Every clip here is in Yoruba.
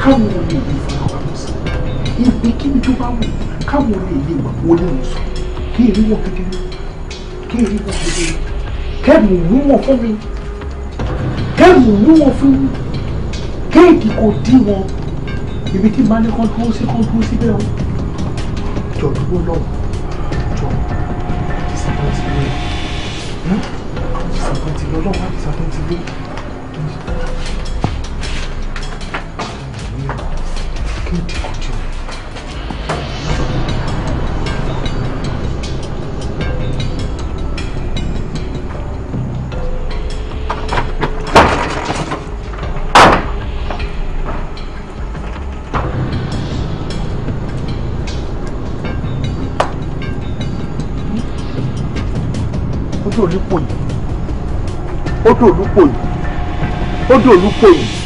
káwọn olè lè fara wa lọ sí ibi kíbi tó bá wù káwọn olè lè wà wọlé wọn sọ kí èrí wọn kedere kí èrí wọn kedere kẹ́ẹ̀mù mú wọn fún mi kẹ́ẹ̀mù mú wọn fún mi kéèkì kò dí wọn ibi tí máa ní kán dúró sí kán dúró síbẹ̀ o jọ dúró lọ́wọ́ jọ ìsàkóńtì lé ìsàkóńtì lé ọlọ́wọ́ ìsàkóńtì lé. kéde kojú rẹ̀. odò olúpọ̀ yìí odò olúpọ̀ yìí odò olúpọ̀ yìí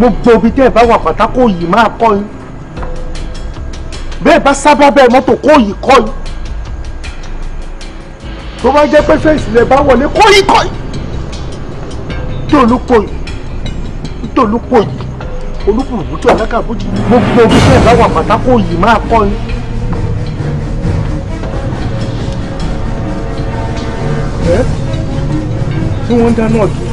gbogbo ibi tẹ́ ẹ̀ bá wà pátá kó yìí máa kọ́ yín bẹ́ẹ̀ bá sábà bẹ́ẹ̀ mọ́tò kó yìí kọ́ yín tó bá jẹ́ pé fẹ́ǹsì lẹ bá wọlé kó yìí kọ́ yìí tí olùkọ́ yìí tí olùkọ́ yìí olùkùrùkù tí ọ̀lẹ́kà bójú gbogbo ibi tẹ́ ẹ̀ bá wà pátá kó yìí máa kọ́ yín. tí wọ́n dáná ọ̀dùn.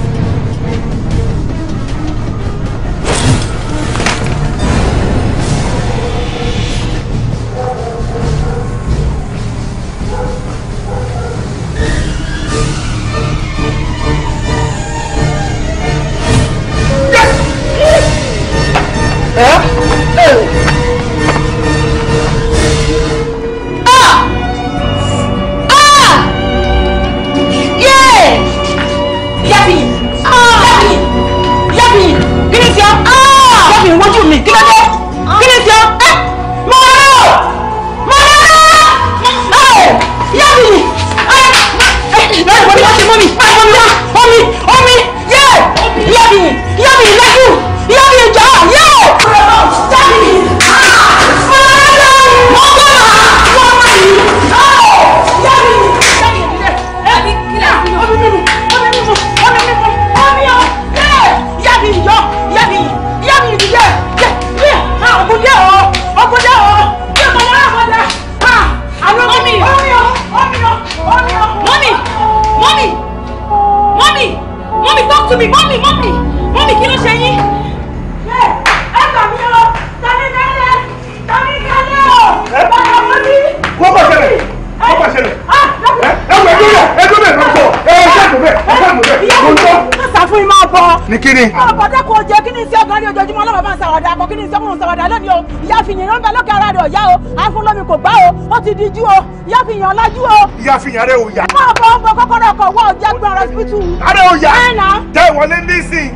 nísìnyí àrẹ òòyà. máa bọ ọmọ kọ́kọ́rọ́ ọkọ̀ wọ ọjà gbọ́n hospital. àrẹ òòyà tẹ wọlé nísìn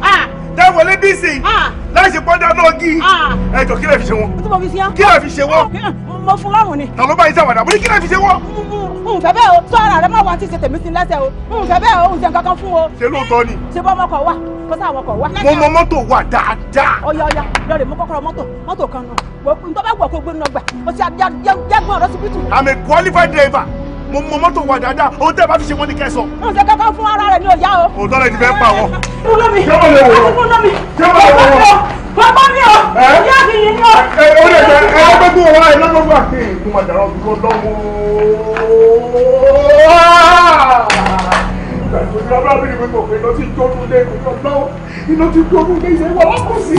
tẹ wọlé nísìn láìsí pọ́ńdà náà gí ẹjọ kí lè fi ṣe wọn. kí lè fi ṣe wọn. mo fún lọ́rùn ni. tàló bá yín sàwádà mo ní kí lè fi ṣe wọn. nfẹ bẹ́ẹ̀ o sọ́ra rẹ má wá ti ṣe tèmi sí lẹ́sẹ̀ o nfẹ bẹ́ẹ̀ o nṣe kankan fún o. ṣe lóòótọ́ ni. ṣe bọ́ ọmọkọ̀ wa kó sá àwọn ọkọ̀ wa. mo mọ mọ́tò wa dáadáa. ọya ọya lọ́ọ̀rẹ̀ mo kọ́kọ́rọ́ mọ́tò mọ́tò kan náà ntọ́ bá wọ̀ kó gbé nínú ọgbà mo ti àjẹgbọ́n rẹ síbítù. I'm a qualified driver mo mọ mọ́tò wa dáadáa ohun tẹ́ ẹ bá fi ṣe wọ́n ní kẹsàn. n kankan fún ara rẹ ní òyà o. òótọ́ rẹ ti fẹ́ pa wọn. fúnlọ́mì fúnlọ́mì fúnlọ́mì bàbá mi o ìyá mi yìí ni o. ẹ ẹ ọ̀rẹ́ ẹ ẹ gbẹ́gbẹ́ wa ẹ lọ́nà wà kí n kún àdàrà ọ̀dùnkún lọ́wọ́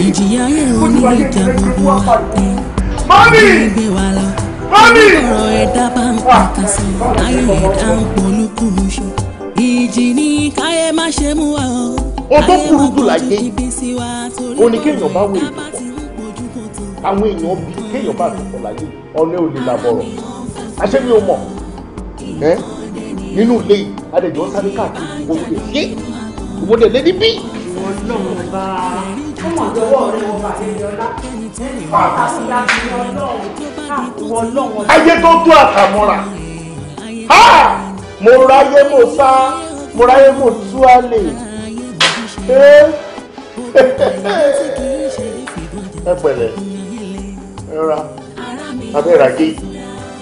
ìjìyà ayé òní ìjàmbá wa ẹ gbé wa lọ mami. ọ̀rọ̀ ẹ̀dá bá ń pàtà sí ayé ẹ̀dá ń polúkú ṣe ìjì ní káyé má ṣe mú wa o. ó tó kúrú jù láyé ó ní kéèyàn bá wé ètò àwọn èèyàn bí kéèyàn bá tó láyé ọ̀lẹ́ ò lè làbọ̀rọ̀ àṣẹ mi ò mọ̀ nínú ilé adẹ̀jọ́ sáré káàkiri owó lè ṣe owó lè lé níbí túmọ̀ lọ́wọ́ rẹ̀ wọ́n bàdé yọlá àtàkùn àti ọlọ́run ayé tó tó àtàmọ́ra ah, mo ráyé mo sá mo ráyé mo tú àlè ẹ pẹ̀lẹ́ ẹ rà abẹ́rẹ́ àgé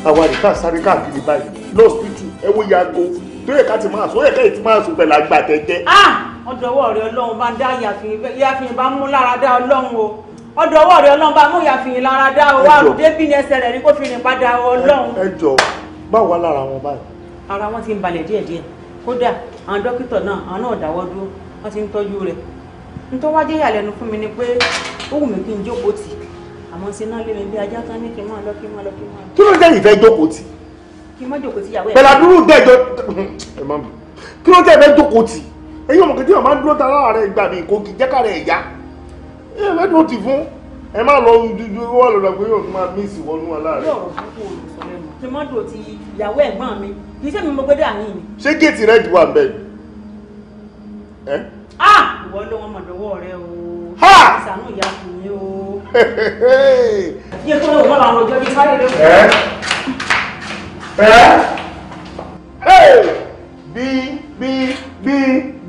àwọn àdìkà sáré káàkiri báyìí lọ́ọ̀sìpìtì ẹ wọ́n yàgò tó yẹ ká ti máa sọ ó yẹ ká ti máa sọ pẹ̀lú àgbàtẹ́jẹ́. Ah! ọdọwọ́ rẹ ọlọ́run bá ń dá ìyàfihàn bá mú lára dá ọlọ́run o ọdọwọ́ rẹ ọlọ́run bá mú ìyàfihàn lára dá o wá rò débí ní ẹsẹ̀ rẹ̀ ní kó fi rìn padà ọlọ́run. ẹ jọ báwo lára wọn báyìí. ara wọn ti ń balẹ̀ díẹ̀díẹ̀ kódà àwọn dókítà náà àwọn náà dáwọ́ dúró wọ́n ti ń tọ́jú rẹ̀ nítorí wájú ìyàlẹ́nu fún mi ni pé ó wù mí kí n jókòó tì àmọ́ sí náà lé mi bí ajá tán ní kí n máa lọ kí n máa lọ kí n máa kí n má jókòó tì. ẹ̀yin ọmọ kìtìyàn máa ń dúró tara rẹ̀ gbàbí ìkókì jẹ́kàrẹ̀ ẹ̀yá ẹ ẹ lẹ́nu ti fún ẹ má lọ dúdú wà lọ́dọ̀ pé yóò máa mí ìsìwọ́nú aláàrẹ̀. yóò rọ̀ fún kò lè sọ lẹ́nu tí mọ́tò ti ìyàwó ẹ̀gbọ́n mi kì í sẹ́mi mo gbé dàní mi. ṣé géètì rẹ jù wà ń bẹ ni. ẹ. a ìwọ ló wọn mọ̀dọ̀wọ́ rẹ o. ha ìsànú ìyá kù mí o. yé tó lóun mọ́ làwọn ọjọ́ bíi sáré lóko. ẹ ẹ bí bí bí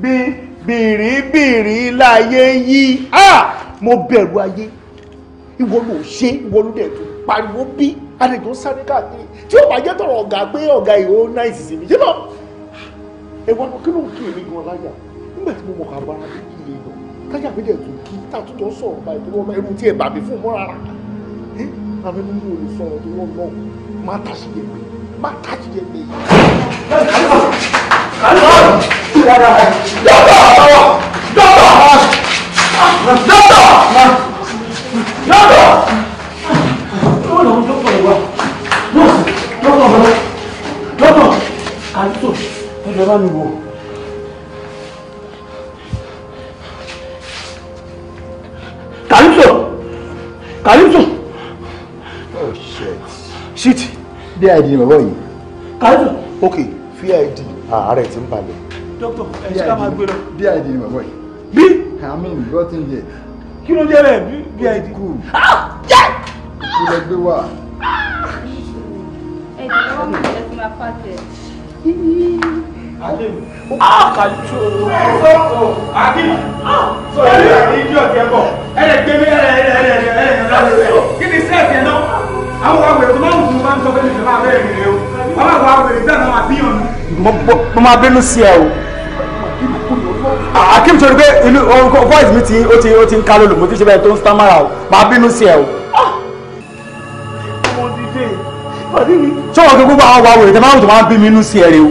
bí bìrìbìrì láyé yìí mo bẹ̀rù ayé ìwọ ló ṣe ìwọ ló dẹ̀ tó pariwo bí àlejò ń sáré káàkiri tí ó bá jẹ́ tọ̀rọ̀ ọ̀gá pé ọ̀gá ìhó náà ìsìsì mi jẹ́nà ẹ̀wọ̀n kí ló ń kí èmi gan láyà nígbà tí mo mọ̀ ká bára mi kí ilé lọ táyà mi dẹ̀ tó kí tàtúntò sọ̀rọ̀ báyìí tó wọ́n mọ ẹrú tí ẹ̀ bà mí fún mọ́ rárá àmì nínú olùsọ̀rọ̀ tó wọ́n lọ má tàṣìyẹ̀ mi má tàṣìyẹ̀ mi. ID ni bàbá yìí. Kàlùsọ̀. Ok, ID àárẹ̀ ti ń balẹ̀. dókítà ẹ ṣe ká máa gbé lọ. bid ni bàbá yìí. bí. amin brought in here. kí ló jẹ́ bẹ́ẹ̀ bid. kú kú lọ gbé wá. ẹ jẹ́ wọ́n mú ẹ ti máa fà tẹ̀. Adé mi. Ah! Kàlùtù o. Ẹ sọ́kò. Àbí. Sọ̀rọ̀ yóò ní ibi ọ̀tẹ̀ bọ̀. Ẹ lè gbé mi ẹ lè ẹ lè ẹ lè ẹ lè lọ sí ẹ. Kí ni sẹ́ẹ̀tì ẹ̀ náà? Àwọn ọmọ ẹ̀kọ́ máa ń wù ú máa ń sọ pé mi máa bẹ̀rẹ̀ mi rè o bàbá àwọn àwẹ̀rẹ̀ bẹ́ẹ̀ náà máa bíyàn ni. mo máa bínú sí ẹ o akim sori pé inú voice mi ti o ti o ti ń ká lólo mo ti ṣe bẹ́ẹ̀ tó ń stamara o máa bínú sí ẹ o. sọ̀rọ̀ kí gbogbo àwọn wa wèrè tẹ máa ń tó máa ń bí mi inú sí ẹ rẹ o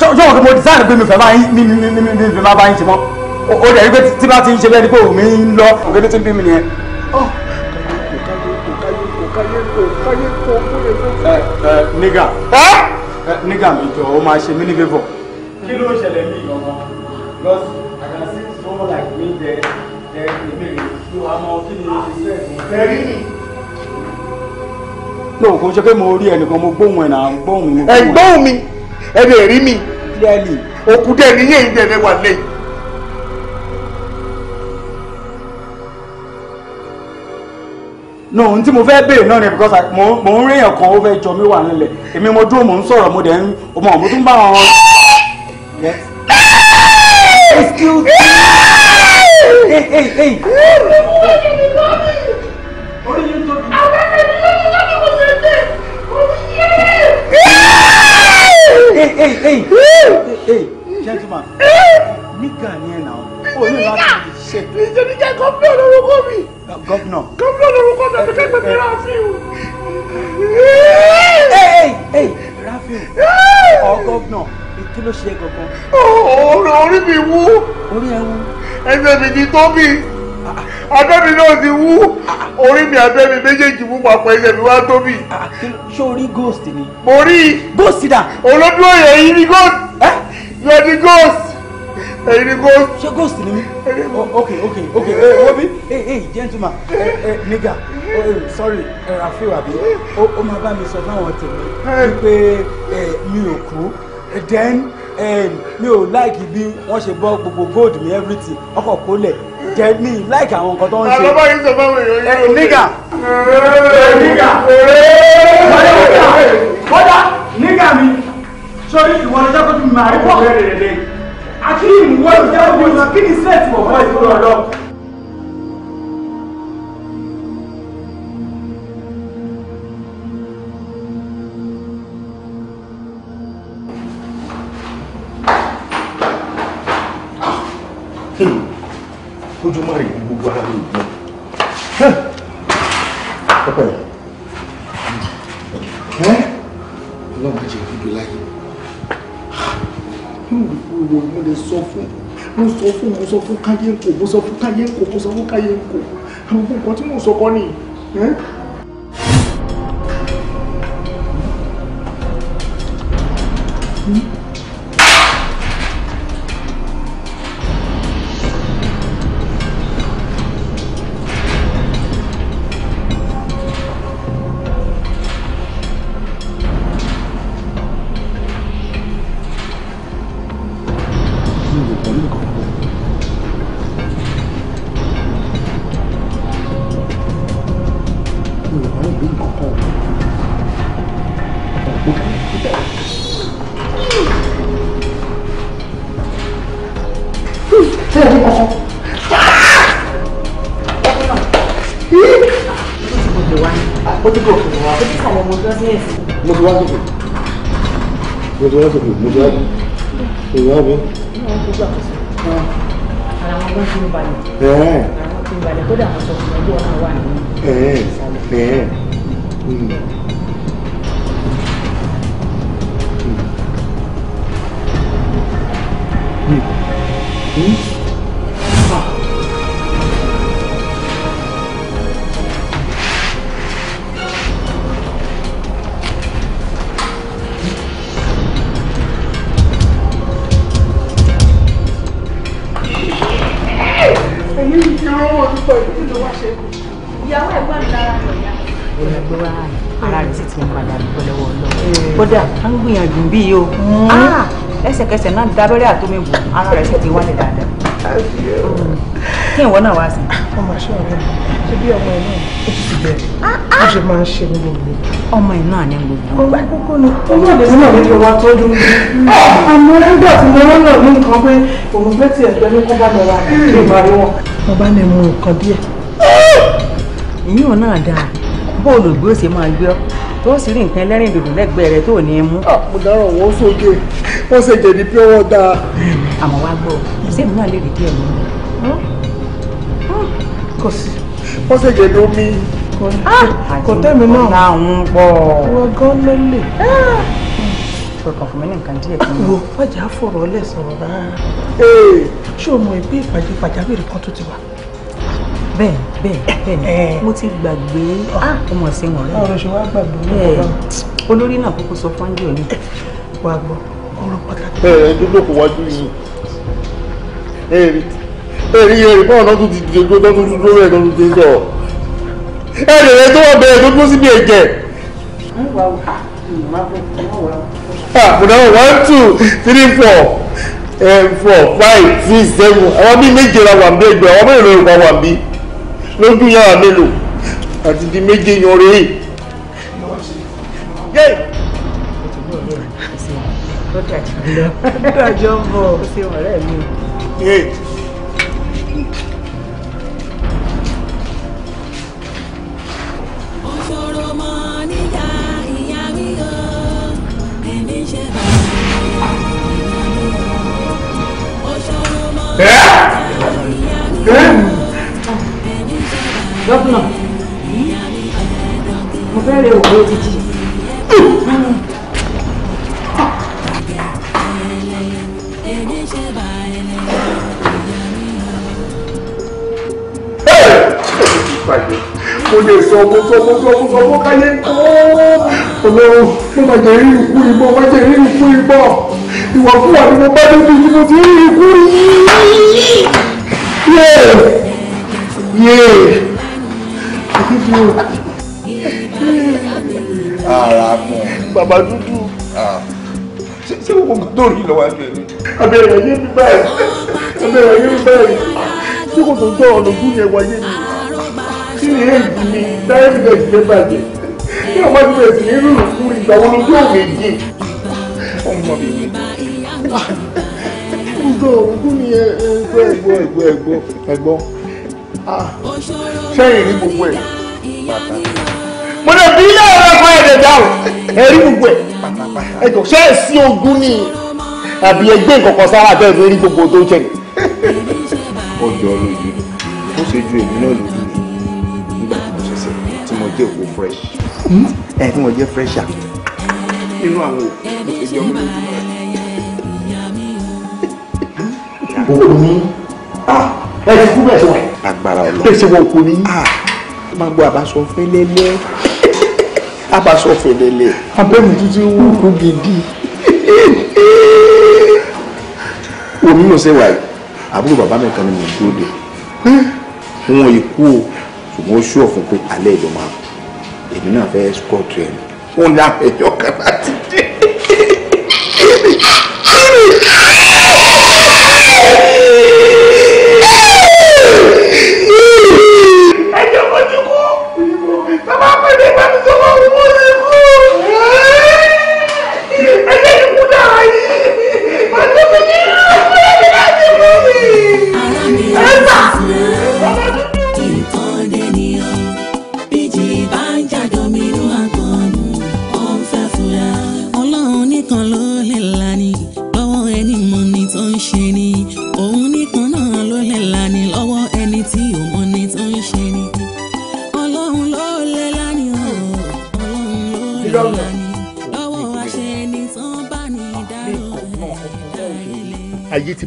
sọ̀rọ̀ kí mo design pé mi fẹ́ máa ń mi mi mi mi mi máa bá yín ṣe mọ́ o rẹ̀ rí pé tí bá ti ń ṣe bẹ́ẹ̀ ni pé òun mi ń lọ òun ló ti ń bí mi nìyẹn ẹ ẹ nígà. nígà mi jọ o máa ṣe mí ní fẹ́fọ̀. kí ló ń ṣẹlẹ̀ ní ìgbọ̀ngàn because I can see someone like me there there ìbéèrè tó àmọ́ kí ni ìṣe ẹ̀ rí mi. no kò ṣe pé mo rí ẹnìkan mo gbóhùn ẹ̀ náà gbóhùn mi. ẹ gbóhùn mi ẹ lè rí mi òkú dẹ̀ níyẹn ìdẹ̀rẹ̀ wà lẹ́yìn. no ohun tí mo fẹ́ béèrè náà ni because mo mo ń réyàn kan ó fẹ́ jọ mí wà nílẹ̀ èmi mo dúró mo ń sọ̀rọ̀ mo dẹ̀ ń ọmọ mo tún bá wọn. excuse me. hey hey hey. ni ẹ na o, o ní láti ṣe. Ìjọba ìjọba kan bẹ̀rẹ̀ orúkọ mi gọ́fìnà. gọ́fìnà lorúkọ tàbí kẹ́gbẹ́ mi ráfíù. ráfíù ọ gọ́fìnà kí ló ṣe gangan. ọ̀rọ̀ orí mi wú. orí ẹ wú. ẹsẹ̀ mi ti tó mi. abẹ́ mi náà ti wú. orí mi abẹ́ mi méjèèjì wú papọ̀ ẹsẹ̀ mi wá tó mi. Ah, ah, ṣé o rí ghost ni. mo rí. ghost dà. olódúró yẹn yìí ni ghost. ẹ. yẹn ni ghost ẹ̀yin ni ghost. ṣé ghost ni okay. ok ok ok wobi hey hey gentleman eh, eh, nigga oh, sorry eh, rafi wabi ó máa bá mi sọ fáwọn tèmi wípé mi ò kú then mi ò like bí wọ́n a bọ́ gbogbo gold mi everything ọkọ̀ kólẹ̀ jẹ́ mi like àwọn nǹkan tó ń ṣe. àlọ́ báyìí sọ fáwọn èèyàn yìí. nigga nigga kọ́dà nigga mi sórí ìwọ ọjọ́ kó tún mi máa rí pọ̀ akíní ìwọ ìjà òwò ìjà kí ni sẹ́ẹ̀tì mọ̀ fún ìfúnra lọ. fún káyé ń kò mo sọ fún káyé ń kò mo sọ fún káyé ń kò gbogbo nǹkan tí mo sọ kọ́ nìyí. láti fi ìlú jáde ìyá mi. ara wọn gbọ́n tí ń balẹ̀ ara wọn tí ń balẹ̀ kódà Mm-hmm. kódà a ń gbìyànjú bí yìí o hmm. ah. ẹsẹ̀kẹsẹ̀ náà dábẹ́rẹ́ àtomi bù ara rẹ̀ sì ti wálẹ̀ dáadáa kí ìwọ náà wá sí. ọmọ àṣọ rẹ ṣe bí ọmọ ẹ náà ó ti ti bẹ̀rẹ̀ ah, ah. ó ṣe máa ń ṣe ní gbogbo. ọmọ ẹ náà ní gbogbo. ọmọ àkókò ni ọmọ àdéhùn náà níbi wa tó dún ní. àmọ́ nígbà tí mo rán náà ní nǹkan pé òun fẹ́ tiẹ̀ pẹ́ ní kó bá mi ra kí n máa rí wọn. mo bá ní mu nǹkan díẹ̀. ìyún náà dáa bóòlù tó sì rí nǹkan ẹlẹ́rìn dòdò lẹ́gbẹ̀ẹ́ rẹ tó ní mú. Ah, mo dárò wọ́n sókè wọ́n ṣe jẹ̀bi pé wọ́n da. àmọ́ wá gbọ́ sẹ́mi náà lè rí díẹ̀ mú hmm? hmm? kò sí. wọ́n ṣe jẹ̀bi omi. kò tẹ́mi náà. ọ̀la òun pọ̀. rọgán lẹ́lẹ̀. Ah! ṣòkan fún mi ní nǹkan díẹ̀ kan. wo fàjà fọ̀rọ̀ ọlẹ́ sọ̀rọ̀ rárá. ṣé o mọ̀ ìpín ìpàdé pàjáwìrì kan tó ti wà bẹ́ẹ̀ bẹ́ẹ̀ ah, mo ti gbàgbé ah, ọmọ sí wọn rẹ. ọ̀rọ̀ ṣe wá gbàgbé ọlọ́pàá. olórí náà kókó sọ fún ọ́njọ́ ni wàá gbọ́ ọ̀rọ̀ pàtàkì. ẹ ẹ dúdú kò wájú yìí ẹ rí ẹ rí ẹ rí báwọn náà tún ti dìde tó tún dúró ẹ tó tún ti sọ ẹ rí ẹ tó wà bẹ́ẹ̀ tó dúró síbi ẹ̀jẹ̀. mo ah, dáwọ́ one two three four four five six seven àwọn bíi méje la wà ń bẹ́ẹ̀ gbé àwọn bẹ́ẹ̀ lórí kan wà ń bíi lójú yàrá mélòó àti di méje yan rèé. ó dájọ́ bọ̀ ó ṣe má rí ikú ìbọn má rí ikú ìbọn ìwàkúwà ni mo bá dójú tí mo ti rí ikú rí. ara mọ. bàbá dúdú ah. ṣé wọn kò tó rí lọ́wọ́ àjọ ẹ̀mí. abẹ́rẹ́ ayé mi báyìí abẹ́rẹ́ ayé mi báyìí ṣé kò tó tọ́ ọ̀nà ògùn yẹn wáyé mi kí ni èyí mi dáhùn ìgbà ìgbẹ́ bàjẹ́ kí ọmọ ìgbà ìgbẹ́ rúrù ìgbà wo ni yóò wé dé ọmọ mi mi gbogbo ògùn ni ẹgbọ́ ẹgbọ́ ẹgbọ́ ẹgbọ́ ẹgbọ́ sẹ́yìn ah, rí gbogbo ẹ̀ mo lè bí ilé ẹ̀rọ ẹ̀kọ́ ẹ̀dẹ̀ dáhùn ẹ̀rí gbogbo ẹ̀ ẹ̀jọ̀ ṣe é sí ogún ni àbí ẹgbẹ́ ìkọ̀kọ̀ sára bẹ́ẹ̀ ló rí gbogbo tó ń ṣẹlẹ̀. ọjọ́ lójú ó ṣe ju èmi náà lójú nígbà tí mo ṣẹ̀ṣẹ̀ tí mo jẹ́ òkú fresh hmm? ẹ̀ tí mo jẹ́ fresh àbí nínú àwọn òkú mo ti di ọmọ ìlú òkú ni ah, ẹ ti kú bẹ́ẹ̀ ṣe agbára Ọlọ́run bẹ́ẹ̀ ṣe wọ òkú ni. Ah, máa gbọ́ àbáṣọ fẹ́lẹ́lẹ́ àbáṣọ fẹ́lẹ́lẹ́ abẹ́mi tuntun wù kú gidi. omi náà ṣe wà yìí àbúrò bàbá mi kan ni mo dúró de wọn ikú o ṣùgbọ́n ó ṣú ọ̀fun pé alẹ́ ìlú máa èmi náà fẹ́ skọ́ọ̀tù ẹ̀ ni wọn ní àpẹjọ kan láti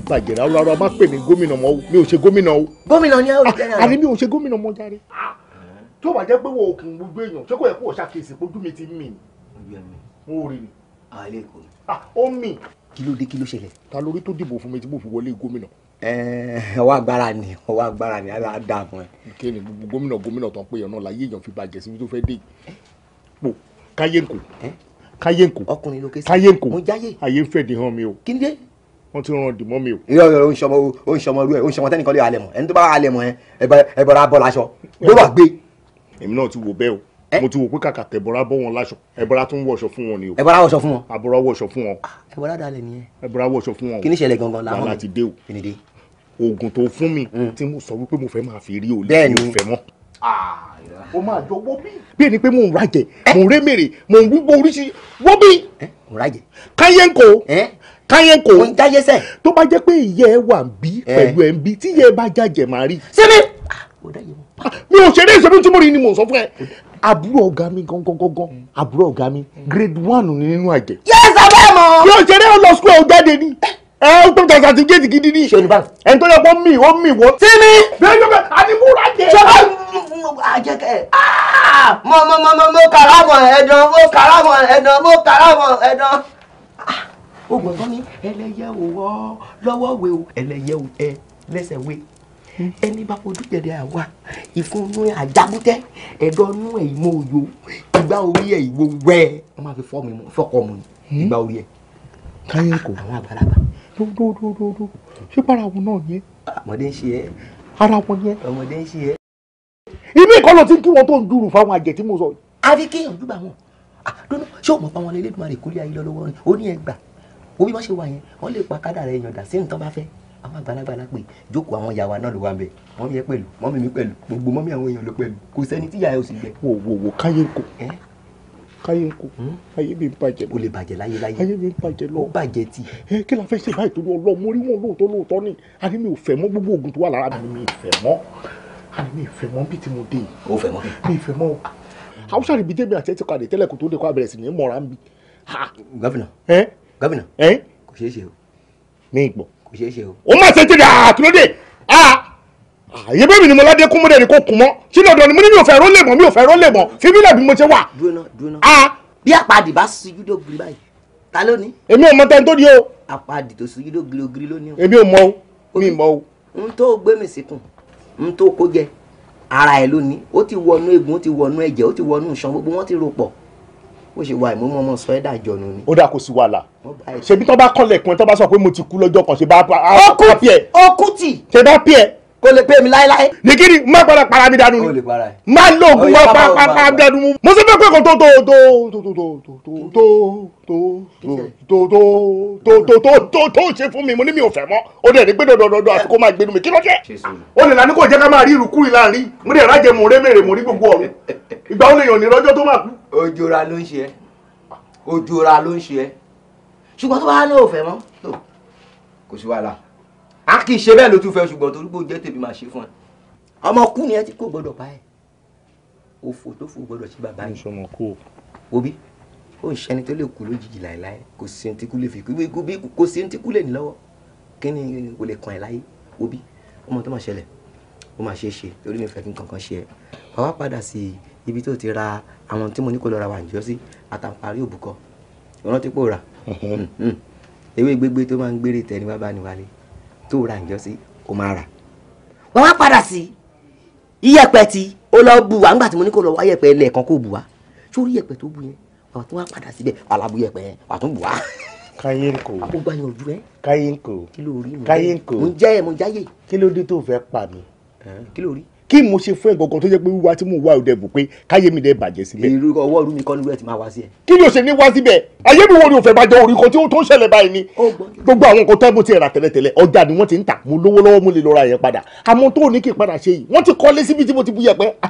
bàjẹ́ rà ọlọ́run má pè mí gómìnà mọ́ o mi ò ṣe gómìnà o. gómìnà ni àwọn olùdarí. Ah, àní mi ò ṣe gómìnà mọ́ jàre. tó wàá pé wọn ò kún gbogbo èèyàn ṣé kò yẹ kó o ṣàkíyèsí pé ojú mi ti mì ní. mo rì ní. àlẹ́ kò ó mì. kí ló dé kí ló ṣẹlẹ̀. ta lórí tó dìbò fún mi tí mo fi wọlé gómìnà. ẹ ọwọ́ agbára ni ọwọ́ agbára ni ala dà fún ẹ. kéènì gómìnà gómìnà tó ń pè yàn náà láyé èèyàn fi bàjẹ́ sí wọ́n ti rán dìmọ́ mi o. irọ́ irọ́ o ń ṣọmọ o ń ṣọmọ irú ẹ̀ o ń ṣọmọ tẹ́nìkan lè halẹ̀ mọ́ ẹni tó bá halẹ̀ mọ́ ẹ ẹ bọ́ra bọ́ láṣọ ló wà gbé. èmi náà ti wò bẹ́ẹ̀ o mo ti wò pé kàkà tẹ̀bọ̀rà bọ́ wọn láṣọ ẹ̀bọ̀rà tún wọṣọ fún wọn ni o. ẹ̀bọ̀rà wọṣọ fún wọn. àbọ̀rà wọṣọ fún wọn. Ah, ẹ̀bọ̀rà dalẹ̀ nìyẹn. ẹ̀bọ̀rà wọṣọ fún wọn. kí ni ìṣẹ̀lẹ̀ gangan làwọn mi. láti dé o. kí ni dé. oògùn tó fún mi mm. tí mo sọ wípé mo fẹ́ máa fi rí olè mi ò fẹ́ mọ́. Ah, o máa jọ wọ́ bí. bí ẹni pé mò ń rajẹ eh? mò ń rémèrè mò ń wíwọ oríṣi wọ́ bí. Eh? mò ń rajẹ. káyé ń kó eh? káyé kò ń jáyé sẹ. tó bá jẹ́ pé ìyẹ́ ẹ wà ń bí eh. pẹ̀lú ẹ̀ ń bí tí ìyẹ́ ẹ bá jàjẹ̀ máa rí. sẹ́mi ah, mi ò ṣeré ìṣẹ́bí tí mo rí ni mò ń sọ fún ẹ. àbúrò ọ̀gá mi gangan àbúrò ọ̀gá mi grade one ni nínú àjẹ́. yẹ́n sábẹ́ mọ́. mi ò ṣeré ọ̀nà school ẹ̀ ò jáde ni eh. ẹ ń tó ta sàtìkéètì gidi ní. ṣe olùbá ẹ ń tó yẹ kó mì ó mì wọ. sí mi. bẹ́ẹ̀ ló bẹ àdìmúra jẹ. ṣọlá àjẹkẹ ah! mo mo mo mo kàrà mọ ẹdán mo kàrà mọ ẹdán mo kàrà mọ ẹdán ogun tó ní ẹlẹ́yẹ òwò lọ́wọ́ wé o ẹlẹ́yẹ ò ẹ lẹ́sẹ̀ wé ẹni bá fojú jẹ̀dẹ̀ àwa ìfúnnú àjàbútẹ́ ẹ̀dọ́nú ẹ̀ ìmọ̀ òyò ìgbà orí ẹ̀ ìwo wẹ́ ẹ wọ́n máa fi fọ́ mi fọ́kọ̀ mu ni hmm? ìgbà orí ẹ̀. káyé kò àwọn àgbàlagbà. dódódódó ṣé bára wọn náà yẹ. ọmọdé ń ṣe ẹ. ara wọn yẹ. ọmọdé ń ṣe ẹ. ibi ìkọlọ tí kí wọn tó ń dúró fáwọn àjẹ tí mo sọ a fi kéèyàn dúbà wọn ah, ṣé òun mọ̀ pa wọn lé ni ó wo bí wọ́n ṣe wà yẹn wọ́n lè pa kádà rẹ̀ yọ̀dà sí nǹkan bá fẹ́ àwọn àgbàlagbà la pè jókòó àwọn ìyá wa náà ló wà bẹ mọ́mí yẹn pẹ̀lú mọ́mí mi pẹ̀lú gbogbo mọ́mí àwọn èèyàn ló pẹ̀lú kò sẹ́ni tíyà ẹ ò sì gbẹ. wò wò wò káyé ń kó káyé ń kó hmm? ayé mi ń bàjẹ́. o lè bàjẹ́ láyé láyé ayé mi ń bàjẹ́ lọ. ó bàjẹ́ ti. ẹ kí la fẹ́ ṣe báyìí torí ọlọ́ mo rí wọn lóòótọ́ lóòótọ́ ni àní mi ò fẹ́ mọ́ gbogbo oògùn tó wà lára mi. mi ì fẹ́ mọ́ mi ì fẹ́ mọ́ bí ti mo o fẹ́ mọ́ bí. mi ì fẹ́ mọ́ o. haúsá rìbí ni mọ̀ra ń bi gómìnà kò ṣeé ṣe o. ní ìgbọ̀ kò ṣeé ṣe o. ó má ṣe tètè àkìlódé àyè bẹ́ẹ̀ ni mo ládé kún mọ́dẹ̀ ni kò kún mọ́ sí dandan ni mo ní mi ò fẹ́ rólè mọ́ mi ò fẹ́ rólè mọ́ fi mí lẹ̀ bí mo ṣe wà. dúró náà bí àpàdé bá ṣojú tó gbin báyìí ta ló ní. èmi ò mọ tẹ́ni tó di o. àpàdé tó ṣojú tó gbin ògiri ló ní o. èmi ò mọ o mi mọ o. n tó gbé mi síkùn n tó kó jẹ ara ẹ ló ní ó ti wọnú eegun ó ti wọnú ẹ̀jẹ̀ ó ti wọnú iṣan gbogbo wọn ti rò pọ̀ ó ṣe wà ìmọ̀ ọmọ sọ ẹ́ dàjọ́ nù ni. ó dà kó sí wàhálà ṣebí tó bá kọ́lẹ̀kùn tó bá sọ pé mo ti kú lọ́jọ́ kan ṣe bá a pí ẹ. ọkùtì. ṣe bá pí kó lè pé mi láéláé. ní kí ni má padà para mi dànù ni má lo oògùn má pa pa pa mi dànù mu. mo sọ fẹ́ pé kò tó tó tó tó tó tó tó tó tó tó tó tó tó tó ṣe fún mi mo ní mi ò fẹ́ mọ́ o dẹ̀ ní gbé dọ̀dọ̀dọ̀ àti kó máa gbénu mi kí ló jẹ́. o lè lani kò jẹ́ ká máa rí irukúri láàrin mo lè rájẹ mo rẹ́ mèrè mo rí gbogbo ọ̀run ìgbà wo lè yàn ní rọ́jọ́ tó máa kú. ojora ló ń ṣe ẹ ojora ló ń ṣe ẹ ṣùgbọ́n tó bá náà ò fẹ́ mọ́ kò sí wàhálà a kì í ṣe bẹ́ẹ̀ ló tún fẹ́ ṣùgbọ́n torí pé ó jẹ́ tèmi máa ṣe fún ẹ ọmọ kú ni ẹ ti kó gbọ́dọ̀ bá ẹ òfò tó fò gbọ́dọ̀ ṣe bàbá yìí obi ó ń ṣẹni tó lè kú lójijì láéláé kò sí ohun tí kú lè fi kú kò sí ohun tí kú lè ní lọ́wọ́ kí ni kò lè kàn ẹ́ láyé obi ọmọ tó máa ṣẹlẹ̀ ó máa ṣe é ṣe torí mi fẹ́ kí nǹkan kan ṣe ẹ́ bàbá padà sí ibi tó ti ra àwọn tí mo ní kó lọ ra wà níjọ́ sí àtàǹparí òbúkọ ìrántí pò rà hmm, hmm. ewé gbégbé tó máa ń gbére tẹ̀ ní bàbá ni tó ra ǹjọ́ sí o máa rà wọ́n wá padà sí iyẹ̀pẹ̀ tí ó lọ bù wá nígbà tí mo ní kó lọ wá iyẹ̀pẹ̀ lẹ́ẹ̀kan kó bù wá sórí iyẹ̀pẹ̀ tó bù yẹn wà tó wá padà síbẹ̀ alábù iyẹ̀pẹ̀ yẹn wà tó bù wá. káyé ń kò àkógbá yẹn ojú ẹ. káyé ń kò kí ló rí mo jẹ́ mo kí ló dé tó fẹ́ pa mi. kí ló rí kí mo ṣe fún ẹ̀gọ̀gàn tó jẹ́ pé wíwá tí mò ń wá òde bù pé káyé mi dẹ̀ bàjẹ́ síbẹ̀. èrò ọwọ́ ọdún mi kọ́ nílùú ẹ̀ ti máa wá sí ẹ. kí ni o ṣe ní wá síbẹ̀ ayé mi wo ni o fẹ́ bàjẹ́ orí kan tí ó tó ń ṣẹlẹ̀ báyìí ni. gbogbo àwọn nǹkan tẹ́bù ti rà tẹ́lẹ̀tẹ́lẹ̀ ọjà ni wọ́n ti ń tà mo lówó lọ́wọ́ mo lè lọ ra yẹn padà àmọ́ tó ní kí n padà ṣe yìí wọ́n ti kọ́lé síbi tí mo ti bu yẹ̀pẹ̀ ah, mo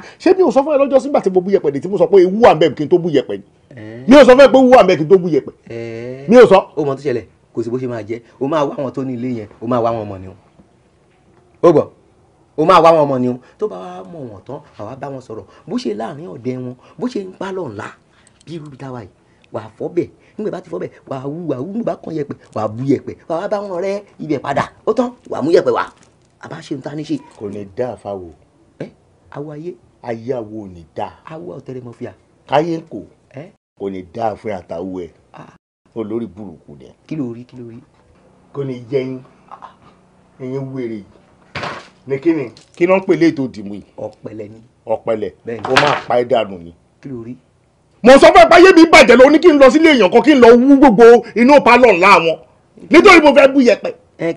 bu ni tí mo sọ pé ewu àmẹ́ kí ni eh. mi ò sọ fún ẹ pé ewu àmẹ́ kí n tó bu yẹ̀pẹ̀ eh. mi ò sọ. ó mọ tó ṣẹlẹ̀ kò o máa wá wọn mọ̀ ni o tó bá wá mọ̀ wọ́n tán àwa bá wọn sọ̀rọ̀ bó ṣe láàrin ọ̀dẹ wọn bó ṣe ń pálọ̀ ńlá bí irú táwa yìí wà á fọ́bẹ̀ nígbà bá ti fọ́bẹ̀ wà á wú wà á wú nígbà kan yẹ̀pẹ̀ wà á bu yẹ̀pẹ̀ wà á bá wọn rẹ́ ibẹ̀ padà ó tán wà á mú yẹ̀pẹ̀ wà á bá ṣe nta ní ṣe. kò ní dá àfàwò. ẹ awo ayé. ayé awo ò ní dá. awo ọ̀tẹ̀rẹ̀ mọ̀ fìyà. káyé ń kò kò ní dá àfẹ́ àtàwọ̀ ẹ̀ olórí burúkú dẹ̀. kí ló rí kí ló rí. kò ní yẹyin ẹyin wèrè yìí ní kí ni kí ló ń pè léètò dìmú yìí. ọ̀pẹ̀lẹ̀ ni. ọ̀pẹ̀lẹ̀ o máa pa ẹ́ dànù ni. kí ló rí. mo sọ fún ẹ báyé mi bàjẹ́ lọ ní kí n lọ sílé èèyàn kan kí n lọ wú gbogbo inú palọ̀ ńlá wọn nítorí mo fẹ́ bú yẹpẹ. ẹ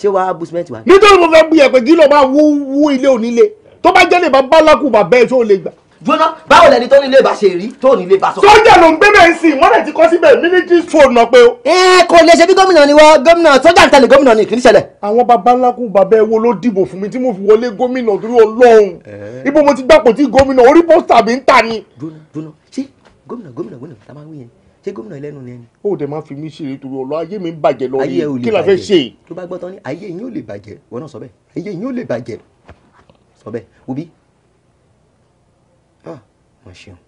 ṣé wàá bú símẹ́ǹtì wa. nítorí mo fẹ́ bú yẹpẹ kí ló máa wú wú ilé onílé tó bá jẹ́ lè bá bálákù bàbá ẹ̀ tó lè gbà jóná báwo lẹni tó ní ilé ìbáṣe rí tó ní ilé ìbáṣọ. sójà ló ń gbé bẹ́ẹ̀ sí wọ́n lè ti kọ́ síbẹ̀ mílíkì fóònù náà pé o. ẹ kò lè ṣe bí gómìnà ni wọ gómìnà sójà ń tẹ̀lé gómìnà ni kìí ṣẹlẹ̀. àwọn baba ńlá kún baba ẹ wo ló dìbò fún mi tí mo fi wọlé gómìnà torí Ọlọ́run ibo mo ti gbàpò tí gómìnà orí pósítà mi ń tà ni. jóná jóná ṣé gómìnà gómìnà gómìnà tá a máa ń wí yẹn ṣé gómìnà ẹlẹ́nu ni ẹni. ó dẹ̀ máa fi mí ṣe ètò ọ̀rọ̀ ayé mi ń bàjẹ́ lọ yìí kí la fẹ́ ṣe. tó bá gbọ́ tán ni ayé yín ò lè bàjẹ́ wọn náà sọ bẹ́ẹ̀ ayé yín ò lè bàjẹ́ sọ bẹ́ẹ̀ òbí wọ́n ṣeun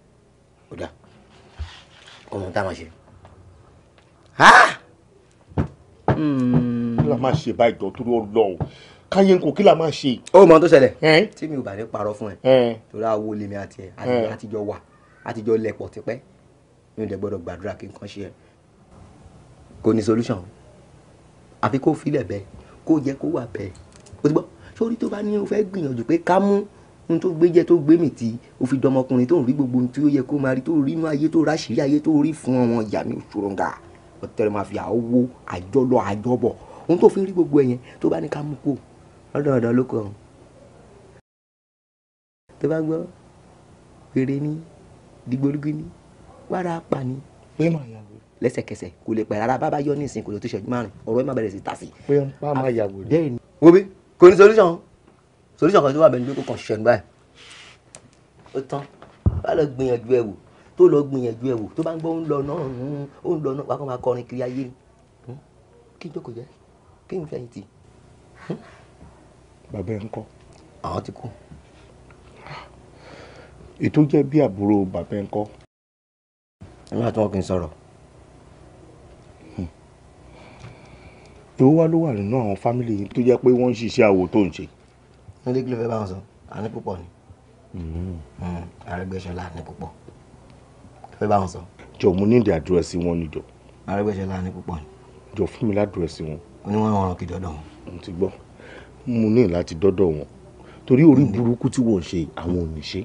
ó dà ọmọ tá a máa ṣe. Ah! Hmm. kí la máa ṣe báyìí dọ̀tún ló lọ o káyé ń kó kí la máa ṣe. ó mọ ohun tó ṣẹlẹ̀ tí mi ò bá ní parọ́ fún ẹ torí àwo lèmi àti ẹ àtijọ́ wà àtijọ́ lẹ̀pọ̀ tipẹ́ mi ò dẹ̀ gbọ́dọ̀ gbàdúrà kí nǹkan ṣe ẹ kò ní solution àfi kó filẹ̀ bẹ́ẹ̀ kó jẹ́ kó wà bẹ́ẹ̀ ó ti gbọ́ sórí tó bá ní o fẹ́ gbìyànjú pé ká mú n tó gbé jẹ tó gbé mì tí o fi dọmọkùnrin tó ń rí gbogbo tí ó yẹ kó máa rí tó rí inú ayé tó ráṣìírí ayé tó rí fún ọmọ ìyá mi òṣòròǹgà ọtẹrẹ máa fi àwọ àjọlọ àjọbọ ohun tó fi ń rí gbogbo ẹyẹn tó bá ní ká mú kó lọ́dọ̀ ọ̀dọ̀ ló kàn. tó bá gbọ́ péré ní dìgbòlúgbì ní wàrà apà ní. pé màá yàgò. lẹ́sẹ̀kẹsẹ̀ kò lè pẹ́ rárá bàbá yọ ní ìsìn kò lè tó ṣẹ́jú márùn-ún ọ̀rọ̀ ẹ̀ má bẹ̀rẹ̀ sí tàsí. bẹ́ẹ̀ ni. wo bí kò ní solution solution kan tó wà bẹ́ẹ̀ ni pé kò kàn ṣiṣẹ́ ní báyìí ó tán wàá lọ gbìyànjú ẹ̀ wò tó lọ gbìyànjú ẹ̀ wò tó bá ń gbọ́ ó ń lọ náà ó ń lọ náà wàá kàn máa kọrin kiri ayé ni kí n jókòó jẹ́ kí n fẹ̀yìn tì. bàbá ẹ̀ ń kọ́. àwọn ti kú. ètò jẹ́ bí àbúrò bàbá ẹ̀ ń kọ́. nígbà tí wọ́n kì í sọ̀rọ̀. èwo wá ló wà nínú àwọn fámìlì yìí tó jẹ́ pé wọ́n ń ṣiṣẹ́ àwò tó ń ṣe nílé kí ló fẹ́ bá wọn sọ àní púpọ̀ ni mm-hmm. mm, Arẹ́gbẹ́ṣọlá àní púpọ̀ kí ló fẹ́ bá wọn sọ. jọ mo ní ìdí àdírẹ́sì wọn ni jọ. Arẹ́gbẹ́ṣọlá àní púpọ̀ ni. jọ fún mi ládùrẹ́sì wọn. oníwọ̀n ọ̀ràn kì í dọ́dọ̀ wọn. mo ti gbọ́ mo ní láti dọ́dọ̀ wọn torí orí mm-hmm. burúkú tí wọ́n ń ṣe àwọn ò ní ṣe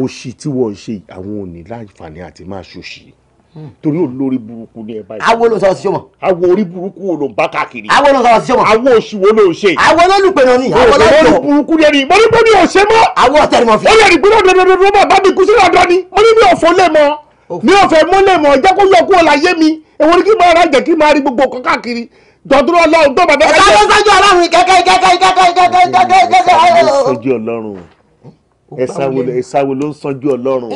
òṣì eh? ah! tí wọ́n ń ṣe àwọn ò ní láǹfààní àti máa ṣòṣì torí olórí burúkú ni ẹ bá yìí. awo ló sọ sí awo orí burúkú wo ló ń bá káàkiri. awo ló sọ sí awo oṣù wo ló ń ṣe. awo ló lùpẹ̀ náà ni. awo ló lùpẹ̀ burúkú yẹn ni mo ní bóni ọ̀sẹ̀ mọ́. awo ọ̀tẹ̀ ni mo fi. ó yẹ ìpínlẹ̀ dọ́dọ́dọ́dọ́ máa bá mi kú sílẹ̀ ọ̀dọ́ ni mo ní mi ò fọ́ lé mọ́ mi ò fẹ́ mọ́ lé mọ́ jẹ́ kó yọ kúrò láyé mi èwo ni kí n máa rájẹ kí n máa rí gbogbo kan káàkiri dọ̀dúrọ̀ ọlọ́run tó bàbá kẹ́kẹ́. ọ̀sán ló sọ́jú ọlọ́run kẹ́kẹ́ kẹ́kẹ́ kẹ́kẹ́ ẹ sáwo ló ń sọ́jú ọlọ́run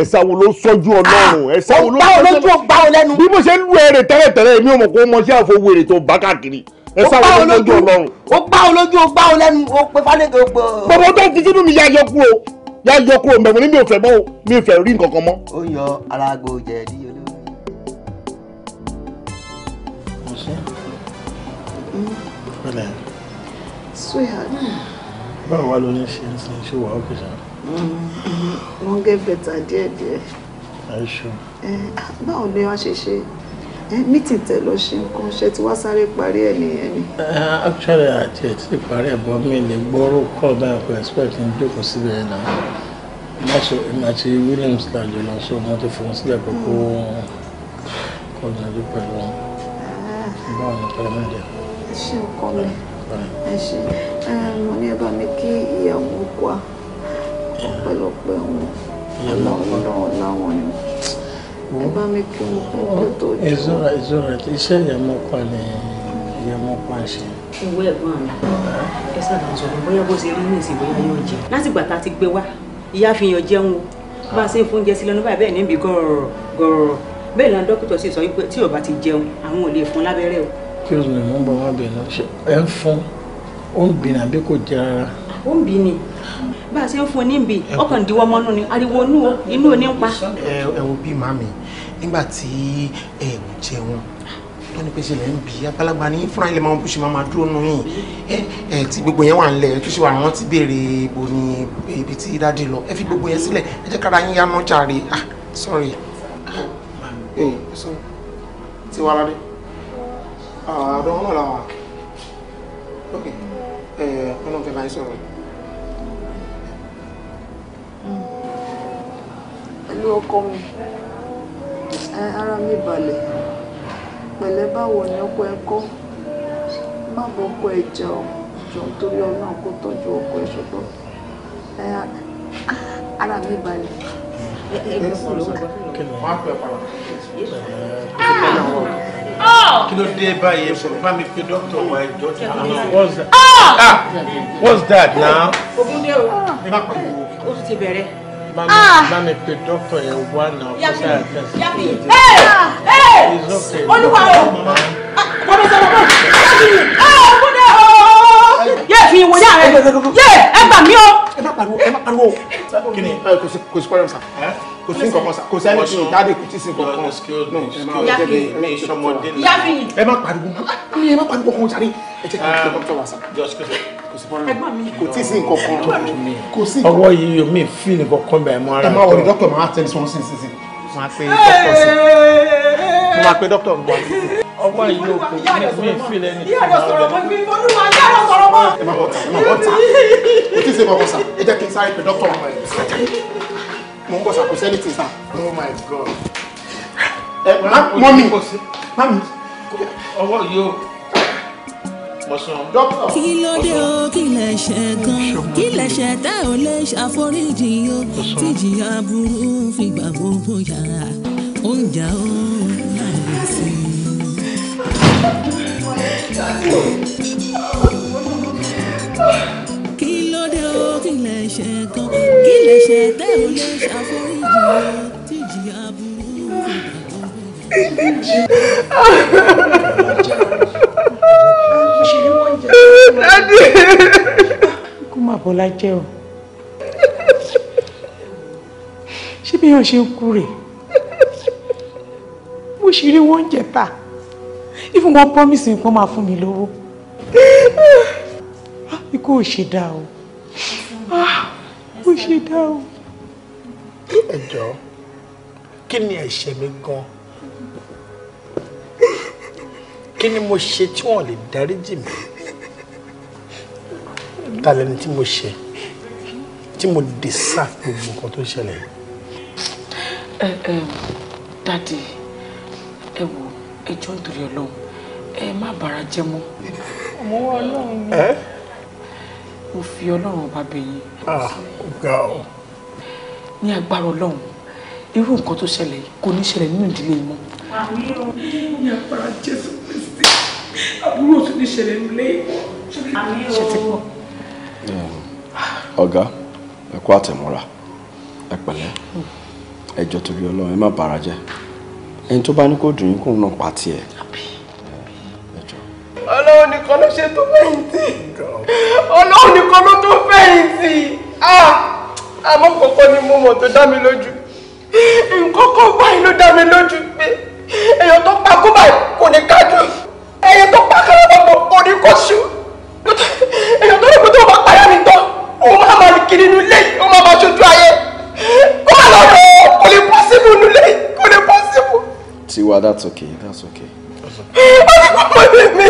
ẹ̀sà wo ló sọ́jú ọlọ́run ah, ẹ̀sà wo ló sọ́jú ọlọ́run bí mo ṣe ń lu èrè tẹ́lẹ̀tẹ́lẹ̀ mi ò mọ̀ kó mọ sí àfọwọ́ èrè tó bá káàkiri ẹ̀sà wo ló sọ́jú ọlọ́run. ó gbá o lójú ó gbá o lẹ́nu ó pe fálẹ́gẹ̀ ó pe. bọ̀bọ̀ tó ń fi sínú mi yá yọ kúrò yá yọ kúrò mẹ́wọ́n ní mi ò fẹ́ mọ́ o mi ò fẹ́ rí nǹkan kan mọ́. ó yọ alágbó jẹ̀dí olórí. báwo wá ló ní ṣe ń sin ṣé wàá ó kìí ṣe wọ́n gé bẹ̀tà díẹ̀díẹ̀. báwo ni wọ́n ṣe ṣe eh, mítì tẹ̀ lọ ṣe nǹkan ṣe tí wọ́n sáré parí ẹ̀ nìyẹn ni. Eh, actually àti ẹ̀ ti parí ẹ̀ bọ́ mi lè gbọ́rọ̀ kọ́ báyìí kò expect ní jókòó síbẹ̀ náà lọ́sọ̀ èmi àti Williams làjọ lọ sọ ti fòun sílẹ̀ pé kó mm. pẹ̀lú báwọn ah. ní pẹ̀lú ẹ̀jẹ̀. ẹ ṣe ọkọ mi ẹ ṣe eh, mo ní ẹ bá mi kí ìyàwó kọ́ a. ọpẹ́lọpẹ́ wọn ọlọ́run náà láwọn ni ẹ bá mi kí wọn kó kó tó jù. ìzúra ìzúra iṣẹ́ ìyàmọ́pá ni ìyàmọ́pá ń ṣe. ìwé ẹ̀gbọ́n mi ẹ sábà ń sọ̀rọ̀ bóyá bó ṣe rí ní ìsìn bóyá yóò jẹ látìgbà tá a ti gbé wá ìyá fi yàn jẹun bá a ṣe ń fúnjẹ sí lọ́nà báyìí bẹ́ẹ̀ níbi gọ̀rọ̀ gọ̀rọ̀ bẹ́ẹ̀ ni dókítà sì sọ wípé tí ó bá ti jẹun àwọn ò lè fún lábẹ́rẹ́ o. kí o lè mú bọ́ wá bẹ̀rẹ̀ ṣe ẹ ń fún ó ń bì ní kò jẹ rárá. ó ń bì bá a ṣe ń fún un níbi ọkàn ìdíwọ́ mọ́nú ni ariwo inú ò ní pa. ẹ wo bí màmí nígbà tí ẹ ò jẹun tó ní pèsè lẹ́yìn bí àgbàlagbà ní fúnra ilẹ̀ máa bó ṣe máa dúró nù yìí ẹ ti gbogbo yẹn wà nílẹ̀ tó ṣe wà wọ́n ti béèrè ibo ni ibi tí dáàdi lọ ẹ fi gbogbo yẹn sílẹ̀ ẹ jẹ́ kára yín yá náà jàre ah sorry ti wá ládé ah, àádọ́ wọn náà làwọn ọ̀nà ọ̀fẹ́ báyìí sọ̀rọ̀. pẹ̀lú ọkọ mi ara mi balẹ̀ pẹ̀lẹ́ báwo ni ọkọ ẹ kọ́ má bọ́ ọkọ ẹ jà ọ jọ̀ọ́ torí ọ̀nà kó tọ́jú ọkọ ẹ ṣùgbọ́n ara mi balẹ̀. Ah! Kí ló dé báyìí ẹ̀fọ́ bá mi pe dókítà wa ẹ̀jọ́ tí mo lọ. Ah! Ah! What's that now? Ogunde o. Ó ti bẹ̀rẹ̀ bámi ah! pe dọ́kítọ̀ yẹn wá náà ọ̀pọ̀ta àfẹ́sí. ẹ ẹ olúwa o bọ́dọ̀ sọ̀rọ̀ kọ́ ẹ ẹ kúndé o yé fi ìwò yá rẹ yé ẹ gbà mí o. ẹ má pariwo ẹ má pariwo. kí ni kò sí kò sí pọ́lẹ́mù sá kò sí nǹkan kan sá kò sí ẹni tí ìdáde kò sí nǹkan kan no ẹ má pariwo mi ìṣọmọdé náà ẹ má pariwo ẹ má pariwo kò sáré ẹ jẹ́ ká kí dọ́kítọ̀ wá sá kò tí ì sí nǹkan kan kò sí nǹkan. ọwọ́ yìí omi fi nǹkan kan bẹ̀rẹ̀ mọ́ ara tó. ẹ máa wọ ní máa tẹ̀lé sọ́n sínsìn sí. mo máa pe dókítà sí mo máa pe dókítà mo ọwọ́ yìí o kò mi fi lẹ́ni. ìyá lọ sọ̀rọ̀ olúwa ìyá lọ sọ̀rọ̀ mọ́. ẹ máa bọ̀ta ẹ máa bọ̀ta kò tí ì sí nǹkan sà ẹ jẹ́ kí n sáré pe dókítà wọn. mo ń bọ̀ sà kò sẹ́ni oh my god. ẹ mọ́mí mọ́mí ọwọ́ yìí kí ló dé o kí lè ṣe gan kí lè ṣe tẹ́ ò lè ṣàforíjì o tíjìyà burú fìgbà gbogbo yà ó ń jà ó láyé sí kí ló dé o kí lè ṣe gan kí lè ṣe tẹ́ ò lè ṣàforíjì o tíjìyà burú fìgbà gbogbo yà ó ń jà ó ṣe bí wọ́n ń jẹ. dádì. kó má bọ́lá jẹ́ o. ṣé bí wọ́n ṣe ń kú rèé mo ṣì rí wọ́n ń jẹ ta even wọ́n promise mi pé wọ́n máa fún ah, ah, ẹ̀ṣẹ̀ mi gan-an kí ni mo ṣe tí wọ́n lè dáríjì mí ta lẹni tí mo ṣe tí mo dè sá gbogbo nǹkan tó ṣẹlẹ̀. ẹ ẹ dáàdi ẹ wo ẹjọ́ nítorí ọlọ́run ẹ má bàrà jẹ́ mọ́. mo wọ ọlọ́run mi. mo fi ọlọ́run ọba bẹ̀yìn. ah ga o. ní agbára ọlọ́run irú nǹkan tó ṣẹlẹ̀ kò ní ṣẹlẹ̀ nínú ìdílé mọ́ ní agbára Jésù Kristi àbúrò tún ní ṣẹlẹ̀ nílé ṣe ti pọ̀. ọ̀gá ẹ kú àtẹ̀mọ́ra ẹ pẹ̀lẹ́ ẹ jọ̀ọ́ torí Ọlọ́run ẹ má bàrà jẹ́ ẹni tó bá ní kó dùn yín kóun náà pa tiẹ̀. Ọlọ́run nìkan ló ṣe tó fẹ̀yìntì Ọlọ́run nìkan ló tó fẹ̀yìntì ah! àmọ́ kọ̀ọ̀kan ni mo mọ̀ tó dá mi lójú nǹkan kan báyìí ló dá mi lójú èèyàn tó pa kó báyìí kò ní kájú èèyàn tó pa kálábàbọ̀ kò ní kọ́ṣù èèyàn tó rògbò tó bá payá mi tán òun máa máa kiri inú ilé yìí òun máa máa ṣojú ayé kó má lọ rọ kò lè pọ́sibú inú ilé yìí kò lè pọ́sibú. Tiwa that's okay that's okay. ó ti kọ́ mọ́ mi.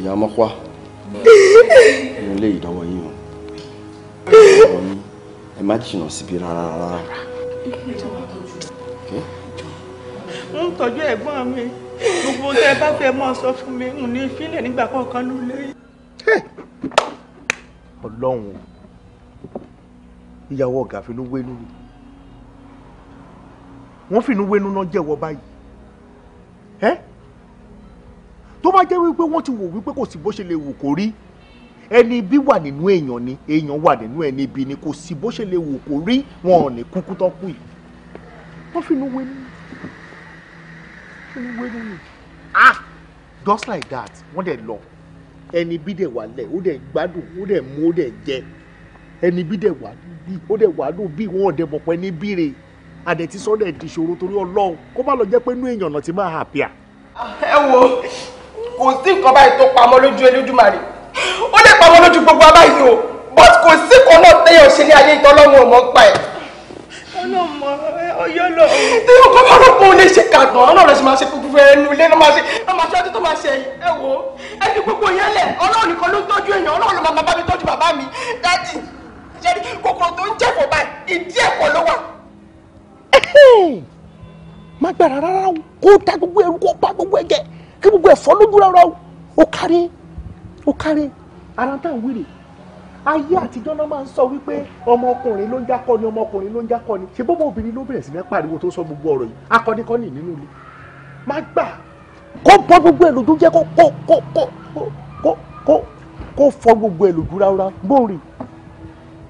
ìyá ọmọ pa inú ilé ìdánwò yìí o. ẹ má jìnnà síbi rárá rárá. mo ń tọ́jú ẹ̀gbọ́n mi gbogbo tẹ bá fẹ́ mọ́ sọ fún mi n ní fílẹ̀ nígbà kọ̀ọ̀kan ló lé. ọlọ́run o ìyàwó ọ̀gá fi ló wénú ni wọ́n fi inú wénú náà jẹ́wọ́ báyìí ẹ́ tó bá jẹ́ wípé wọ́n ti wò wípé kò sí bó ṣe lè wù kó rí ẹni bí wà nínú èèyàn ni èèyàn wà nínú ẹni bí ni kò sí bó ṣe lè wò kó rí wọn ò ní kúkú tán kú yìí wọ́n fi inú wé inú wé nínú ah just like that wọ́n dẹ̀ lọ ẹni bí dẹ̀ wà lẹ̀ ó dẹ̀ gbádùn ó dẹ̀ mú ó dẹ̀ jẹ ẹni bí dẹ̀ wà bí ó dẹ̀ wà lù bí wọn ò dẹ̀ mọ̀ pé ní bíire àdẹ̀tí sọ́dẹ̀ dìṣòro torí ọlọ́run kó má lọ jẹ́ pé inú èèyàn náà ti máa hàpíà. Ah, ẹ wo kò sí nǹkan báyìí tó pamọ́ lójú Elédùmarè ó lè pamọ́ lójú gbogbo abáyé o but kò sí kan náà téèyàn ṣe ní ayé ìtọ́lọ́wọ́ ọmọ pa ẹ̀. ọlọmọ ọyọ lọ. téèyàn kọ́ máa rọ́pò lè ṣe kàgbọ́n ọ̀nà rẹ̀ sì máa ṣe gbogbo fẹ́ ẹnu ilé náà máa ṣe náà máa ṣe ọdún tó máa ṣe ẹ wò ó ẹ fi gbogbo yẹn lẹ̀ ọlọ́run nìkan ló ń tọ́jú èèyàn ọlọ́run ló máa bá mi tọ́jú bàbá mi dájì ṣẹ́ni kòkòrò tó ń jẹ̀fọ́ báyìí ìdí ẹ̀kọ́ ló wà. má gbàrà rárá o kó ta gbogbo ẹrú kó pa gbogbo ẹ̀jẹ̀ kí gbogbo ẹ̀fọ́ lójú rárá o ó kárí ó kárẹ́ ara tá à ń wíre ayé àtijọ́ náà máa ń sọ wípé ọmọkùnrin ló ń jákọ́ ni ọmọkùnrin ló ń jákọ́ ni ṣé bọ́bọ́ obìnrin ló bẹ̀rẹ̀ sí ní pariwo tó sọ gbogbo ọ̀rọ̀ yìí akọ́nikọ́ni nínú ilé má gbà kó bọ́ gbogbo ẹ̀ lójú jẹ́ kó kó kó kó kó kó kó fọ gbogbo ẹ̀ lójú ráúrá bóòrè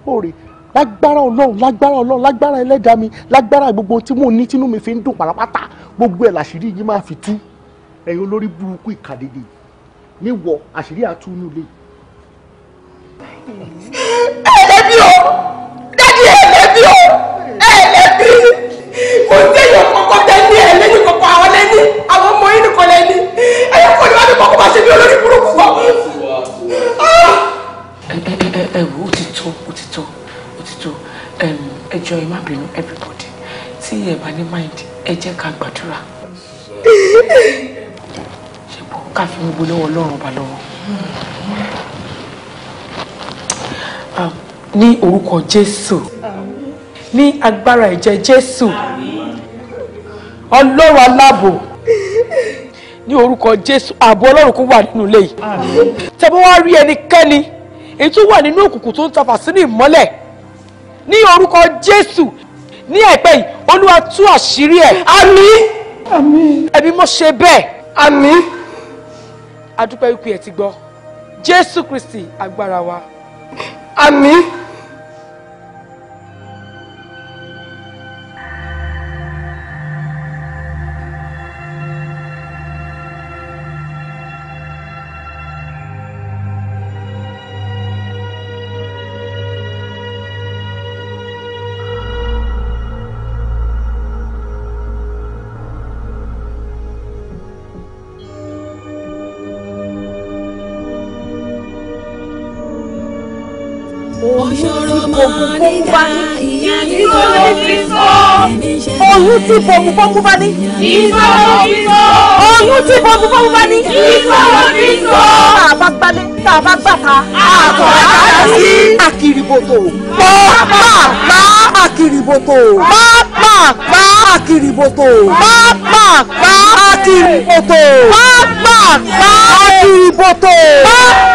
bóòrè lágbára ọlọ́run lágbára ọlọ́run lágbára ẹlẹ́dàá mi lágbára gbogbo tí mò ń ní tínú mi fi ń dùn pàlàpàtà gbogbo ẹ̀ làṣírí yìí máa fi tú ẹ̀yin olórí burúkú ìkàdédé yìí níwọ àṣírí àtúnú lè. ẹlẹ́bí o dádì ẹlẹ́bí o ẹlẹ́bí mo ti èyàn kọ́kọ́ tẹ́lí ẹlẹ́yìn kọ́kọ́ àwọn lẹ́ni àwọn ọmọ yìí nìkan lẹ́ni ẹ̀yà kọ́ni wá ní kọ́kọ́ bá ṣe bí olórí burúkú kọ́. ẹ ẹ wo ti tó ó ti tó ó ti tó ẹ jọ ẹ má bínú everybody tí ẹ bá ní mind ẹ jẹ́ ká gbàdúrà ká fi gbogbo lọ́wọ́ ọlọ́run ọba lọ́wọ́ ah, ní orúkọ jésù ní agbára ẹ̀jẹ̀ jésù ọlọ́run aláàbò ní orúkọ jésù ààbò ọlọ́run kún wà nínú ilé yìí tẹ́ bá wá rí ẹnikẹ́ni èyí tó wà nínú òkùnkùn tó ń tafà sínú ìmọ́lẹ̀ ní orúkọ jésù ní àìpẹ́ yìí olúwa tú àṣírí ẹ̀ àmín ẹ̀mí mọ́ ṣe bẹ́ẹ̀ àmín adúpẹ́ wípé ẹ ti gbọ́ jésù kristi agbára wa. àmín. kó ń bá ní. ìṣó ló fi sọ. oyún tí bọ̀mù bọ́mú bá ní. ìṣó ló fi sọ. oyún tí bọ̀mù bọ́mú bá ní. ìṣó ló fi sọ. tá a bá gbálẹ̀ tá a bá gbàtà. àtọ̀ àtàrà sí. akiriboto. pàápàá akiriboto. pàápàá akiriboto. pàápàá akiriboto. pàápàá akiriboto.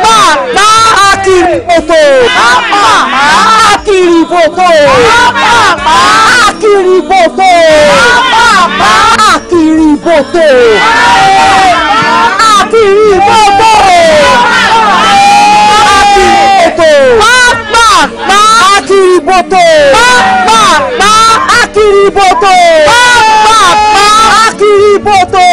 pàápàá a a a a a kiri kiri kiri kiri akirifoto akirifoto akirifoto akirifoto a kiri pápá akirifoto a akirifoto pápá akirifoto.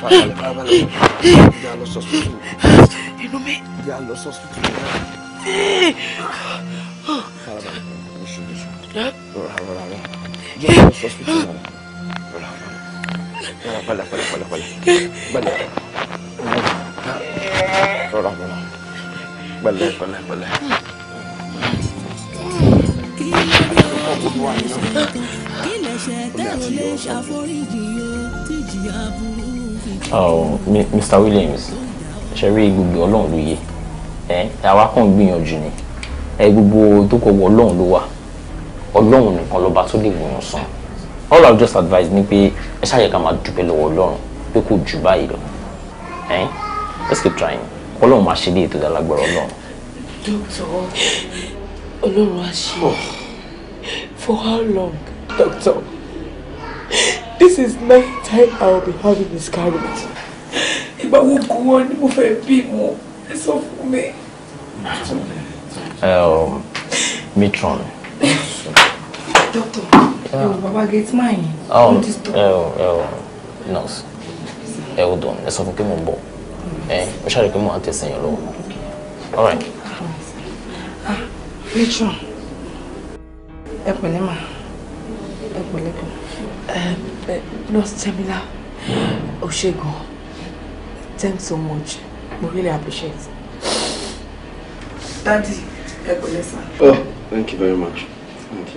Farabalẹ̀ farabalẹ̀ jẹ́ àlọ́ sọ́sítù. Inú mi. Jẹ́ àlọ́ sọ́sítù. Farabalẹ̀ oṣù oṣù. Rọra rọra rọra. Jẹ́ àlọ́ sọ́sítù rọra. Rọra rọra. Rọra balẹ̀ balẹ̀ balẹ̀ balẹ̀. Balẹ̀. Rọra rọra. Balẹ̀ balẹ̀ balẹ̀. Kí lè ṣe tẹ́lẹ̀ lè ṣàforíjì yóò tíjì aburú. Oh, Mr. Williams ṣe rí gbogbo ọlọ́run ló yé ẹ àwa kàn gbìyànjú ni ẹ gbogbo tó kọ wọ ọlọ́run ló wà ọlọ́run nìkan lọ́ba tó lè wòyàn sàn all i just advise ni pé ẹ ṣáà yẹ ká máa dúpẹ́ lọ́wọ́ ọlọ́run pé kò jù báyìí lọ ẹ let's keep trying ọlọ́run máa ṣe ní ètò ìdálágbára ọlọ́run. doctor ọlọ́run á ṣe for how long doctor this is ninth time I will be having miscarriage. Ìgbà wo kò wọ́n ni mo fẹ́ bímọ? Ẹ sọ fún mi. Um, Matron. Doctor, ah. ẹ̀wọ̀ bàbá gate máa yẹn. Ẹ̀wọ̀ ẹ̀wọ̀ Oh. Oh, oh dùn, ẹ sọ fún pé mo for me Ẹ Eh, we shall pé mo máa tẹ̀sán yẹn All right. Ah, Mitron. ẹ pẹ̀lẹ́ mà, ẹ Ehm, nurse Temila Oshego. thanks so much We really appreciate. dadi ẹ kò lè sàn. oh thank you very much thank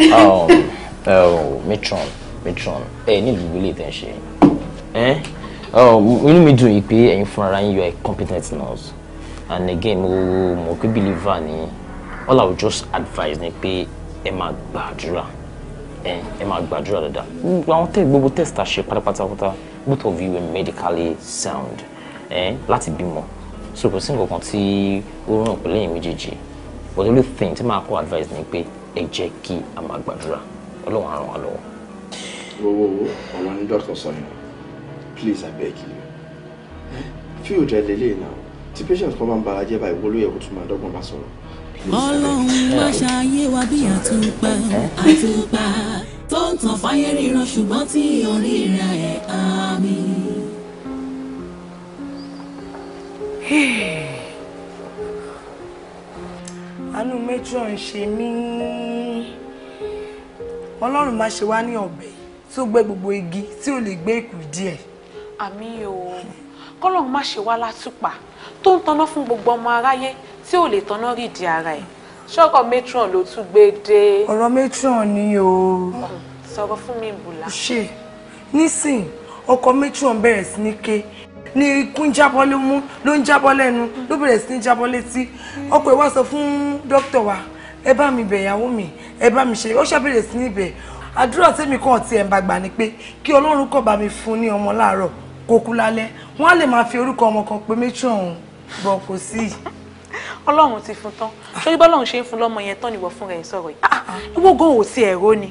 you. um, uh, matron matron ẹ nílùú ìwé lè Eh? Oh, inú mi dùn yìí pé ẹ̀yin fúnra yín you are a competent nurse and again we mo kí believer ni all i would just advise ni pay a mad gbàdúrà ẹ máa gbàdúrà dáadáa gbogbo àwọn tẹ́ gbogbo test ta ṣe pátápátá both of you are medically sound láti bímọ so kò sí nǹkan kan tí ó ràn pẹ̀lú ẹ̀yin méjèèjì but the only thing tí màá kọ́ advice ni pé ẹ jẹ́ kí a máa gbàdúrà ọlọ́run á ràn wá lọ́wọ́. owó ọ̀rọ̀ ní dọ́kítọ̀ sọ yẹn please abeg you fi òjò ẹ̀ lélẹ́yìn náà tí patient kan bá ń bara jẹ́ báyìí wọ́n ló yẹ kó tún máa dọ́gbọ́n bá sọ̀rọ̀ ọlọ́run má ṣàyé wa bí àtúpà àtúpà tó ń tàn fáyé ríran ṣùgbọ́n tí orí ra ẹ̀ àmì. àánú méjì ń ṣe mí ọlọ́run má ṣe wá ní ọ̀bẹ tí gbé gbogbo igi tí ò lè gbé ìkù díẹ̀. àmì o kọ́lọ́run má ṣe wá látùpà tó ń taná fún gbogbo ọmọ aráyé tí ò lè taná rí ìdí ara ẹ̀ ṣọ́kọ̀ matron ló tún gbé dé. ọ̀rọ̀ matron ni o. sọ̀rọ̀ fún mi bùlà. ṣe nísìn ọkọ matron bẹ̀rẹ̀ sí ní ké ní ikú ń jábọ́ ló mú ló ń jábọ́ lẹ́nu ló bẹ̀rẹ̀ sí ní jábọ́ létí ọkọ ẹ̀ wá sọ fún dókítà wa ẹ bá mi bẹ̀ mi ẹ bá mi ṣe ó ṣàbẹ̀rẹ̀ sí ní àdúrà tèmi kan ti ẹ̀ ń bàgbà ni pé kí ọlọ́run kó bá mi fún ní ọmọ láàárọ̀ kó kú lálẹ́ wọ́n á lè máa fi orúkọ ọmọ kan pé méjì ọ̀hún bọ̀ kò sí. ọlọ́run ti fún tán torí bọ́lọ́run ṣe ń fún lọ́mọ yẹn tán nìwọ fúnra ẹ̀ sọ̀rọ̀ yìí ah, ah, ìwọ gan ò ti ẹ̀rọ ni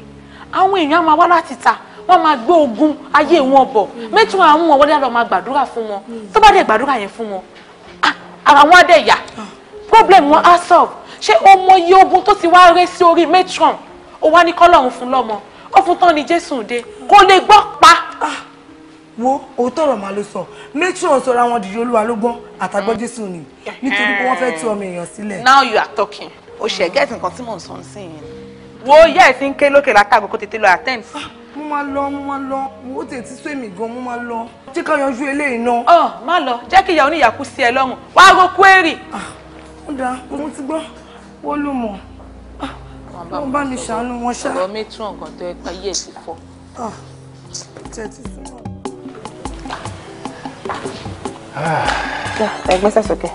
àwọn èèyàn á máa wá láti ta wọ́n máa gbé ogun ayé wọn bọ̀ méjì wọn àwọn wọlé àlọ́ máa gbàdúrà fún wọn tó bá dé gbàdúrà yẹn fún wọn ah, ara wọn á dẹ̀ yá problem wọn á solve ṣé o mọ iye ogun tó ti wá ré sí orí matron o wá ní kọ́lọ́run fún lọ́mọ ó fún tán ni jésù dé kó lè gbọ́ pa wo òótọ́ ọ̀rọ̀ máa ló sọ make sure sọra wọn dìde olúwa ló gbọ́n àtàgbọ́ mm. jésù ni nítorí pé wọ́n fẹ́ tú ọmọ èèyàn sílẹ̀. now you are talking o ṣe gẹ́ẹ̀tì nǹkan tí mò ń sọ ń sìn yẹn wo yẹ́ ẹ̀ ti ń ké lókè látàgbọ́ kó tètè lọ attend. Ah, mo máa lọ mo máa lọ wo tètè sọ èmi gan mo máa lọ jẹ́ ká yanjú eléyìí náà. ọ oh, má lọ jẹ́ kí ìyá oníyàkú sí ẹ lọ́rùn wá ró kúérì. Ah, ó dáa mo ti gbọ́ wọ́n ló mọ̀ ah, wọ́n bá mi ṣàánú wọn ṣá. ọ̀rọ̀ mi tún ọ̀gàn tó ẹ pa yíyẹ̀ sí fọ́. tẹ́tí sí wọn. Ya, te meses o qué?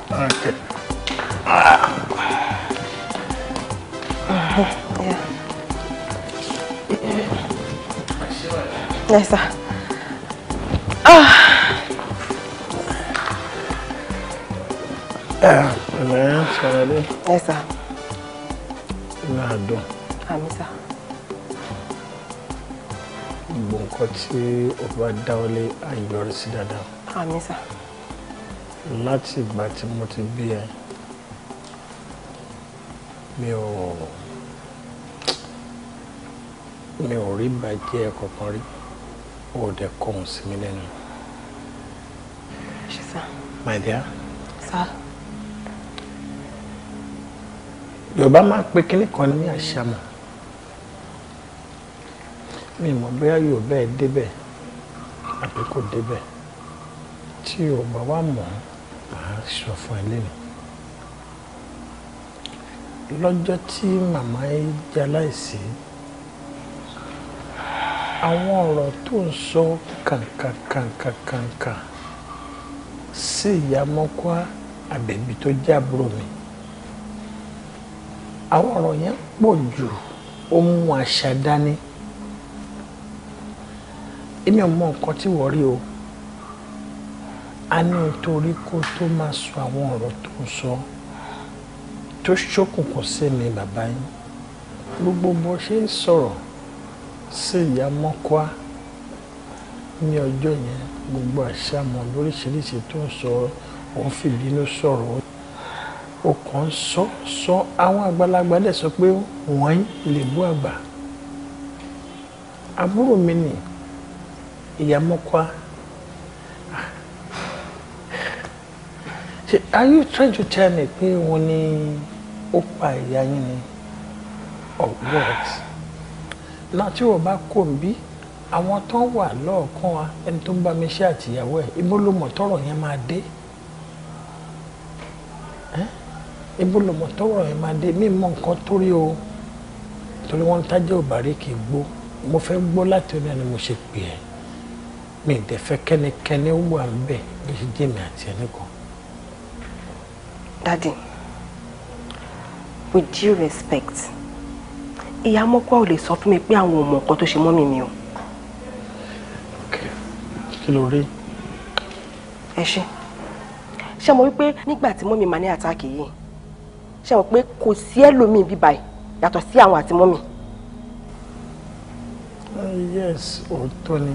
Ya está. Ah. Ẹ̀rẹ́ ṣẹlẹ̀. Ẹ sà. Láàdùn. Àmì sà. Gbogbo nǹkan tí o bá dáwọ́lé àmì sà. láti ìgbà tí mo ti bí ẹ mi ò mi ò rí bàjẹ́ kankan rí ò dẹ̀ kọ̀hún sí mi lẹ́nu. ṣe sá. my dear. sá. yorùbá máa pe kínní kan ní àṣàmọ̀ mi mọ̀ bóyá yorùbá ẹ̀ débẹ̀ àbí kò débẹ̀ tí o bá wà mọ̀ màá sọ fún ẹ lẹ́nu lọ́jọ́ tí màmá yìí jẹ́ aláìsí àwọn ọ̀rọ̀ tó ń sọ kàǹkàǹkàǹkàǹkà sí ìyá mọ́kọ́ àbẹ̀bí tó jẹ́ àbúrò mi àwọn ọ̀rọ̀ yẹn pọ̀ jù ó mú àṣà dání èmi ò mọ nǹkan tí wọ́n rí o a ní nítorí kó tó máa sọ àwọn ọ̀rọ̀ tó ń sọ tó ṣókùnkùn sí mi bàbá yín gbogbo bó ṣe ń sọ̀rọ̀ sí ìyá mọ́kọ́á ní ọjọ́ yẹn gbogbo àṣàmọ̀ lóríṣiríṣi tó ń sọ òun fìbínú sọ̀rọ̀ ó kàn ń sọ sọ àwọn àgbàlagbà dẹ̀ sọ pé wọ́n lè bú àgbà àbúrò mi ni ìyá mọ́kọ́á ṣe are you trying to tell me pé wọ́n ní ó ìyá yín ni or what náà tí wọ́n bá kò ń bí àwọn tó wà lọ́ọ̀kan wa ẹni tó ń bá mi ṣe àtìyàwó ẹ̀ ibo ló mọ̀ tọ́rọ̀ yẹn máa dé ibo ló mọ̀ tọ́rọ̀ yẹn máa dé mí mọ nǹkan torí o torí wọ́n tájẹ́ òbárí kì í gbó mo fẹ́ gbó láti ọ̀nà ni mo ṣe pè ẹ́ mi ì dẹ̀ fẹ́ kẹ́nikẹ́ni wà ń bẹ̀ bí ṣe jẹ́ mi àti ẹnìkan. Daddy, with due respect, ìyá mọ́kọ́ ò lè sọ fún mi pé àwọn ọmọ nǹkan tó ṣe mọ́mì mi o. Kí ló rí? Ẹ ṣe. Ṣé mo wípé nígbà tí mọ́mì máa ní àtàkì yìí, ṣé mo pé kò sí ẹlòmíì bíbáyìí yàtọ̀ sí àwọn àti mọ́mì? Uh, yes, òótọ́ ni,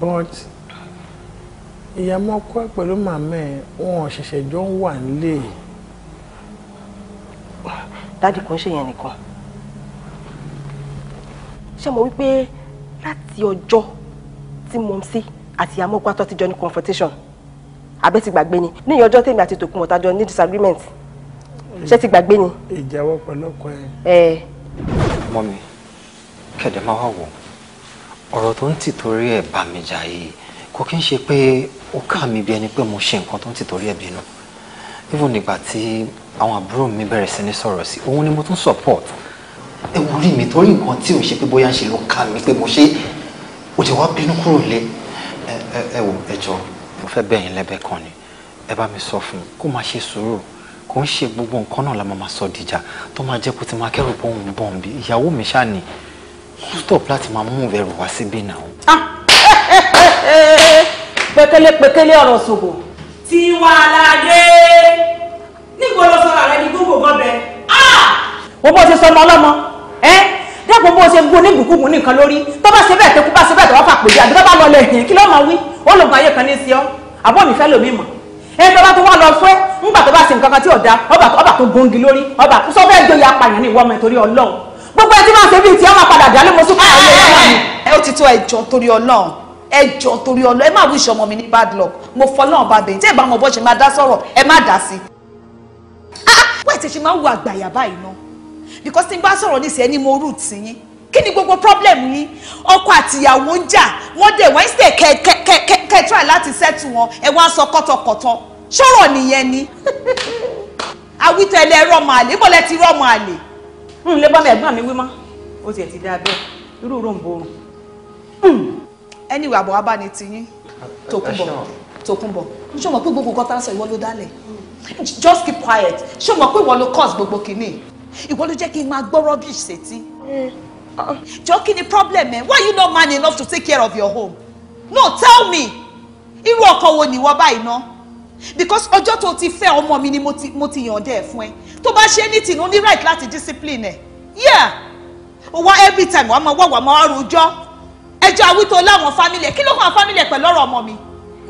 but ìyá mọ́kọ́ pẹ̀lú màmá ẹ̀ wọn ṣẹ̀ṣẹ̀ jọ ń wà nílé yìí dáàdì kan ṣèyàn nìkan ṣé mo wípé láti ọjọ́ tí mo ń sí àti amógbátọ́ ti jọ ní confrontation abẹ́ ti gbàgbé ni ní ìyọjọ́ tèmi àti tòkun ọ̀tá jọ ní disagreement ṣé ti gbàgbé ni. ìjẹ́wọ́ pẹ̀lọ́pọ̀ ẹ. mọ́mi kẹ̀dẹ̀ máa wá wò ọ̀rọ̀ tó ń tì torí ẹ̀ bá mi jà yìí kò kí ń ṣe pé ó kà mí bí ẹni pé mo ṣe nǹkan tó ń tì torí ẹ̀ bínú. No even nígbà tí àwọn àbúrò mi bẹ̀rẹ̀ sí ní sọ̀rọ̀ sí òun ni mo tún support ẹ wò rí mi torí nǹkan tí ò ń ṣe pé bóyá ń ṣe ló ka mi pé mo ṣe ó ti wá bínú kúrò lé ẹ wò ẹ jọ̀ọ́ mo fẹ́ bẹ̀ yín lẹ́bẹ̀ kan ni ẹ bá mi sọ fún un kó máa ṣe sùúrù kò ń ṣe gbogbo nǹkan náà la máa máa sọ dìjà tó máa jẹ́ kó ti máa kẹ́rù bọ́ọ̀n bọ́ọ̀n bí ìyàwó mi ṣáà ni kó stop láti máa mú ẹrù wá síbí náà. Ah! pẹ̀kẹ́lẹ́ pẹ̀kẹ́lẹ́ ọ̀rọ̀ ṣògo Tiwalade nígbà lọ sọ̀rọ̀ rẹ ní gbogbo gọbẹ. wọ́n bó ṣe sọ ọmọ ọlọ́mọ ẹ́ dẹ́kun bó ṣe gún onígbùkúgùn nìkan lórí tó bá ṣe bẹ́ẹ̀ bá ṣe bẹ́ẹ̀ pèjì wí ó lògùn ayé kan ní sí ọ àbọ̀ mi fẹ́ mọ̀ ẹ tó bá tó wá ọba tó ọba sọ gbé pààyàn ní ìwọ gbogbo ẹ máa ẹ jọ torí ọlọ ẹ má wíṣọ ọmọ mi ní bad luck mo fọlọ́run bá bẹ̀yìn tí ẹ bá mọ bó ṣe máa dá sọ̀rọ̀ ẹ má dá sí. wọ́n ah, ah, ti ṣe máa ń wo àgbàyà báyìí ná because tí n bá sọ̀rọ̀ nísìnyẹ́ ni mo root sí yín kí ni gbogbo problem yín ọkọ àtìyàwó ń jà wọ́n dẹ̀ wọ́n ṣe kẹ́ try láti settle wọn ẹ wá sọ kọ́tọ̀kọ́tọ̀ ṣọ̀rọ̀ nìyẹn ni awítẹ̀lẹ̀ rọmọ àlè bọ́lá ti rọmọ àlè. n hmm, lè bá mi ẹ̀gbọ́n mi wí mọ́ o tiẹ̀ ti dáa bẹ́ẹ̀ irú ròǹbòrò anyway àbọ̀ wá bá ní tiyín Tòkunbọ̀ Tòkunbọ̀ ṣé o mọ̀ pé gbogbo nǹkan tá sọ ìwọ ló dálẹ̀ just keep quiet ṣé o mọ̀ pé ìwọ ló cause gbogbo kìíní ìwọ ló jẹ́ kí n máa gbọ́ rubbish sétí jọ kí ni problem ẹ why you no man enough to take care of your home no tell me irú ọkọ wo ni ìwọ báyìí ná because ọjọ́ tó ti fẹ́ ọmọ mi ni mo ti yànjẹ́ ẹ̀ fún ẹ tó bá ṣe anything only right láti discipline ẹ̀ yeah wá every time wàá máa wá wàá máa wá rojọ́ ẹjọ́ àwító láwọn fámìlì ẹ̀ kí ló kàn fámìlì ẹ̀ pẹ̀lú ọ̀rọ̀ ọmọ mi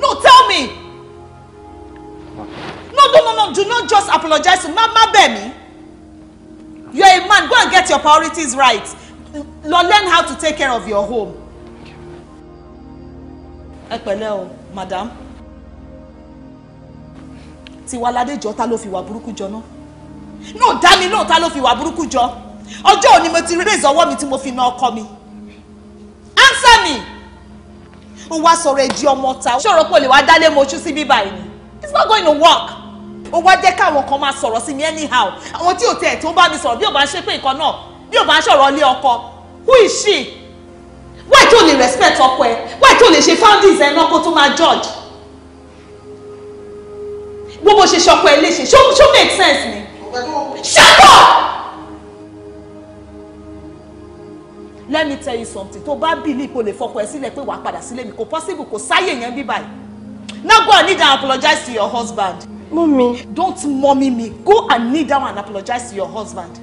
no tell me no no no no do not just apologize to Mama bẹ̀ mí you are a man go and get your priorities right lo learn how to take care of your home. ẹ pẹ̀lẹ́ o madam tiwalade jọ ta ló fi wà burúkú jọ náà no dá mi lóòótá ló fi wà burúkú jọ ọjọ́ òní mo ti raise ọwọ́ mi tí mo fi na ọkọ mi answer me ó wá sọ̀rọ̀ ẹ̀jí ọmọ ta ṣòro pé o lè wá dálé mojú sí bíbá yìí ni it's not going to work ó wá jẹ́ káwọn kan máa sọ̀rọ̀ sí mi anyhow àwọn tí ò tẹ̀ tó bá mi sọ̀rọ̀ bí ò bá ṣe pé nǹkan náà bí ò bá ń sọ̀rọ̀ ilé ọkọ who is she why tó lè respect ọkọ ẹ why tó lè ṣe foundings ẹ náà kó tó máa judge gbogbo ṣe ṣọkọ ẹ léṣe ṣó make sense ni ṣàkóso. let me tell you something tó bá bìlì kò lè fọkọ ẹ sílẹ̀ pé wàá padà sílé mi kò possible kò sáyè yẹn bí báyìí now go and kneel down and apologize to your husband. mummy. don't mummy me go and kneel down and apologize to your husband.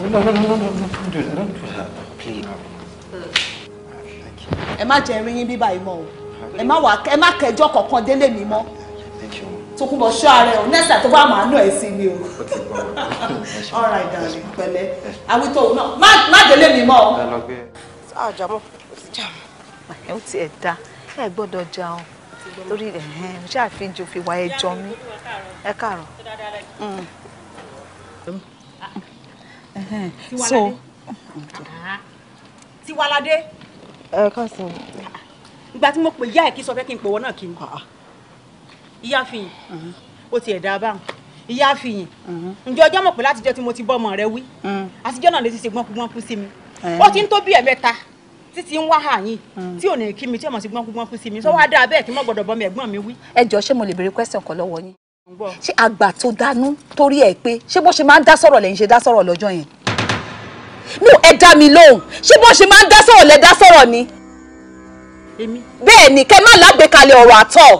no no no no no don't do that don't do that please. ẹ má jẹ́ rin yín bí báyìí mọ́ o ẹ má ẹ má kẹjọ́ kọ̀ọ̀kan délé mi mọ́. Tókunbọ̀ ṣọ́ ara ẹ̀ o next tó bá máa nà ẹ́ sí mi o. all right darling pẹ̀lẹ́ awítọ́ náà má délé mi mọ́ o. àjàmọ́ ó ti jà mọ́. ẹ ó tiẹ̀ da ẹ gbọ́dọ̀ jà o lórí ẹ̀ ẹ̀ ṣáà fi jò fi wá ẹjọ́ mi ẹ káàárọ̀. Mm. so Tiwalade. ẹ ká sí i. ìgbà tí mo pè yá ẹ kí sọ fẹ́ kí n pè wọ́n náà kí n. Ah, ah ìyáfìyìn uh-huh. ó tiẹ̀ dá báwọn ìyáfìyìn uh-huh. ǹjọ́ ọjọ́ mọ̀ pé látijọ́ tí mo ti bọ́ ọmọ rẹ wí uh-huh. àtijọ́ náà lè ti ṣe gbọ́npọ́npọ́ sí mi ó ti ń tó bí ẹ̀mẹ́ta títí ń wá hà yín tí ò ní kí mi tí ọmọ sí gbọ́ngbọ́n kú sí mi sọ wá dáa bẹ́ẹ̀ kí mo gbọ́dọ̀ bọ́ mi ẹ̀gbọ́n mi wí. ẹ jọ ṣé mo lè béèrè question kan lọ́wọ́ yín ṣé àgbà tó dánú torí ẹ pé ṣé bó ṣe máa ń dá sọ̀rọ̀ lẹ́yìn ṣe dá sọ̀rọ̀ lọ́jọ́ yẹn no ẹ dá mi lóhùn ṣé bó ṣe máa ń dá sọ̀rọ̀ lẹ́ sọ̀rọ̀ ni. bẹ́ẹ̀ ni kẹ́ má lágbèkalẹ̀ ọ̀rọ̀ àtọ̀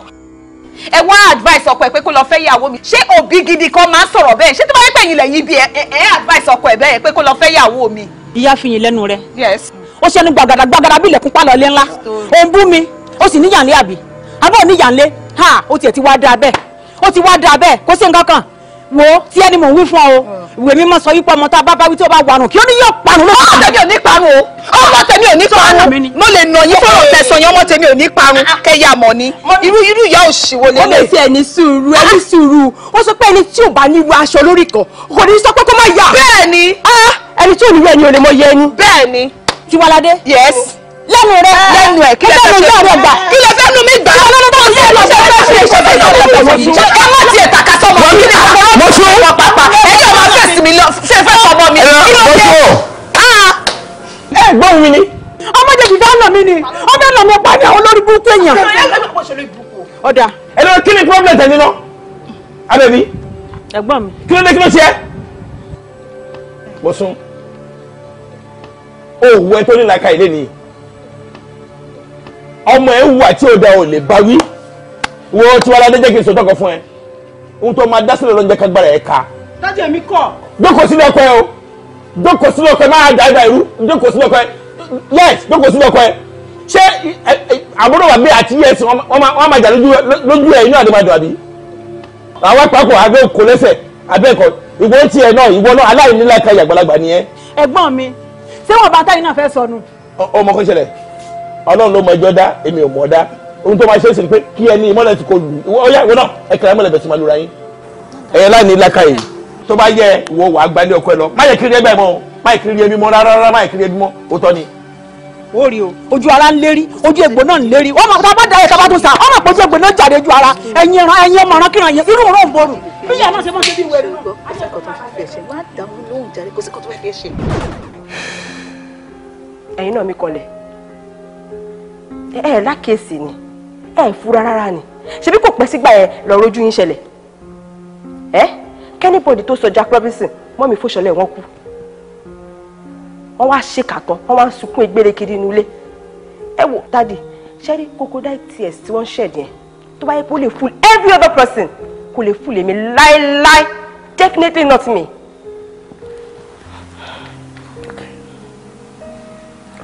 ẹ wá advice ọkọ ẹ pé kó lọ fẹ́ yàwó mi ṣé òbí gidi kan máa ń sọ̀rọ̀ bẹ́ẹ̀ ṣé tó bá yẹ pé ẹ̀yin lẹ́yìn ẹ ẹ advice ọkọ ẹ bẹ́ẹ̀ pé kó lọ fẹ́ yàwó mi. ìyá fi lẹ́nu rẹ. yes. ó ṣẹnu gbàgàdà gbàgàdà bí ilẹ̀kùn pálọ̀ ilé ńlá ó ń bú mi ó sì níyànlé àbí àbọ̀ níyànlé ha ó tiẹ̀ ti wá dáa bẹ́ẹ̀ ó ti wá dáa bẹ́ẹ̀ kó sí nǹkan kan wo tí ẹni mò ń wí fún ọ o hmm. ìwé mímọ́ sọ wípé ọmọ tá a bá bá wí tí ó bá wàrùn ni ó ní yóò parun ló. ọmọ tèmi ò ní parun o ọmọ tèmi ò ní parun mo lè nà yín fọlọ tẹsán yẹn ọmọ tèmi ò ní parun ah, ah. kẹyà mọ ni irú irú ìyá òṣìwò lélẹ. ó lè ti ẹni sùúrù ẹni ah, sùúrù ó sọ pé ẹni tí ò bá ní irú aṣọ lórí kan kò ní sọ pé kó má yà. bẹ́ẹ̀ni. ẹni tí ò ní wẹ ni ò lè mọ yẹ ẹni. bẹ́ẹ̀ni. tiwalade. yes lẹ́nu rẹ lẹ́nu ẹ̀ kí lẹ́nu yóò rẹ gbà. kí lọ fẹ́nu mi gbà. kí lọ́nà tó ń sẹ́nu tó ń sẹ́nu ṣe fẹ́ lọ́nà tó ń sẹ́nu. ẹ má tiẹ̀ tàka sọmọ mi ní àpò mo ṣe é pàpà ẹni ọmọ fẹ́sì mi ṣe fẹ́ sọmọ mi kí ló dé. ẹ gbọ́n mi ni ọmọdé ti dáná mi ni ọmọdé náà mo pa ní àwọn olórí burúkú èèyàn. ọ̀dà. ẹ lọ kí ni problem tẹ̀ nínú abẹ́bí. ẹ̀gbọ́n mi. kí ló dé kí ló ṣe é. mo sún. òwú ẹ tó ní làákà ilé nìyí ọmọ ẹ wà tí ọ̀dà ò lè bá wí wo tí wàá ládé jẹ́ kí n sọ tọkọ fún ẹ ohun tó máa dásílẹ̀ lọ́njẹ́ kágbára ẹ̀ ká. dájú èmi kọ. jókòó sínú ọkọ ẹ o jókòó sínú ọkọ ẹ máa dá ẹ̀dá irú jókòó sínú ọkọ ẹ yes jókòó sínú ọkọ ẹ ṣé àbúrò wa bí àti yẹ́sì wọ́n máa jà lójú ẹ̀ inú àdébàdàn àbí àwọn àpapọ̀ abẹ́ òkò lẹ́sẹ̀ abẹ́ ẹ̀kọ́ ìwọ tiẹ̀ náà ìwọ náà aláìníláka ìyàgbàlagbà ni ẹ. ẹ̀gbọ́n mi ṣé wọn bá táyì náà fẹ́ sọnù. ọmọ kan ṣẹlẹ̀ ọlọ́run ló mọ ẹjọ́ dá èmi ò mọ̀ dá ohun tó máa ṣe é sì ni pé kí ẹni ìmọ́lẹ̀ ti kò lù ọyá ìwọ náà ẹ kẹrẹ mọ́lẹ̀ bẹ̀ sí máa lura yín ẹ̀yẹ láì ní láka yìí tó bá yẹ ìwọ wàá gbalẹ̀ ọkọ ẹ lọ má yẹ kiri ẹgbẹ́ mọ́ má yẹ kiri ẹbí mọ́ rárá rárá má yẹ kiri ẹbí mọ́ òótọ́ ni ó rí o ojú ara ń lérí ojú egbò náà ń lérí wọn máa tá a bá da ẹ̀ka bá tún sa wọn máa pọ̀jù egbò náà jáde ju ara ẹ̀yin ẹran ẹ̀yin ọmọ ọ̀ràn kíran yẹn irú ọ̀rọ̀ ń borù bí ìyá náà ṣe máa ṣe bí wẹ̀rù. ẹ̀yin náà mi kọlẹ̀ ẹ ẹ lákèsí ni ẹ ẹ fura rárá ni ṣebí kò pẹ́ sígbà yẹn lọ́ọ́ rojú yín ṣẹlẹ̀ ẹ kẹ́nìbọ̀dì tó sọ Jack Robinson mọ́mí Fóṣọlẹ̀ wọ́n kú wọ́n wá ṣèkàtọ́ wọ́n wá sunkún egbére kiri inú ilé ẹ wò dádì ṣẹ́rí crocodile tears tí wọ́n ń ṣẹ̀ yẹn tó bá yẹ kó lè fool every other person kó lè fool èmi láéláé definitely not me. Okay.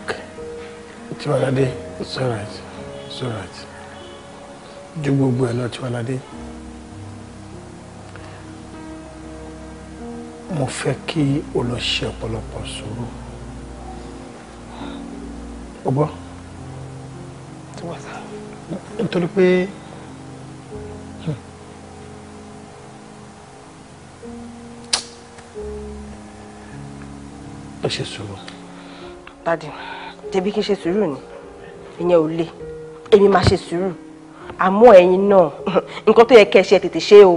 Okay. tí wàá dádé it's all right. it's alright ju gbogbo ẹ̀ lọ Tiwalade mo fẹ́ kí o lọ ṣe ọ̀pọ̀lọpọ̀ sùúrù o gbọ́ nítorí pé ó hmm. ṣe sùúrù. dadi tẹbi kí n ṣe sùúrù ni ìyẹn ò le èmi máa ṣe sùúrù àmọ́ ẹ̀yin náà nǹkan tó yẹ kẹ́ ẹ ṣe tètè ṣe o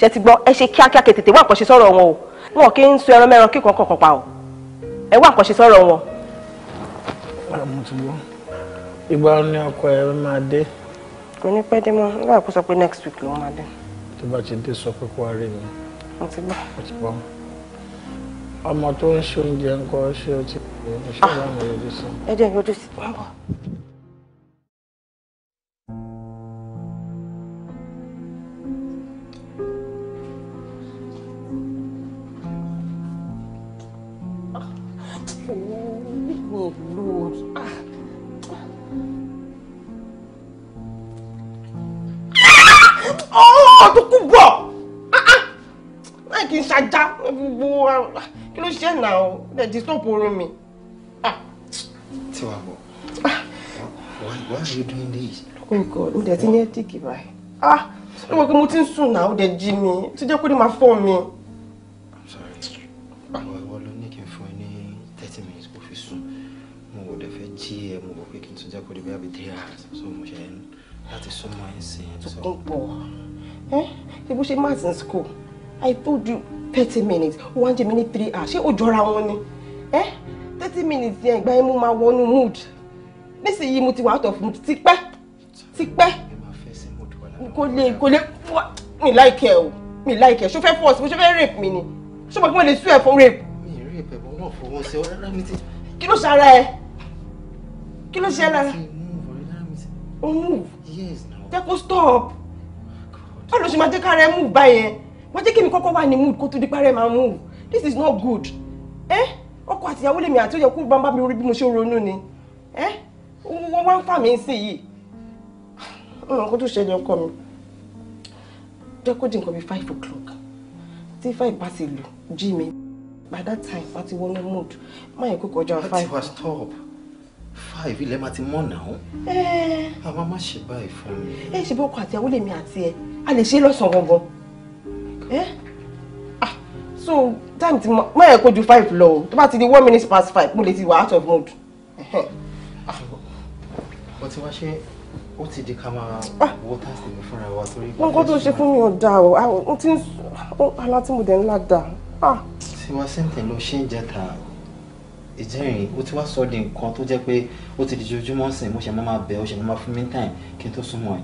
ṣe ti gbọ́ ẹ ṣe kíákíá kẹ́ tètè wá nǹkan ṣe sọ̀rọ̀ wọn o wọn kì í sun ẹran mẹ́ran kí kankan kan pa o ẹ wá nǹkan ṣe sọ̀rọ̀ wọn. Ah, mo ti gbọ́ ìgbà ni ọkọ ẹ máa dé. kò ní pẹ́ dé mọ́ nígbà kó sọ pé next week ló máa dé. tó bá ti dé sọ pé kó wá rí mi. mo ti gbọ́. mo ti gbọ́ ọmọ tó ń ṣe oúnjẹ nǹkan ṣé o ti pè é ṣé wàá mọ̀ lójú oh, tu jẹ́ Ah, sí i. ọ̀rọ̀ tó kí ló ṣe náà o dẹ̀ di soap oorun mi. Ah. tiwa bọ ah. why are you doing this. oh god mo dẹ̀ ti ní ẹ́tíìkì báyìí ah ló mọ̀ pé mo ti ń sùn náà ó dẹ̀ jí mi tó jẹ́ kó ní máa fọ́ mi. i'm sorry àwọn ìwọ ló ní kí n fún ẹ ní thirty minutes kó fi sùn mo ò dẹ̀ fẹ́ jí ẹ mo wọ pé kí n tún jẹ́ kó di bí i three hours so mo ṣe láti súnmọ́ ẹ̀ sí i. tó kún pọ̀ ẹ́ ṣe ṣe máa ti school. I told you thirty minutes one minute, three hours ṣé ó jọra wọn ni ẹ́ eh? thirty minutes yẹn ìgbà yẹn mo máa wọnú mood nísìnyí mo ti wà out of mood tipẹ́ tipẹ́ kò lè kò lè mi like ẹ o mi like ẹ ṣó fẹ́ force mi ṣó fẹ́ rape mi ni ṣó mọ̀ pé mo lè sue ẹ fún rape. mi ì rape ẹ̀bùn náà fọwọ́ sí ọ rárá mi ti. kí ló ṣara ẹ kí ló ṣe lára. o move jẹ́ kó stop oh báwo ló ṣe máa jẹ́ ká rẹ move báyẹn wọ́n jẹ́ kí mi kọ́kọ́ wà ní mood kó tó di pẹ́rẹ́ máa move this is not good ẹ́ eh? ọkọ àtìyàwó lèmi àti òye kúrò bá mi rí bí mo ṣe ronú ni ẹ́ eh? wọ́n wá ń fà mí sí yìí ọ̀nà kó tó ṣẹlẹ̀ ọkọ mi jẹ́ kó di nǹkan bíi five o'clock tí five bá ti lù jí mi by that time wọ́n ti wọnú mood má yẹ kó kọjá five. láti wá stop five ilẹ̀ máa ti mọ̀ náà. Eh. àwọn máa ṣe báyìí fún mi. ẹ ṣe bọ́kọ àtìyàwó lèmi àti ẹ a lè ṣe é lọ́sàn-án gangan ẹ eh? ah so time ti mọ ẹ kó five lọ o tó bá ti di one minute past five mo lè ti wà out of mood. o ah, ti wá ṣe ó ti di ká máa ah. wo tásì mi fúnra wa torí. nǹkan tó ṣe fún mi ò dáa o ah, mo ti ń ala tí mo dẹ̀ ń la dáa. tiwa sẹ́ǹtẹ̀ ló ṣe ń jẹta ìjẹ́rìn ó ti wá sọ di nǹkan tó jẹ́ pé ó ti di ojoojúmọ́ sìn mo ṣe máa bẹ̀ ó ṣe máa fún mi time kí n tó súnmọ́ ẹ̀.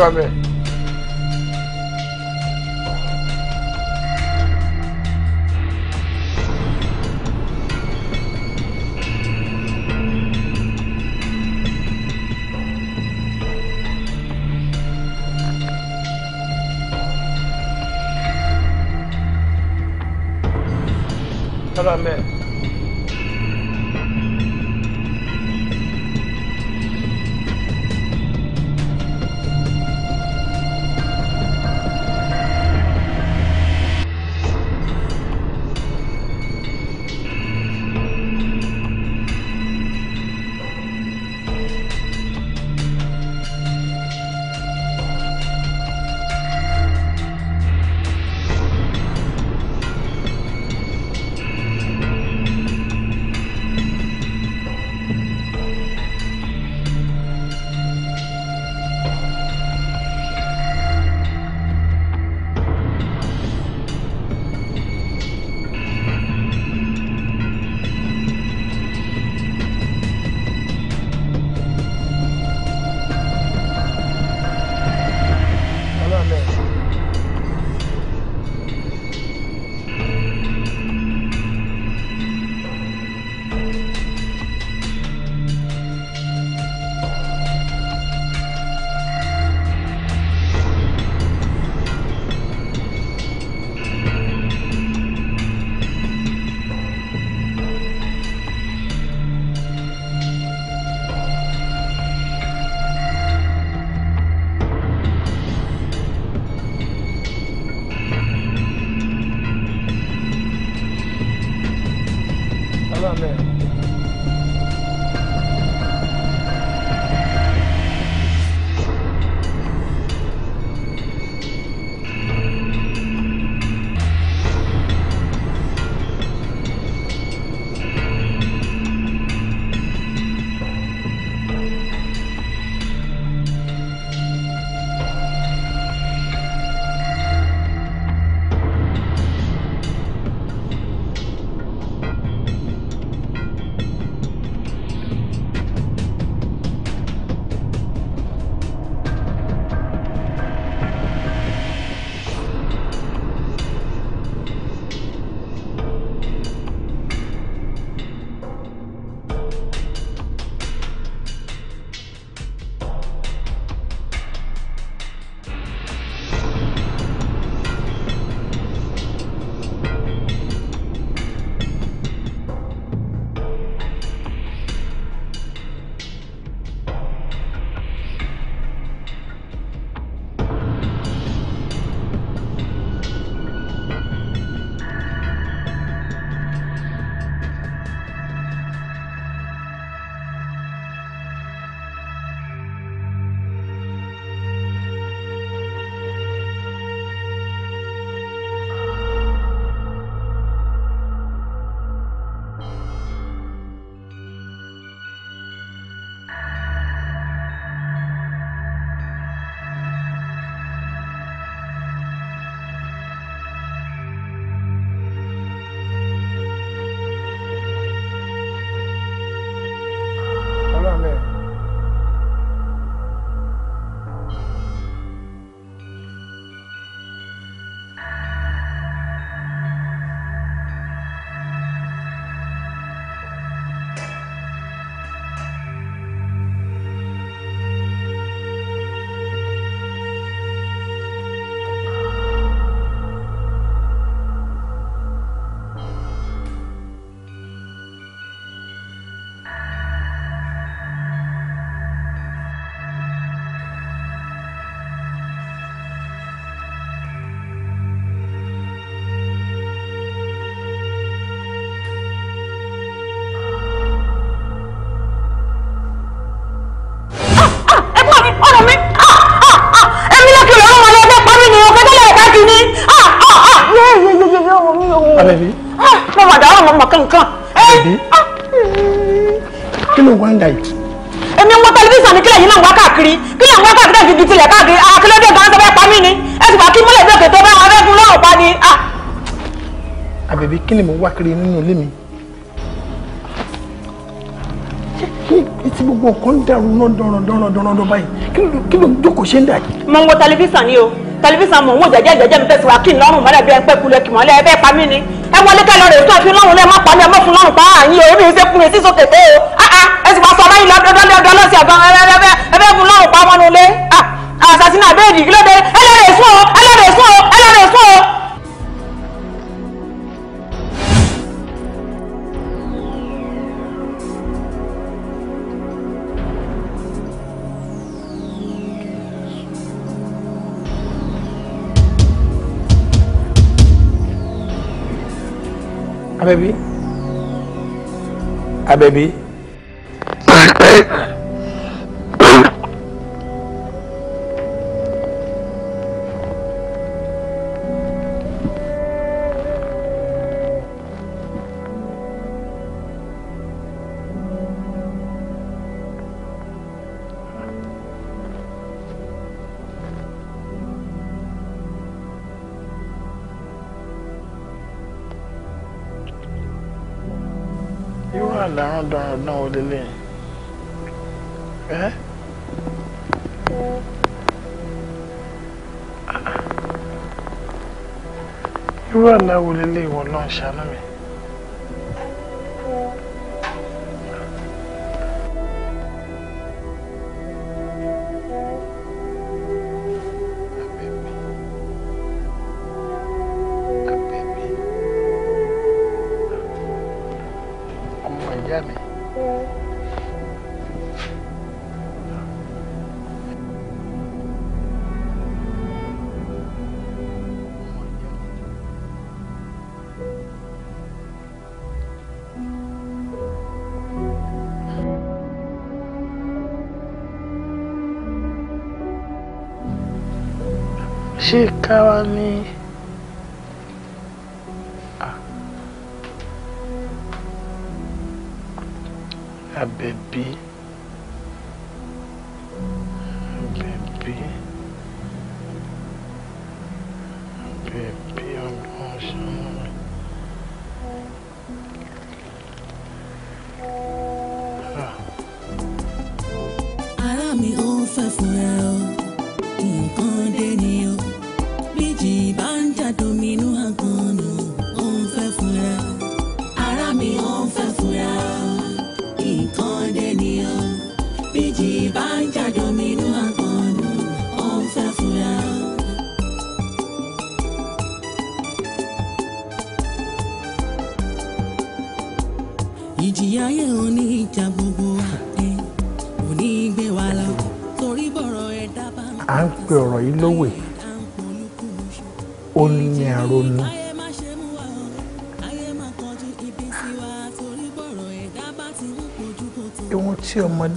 Perdóname. Àbẹ̀bí. Ah, mo mà dáhùn mo mọ̀ kankan. Eh, Àbẹ̀bí. Ah. Kí ló wá ń da yìí? Èmi ń wọ tẹlifíṣàn ní kílẹ̀ yìí náà ń wá káàkiri. Kílẹ̀ ń wá káàkiri náà fi di tilẹ̀ káàkiri. Àkílódé ah, kan sọ fẹ́ pa mí ni. Ẹ sì bá kí mọ́lẹ̀ bí òkè tó bá wọn fẹ́ fún lọ́rùn pa ni. Àbẹ̀bí kí ni mo wá kiri nínú ilé mi? tí gbogbo nǹkan dàrú náà dọ̀rọ̀ dọ̀rọ̀ dọ̀rọ̀ báyìí kí ló ń jókòó ṣe ń dà yìí. mo ń wo tẹlifíṣàn ni o tẹlifíṣàn mò ń wò jẹ́jẹ́ jẹ́jẹ́ mi tẹ̀síwá kí n lọ́rùn mọ́lẹ̀ bí ẹ ń pẹ́ kulẹ̀ kì mọ́lẹ̀ ẹ bẹ́ẹ̀ pa mí ni ẹ wọlé kẹ́ lọ rèé tó fi lọ́rùn lẹ́ má pa ní ẹmọ́ fún lọ́rùn pa àyín orí mi ṣe kún mi sí sókè tó o ẹ sì wá sọ ọmọ yìí lọ́dọọdọ lọ́sì àgbọn ẹ bẹ́ẹ̀ fún lọ́rùn pa ọmọ nulẹ̀ àṣàṣìn àbẹ́ẹ̀dì kí ló dé baby? Ah, baby?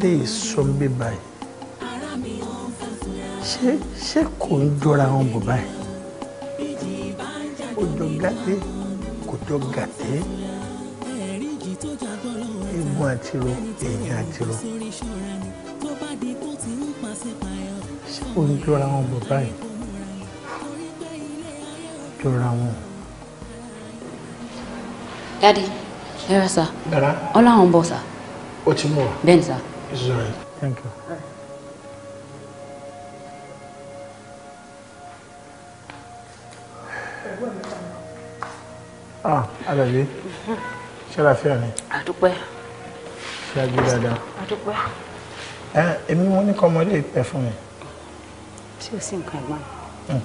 Adé ìsọ̀nbí báyìí ṣé ṣé kò ń jọra wọn bò báyìí ó jọ gàdé kò jọ gàdé egun àtirọ èèyàn àtirọ ṣé kò ń jọra wọn bò báyìí jọra wọn. Daddy ẹ rẹ sá. dara. ọlọ́run bọ̀ sá. o ti mú wa. bẹ́ẹ̀ ni sá. It's all right. Thank you. Uh. Ah, Àlàbí. Ṣé àlàáfíà ni? Àdúpẹ́. Ṣé a gbé dáadáa? Àdúpẹ́. Ẹ èmi wọ́n ní kọ́ ọmọdé pẹ́ fún mi. Tí o sì ń kan ẹ̀gbọ́n.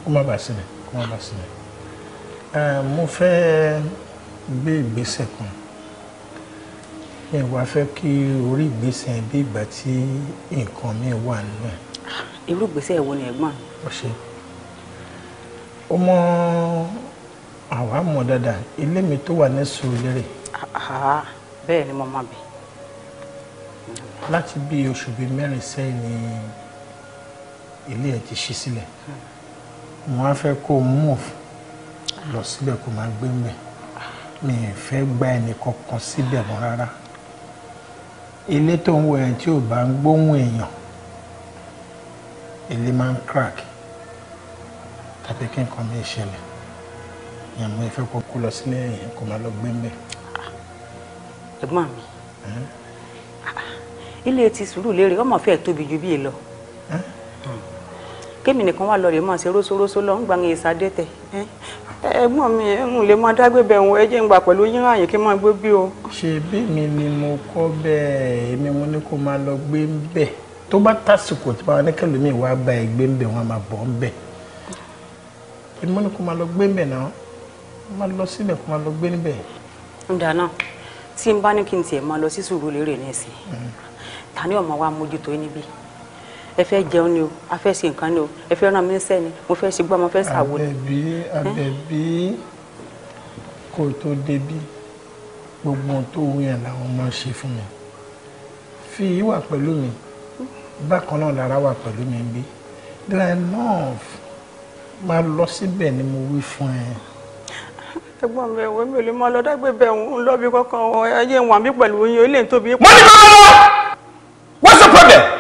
Kó má bàa sílẹ̀, kó má bàa sílẹ̀. Mo fẹ́ gbé ìgbésẹ̀ kan ẹ wá fẹ́ kí orí ìgbésẹ̀ bí ìgbà tí nǹkan mi wà nínú ẹ̀. irú ìgbésẹ̀ wo ni ẹ̀gbọ́n. ó ṣe ó mọ àwa mọ̀ dáadáa ilé mi tó wà ní Sùúrùlérè. bẹ́ẹ̀ ni mo máa bẹ̀. láti bí oṣù bíi mẹ́rin sẹ́yìn ni ilé ẹ̀ ti ṣí sílẹ̀ hmm. mo á fẹ́ kó move ah. lọ síbẹ̀ kó máa gbé mbẹ̀ mi ì fẹ́ gba ẹnì kankan síbẹ̀ mọ́ rárá ilé tó ń wọ ẹ̀ tí ò bá ń gbóhùn èèyàn ilé máa ń crack tàbí kí nǹkan mi ṣẹlẹ̀ ìyẹn mo fẹ́ kó kó lọ sílé yẹn kó máa lọ gbé mbẹ́. ẹ̀gbọ́n mi ilé ti sùúrù léèrè ọmọ fẹ́ tóbi ju bíi lọ kémi nìkan wà lọ rè mọ ṣe róṣóróṣó lọ ń gbà ń ṣe adé tẹ ẹ̀gbọ́n mi ẹ̀hún lè máa dágbébẹ òun ẹ jẹ́ ń gbà pẹ̀lú yín àyè kí n máa gbé bí o. ṣe bí mi ni mo kọ́ bẹ́ẹ̀ èmi mo ní kó máa lọ gbé ń bẹ̀ tó bá tásìkò tí wọn mi wá bá ẹ gbé ń bẹ̀ wọn máa bọ̀ ń bẹ̀ èmi mo ní kó máa lọ gbé ń bẹ̀ n bá ní kí n tiẹ̀ hmm. ni ọmọ ẹ fẹ́ jẹun ni o a fẹ́ ṣe nǹkan ni o ẹ fẹ́ ràn mí níṣẹ́ ni mo fẹ́ ṣe gbọ́ mo fẹ́ ṣàwo ni. àbẹ̀bí àbẹ̀bí kò tó débí gbogbo ohun tó wú yẹn làwọn máa ń ṣe fún mi fi yìí wà pẹ̀lú mi bákan náà lára wà pẹ̀lú mi bí there are enough máa lọ síbẹ̀ ni mo wí fún ẹ. ẹ̀gbọ́n mi ẹwẹ mi ò lè máa lọ dágbé bẹ òun lọbi kankan ẹyẹ wà mí pẹ̀lú oyin ó lè tóbi. mo ní kí lọ what's the problem.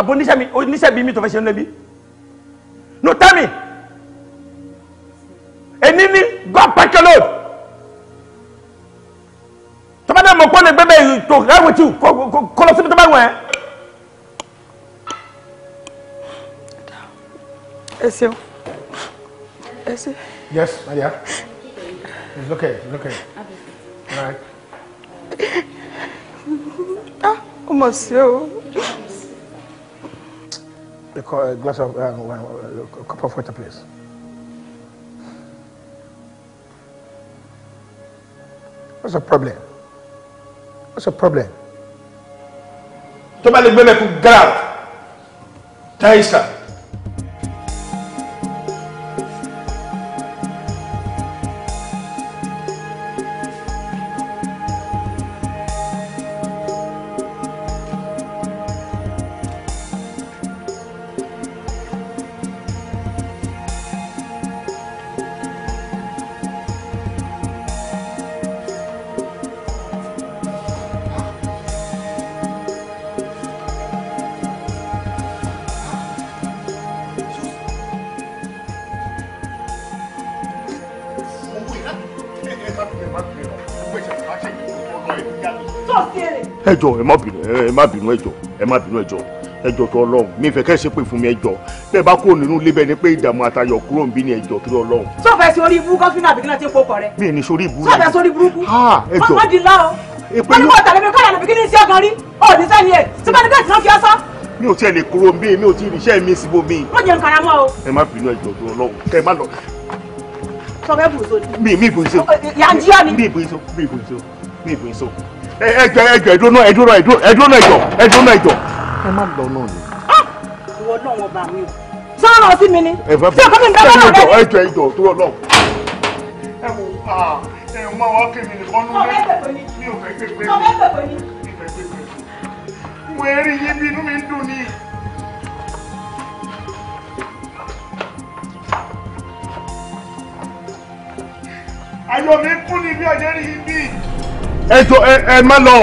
àbò oníṣẹ́ bí mi tó fẹ́ ṣe ń lẹ́bí no tell me èní ní god packer load tó bá dẹ̀ mọ̀ pọ́n lè gbé bẹ́ẹ̀ tó rẹ́wì tù kó lọ síbi tó bá wọ̀ ẹ́. ẹ ṣeun ẹ ṣe. yes Maria, dear it's okay it's okay all right. ah ọmọ sí o a e, glass of um, e, a e, cup of water, please. What's the problem? What's the problem? Tó bá lè gbé mẹ́kún gírààtì, táyì ẹ jọ̀ọ́ ẹ má bínú ẹ má bínú ẹ jọ̀ọ́ ẹ má bínú ẹ jọ̀ọ́ ẹ jọ̀ọ́ tó Ọlọ́run mi ìfẹ́ kẹ́ ẹ ṣe pé fún mi ẹ jọ̀ọ́ tẹ́ ẹ bá kúrò nínú ilé bẹ́ẹ̀ ni pé ìdààmú àtayọ̀ kúrò ń bí ni ẹ jọ̀ọ́ kí Ọlọ́run. sọfẹ sori ibu kọfínà àbí kí náà ti ń kókọ rẹ. mi ì sori ibu rẹ sọfẹ sori burúkú. ẹ di ńlá o. ìpè yóò wọ́n tàlẹ́ mi káyà lẹ́bi kí ní iṣẹ́ gan rí ò ní sẹ́yìn ẹ̀ síbẹ̀ nígbà tí wọ́n fi ọ́ sá. mi ò tiẹ̀ lè kúrò mi mi ò tí ì ríṣẹ́ mi síbò mi. wọ́n jẹ́ nkàrà o. ẹ má bínú ẹ jọ̀ọ́ tó Ọlọ́run kẹ́ ẹ má lọ. sọfẹ bùrùsọ. mi mi bùrùsọ. yà á jí ọ ni. mi bùrùsọ mi bùrùsọ ẹjọ ẹjọ ẹdúró náà ẹdúró náà ẹdúró náà ẹjọ ẹdúró náà ẹjọ. ẹ má lọ náà ni. ìwọ náà wọn bá mi o. sọ̀rọ̀ sí mi ni. ẹ bá bá ẹjọ ẹjọ ẹjọ tó rọ náà. ẹ wò ẹ mọ àwọn kèmí nìkan nú lé mi ò fẹ́ gbégbé mi mo rí yín bí inú mi ń dùn ni. ayọ̀ mi kú ni bí ọjọ́ rí yín bí ẹ jọ ẹ ẹ má lọ. ẹ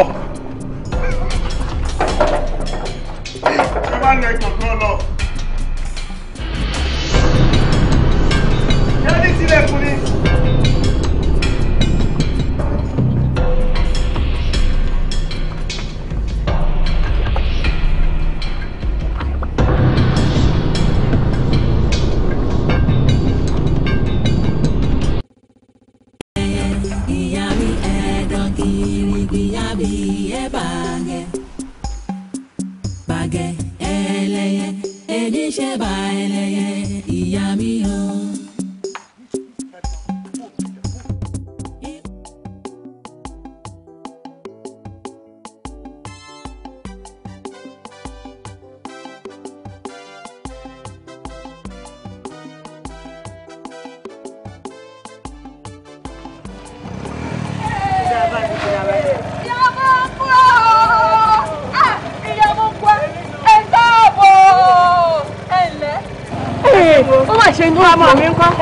má lọ ẹjọ kan lọ. yẹ́nì sílẹ̀ fún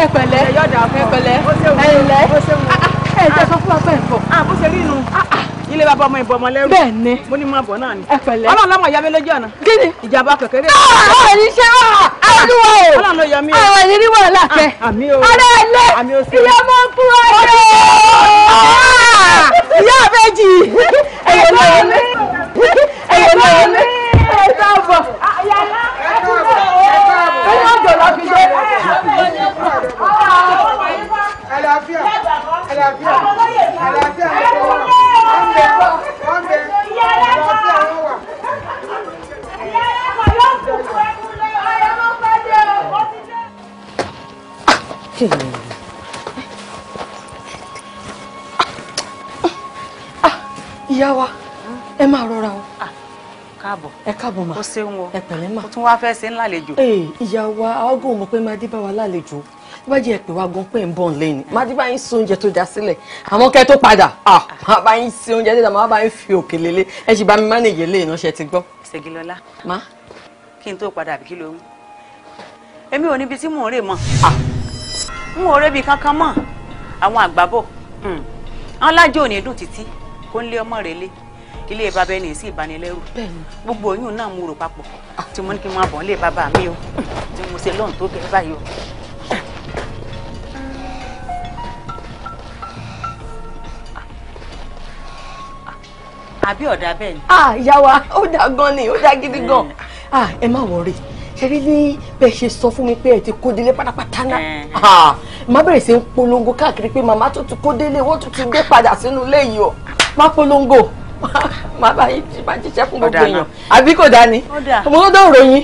ẹ pẹ̀lẹ́ ẹ pẹ̀lẹ́ ẹ̀lẹ́ ah, ẹ jẹ́ sọ fún wa pé ẹ̀ bọ̀. Ah, bó ṣe rí inú ah, ilé bàbá ọmọ ìbọn ọmọ lẹ́rù. bẹ́ẹ̀ ni mo ní máa bọ̀ náà ni. ẹ pẹ̀lẹ́ Ọlọ́run lọmọ ìyá mi lójú ọ̀nà. kí ni ìjàmbá kékeré. ọ̀rọ̀ ní iṣẹ́ àdúrà o Ọlọ́run ló yọ mí o àwọn ẹni ní wàhálà kẹ. àmì o ara ẹlẹ ìyá máa ń kúrò ọjọ́ ìyá àbẹ́jì ẹ̀yọ́ lọ́wọ́ ìyá wa hmm? ẹ máa rọra o. Ah, káàbọ̀ ẹ káàbọ̀ mà ó ṣeun o ẹ pẹ̀lẹ́ mà ó tún wáá fẹ́ ṣe ń lálejò. ee ìyá wa ọgọ́ mọ̀ pé máa dé bá wa lálejò bá jẹ́ ẹ̀pẹ̀ wa gan pé ń bọ̀ lẹ́yìn máa dé bá yín sí oúnjẹ tó dá sílẹ̀ àmọ́ kẹ́ tó padà máa ah, ah. bá yín sí oúnjẹ tó dá máa bá yín fi òkè lélẹ̀ ẹ sì bá mi má nìyẹn lè ránṣẹ́ ti gbọ́. ṣègilọlá má kí n tó padà àbí kí ló ń èmi ò níbi tí mò ń rè mọ́ n ò rẹ́bi kankan mọ́ àwọn àgbábọ̀ àwọn hmm, alájò ò ní dùn títí kó ń lé ọmọ rẹ lé ilé bàbá ẹni sí ìbanilẹ́rù gbogbo oyún náà mo rò papọ̀ tí mo ní kí n máa bọ̀ nílé bàbá mi o tí mo ṣe lọ́n tó gẹ̀ẹ́ báyìí o. àbí ọ̀dà bẹ́ẹ̀ ni. ah ìyá wa ó dá gan ni ó dá gidi gan hmm. ah ẹ má wọrí ṣe rí ní bẹ́ẹ̀ ṣe sọ fún mi pé ẹ ti kó délé pátápátá náà hmm. ah, má bẹ̀rẹ̀ sí ń polongo káàkiri pé màmá tó ti kó délé wọ́n tún ti gbé padà sínú ilé o má polongo má bá yín má jíṣẹ́ fún gbogbo èèyàn àbí kò dá ni mo ló dọ̀rọ̀ yín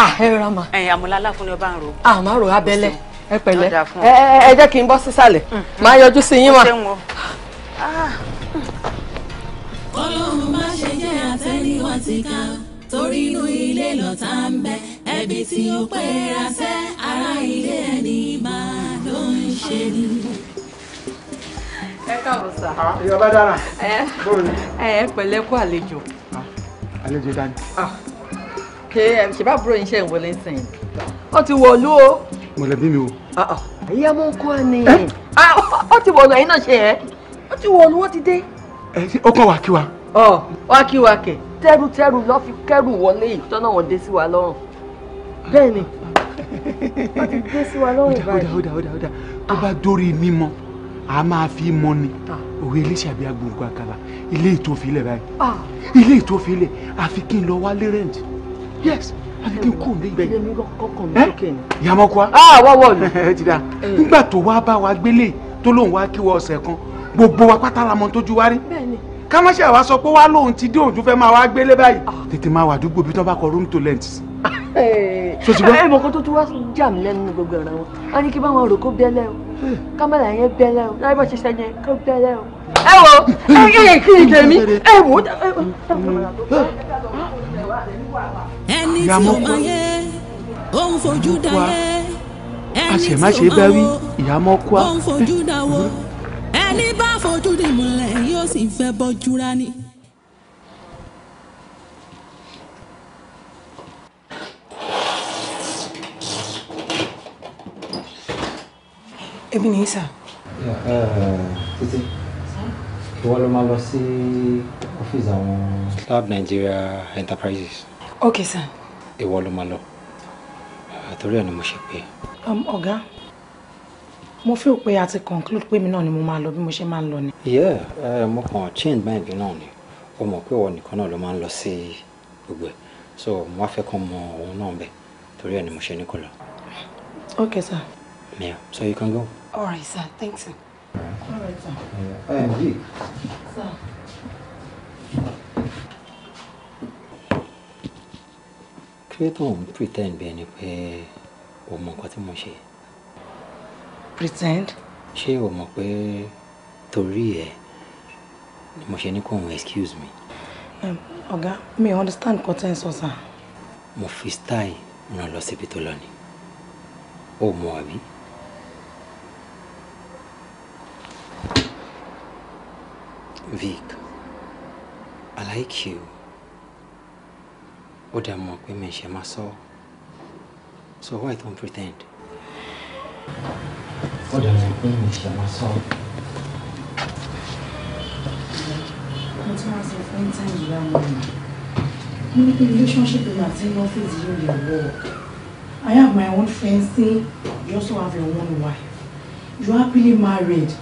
ah ẹ rà eh, ẹ̀yin àmúlálà fún ni ọba ń ro. ah má ro abẹ́lẹ̀ ẹ pẹ̀lẹ́ eh, ẹ jẹ́ kí n bọ́ sísàlẹ̀ mm. má yọjú sí yín mà. Ah. ọlọ́run má ṣe jẹ́ àtẹ́ríwá ti ká torí inú ilé lọ́tà ń bẹ ẹbí tí ó pẹ́ ra sẹ́ ara ilé ẹni máa ló ń ṣe ni ẹ káàbọ̀ sà. Ah, ìyá bá dára. ẹ pẹ̀lẹ́ kú àlejò. Ah, àlejò dání. kí ah, ṣe bá búrò yín ṣe ìwọlé sìn yín. ó ti wọ̀lú o. mọ̀lẹ́bí mi o. ìyá mọ̀ ń kọ́ ni. ó ti wọ̀lú ẹ̀yin náà ṣe ẹ́ ó ti wọ̀lú ó ti dé. ó kàn wá kí wa. ọ wá kí wa kẹ tẹrùtẹrù lọ fi kẹrù wọlé yìí tọ́nà wọn dé sí wa lọ́rùn bẹ́ẹ̀ ni wọ́n ti dé sí wa lọ́rùn báyìí. ó dà ó dà ó dà ó dà ó bá dórí mímọ́ a máa fi mọ ni òwe eléṣẹ́ àbí agbóhùn àkàlà ilé ìtòfilẹ̀ báyìí ah. ilé ìtòfilẹ̀ àfi kí n lọ wálé rent yes àfi kí n kú òun níbẹ̀ ẹ yàmọ́kwa wọ́wọ́ ni ah, ti da eh. nígbà tó wá bá wa gbélé tó lóun wá kí wọ́n ọ̀sẹ̀ kan gbogbo wa pátá la mọ tójú wa rí ká má ṣe àwa sọ pé wá lóun ti dé òun tó fẹ́ máa wá gbélé báyìí ah. tètè máa wà àdúgbò bí tán bá kọ room to rent sí ṣòṣùgbọ́n. ẹ mọ̀ kan tó tún wá jà mí lẹ́nu gbogbo ẹ̀rọ wọn a ní kí báwọn rò kó bẹ́lẹ̀ o kámẹ́rà yẹn bẹ́lẹ̀ o láyé bá ṣe ṣe yẹn kó bẹ́lẹ̀ o. ẹ wo ẹ yẹ kí n tèmi ẹ wò ó. ẹni tí o máa yẹ òun fojú da yẹ ẹni tí o máa wo òun fojú da wo ẹni bá fojú di mọ́lẹ̀ yóò sì fẹ́ bọ́ jura ni. èmi nìyí sà. títí ìwọ ló máa lọ sí ọ́fíìsì àwọn. Lab Nigeria Enterprises. Okay, sir. ìwọ ló máa lọ eh, torí ẹ̀ ni mo ṣe pé. Um, ọ̀gá mo feel pé a ti conclude pé mi náà ni mo máa lọ bí mo ṣe máa ń lọ ni. yeah eh, mo kàn change mind náà ni o mọ̀ pé ìwọ nìkan náà ló máa ń lọ sí gbogbo ẹ̀ so mo wá fẹ́ kàn mọ òun náà bẹ̀ torí ẹ̀ ni mo ṣe ní kó lọ. ok sir. yeah so you can go. All right, sir. Thanks, sir. All right, sir. Ẹ ǹjì. Sir. Kí ló tó ń pretend bí ẹni pé o mọ nǹkan tí mo ṣe? Pretend? Ṣé o mọ̀ pé torí ẹ̀ ni mo ṣe ní kò ń excuse me? Um, ọ̀gá, mi ò understand nǹkan tẹ́ ń sọ sir. Mo fi style ràn lọ síbi tó lọ ni. O mọ̀ àbí? Vic, I like you. Ó dẹ̀ mọ̀ pé mi ń ṣe máa sọ. So why don't pretend? Ó dẹ̀ mọ̀ pé mi ń ṣe máa sọ. Mo tún wá sọ fún táyì láwọn ọ̀nà. Mo ní pé relationship mi àti ọ́fíìsì yóò lè wọ̀. I have my own fiancé, you also have your own wife. You are happily married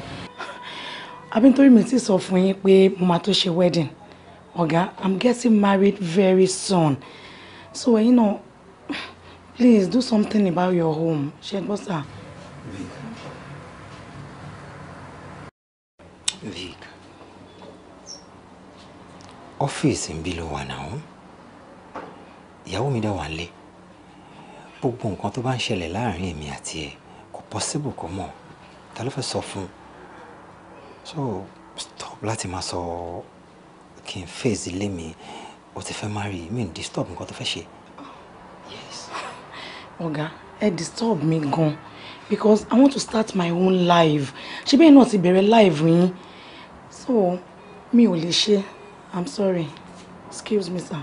àbí nítorí mi ti sọ fún yín pé mo máa tó ṣe wedding ọ̀gá i'm getting married very soon so you know, please do something about your home ṣe gbọ́ sà. Vic Vic ọ́fíìsì ń bí ló wà náà ìyàwó mi dá wà lé gbogbo nǹkan tó bá ń ṣẹlẹ̀ láàrin èmi àti ẹ̀ kò possible kó mọ̀ ta ló fẹ́ sọ fún un so stop láti máa sọ kí n face ilé mi o ti fẹ́ marry mi n disturb nǹkan tó fẹ́ ṣe. Oh, yes. ọ̀gá ẹ disturb mi gan because i want to start my own life ṣé bẹ́ẹ̀ náà ti bẹ̀rẹ̀ life yín so mi ò lè ṣe i'm sorry excuse me sir.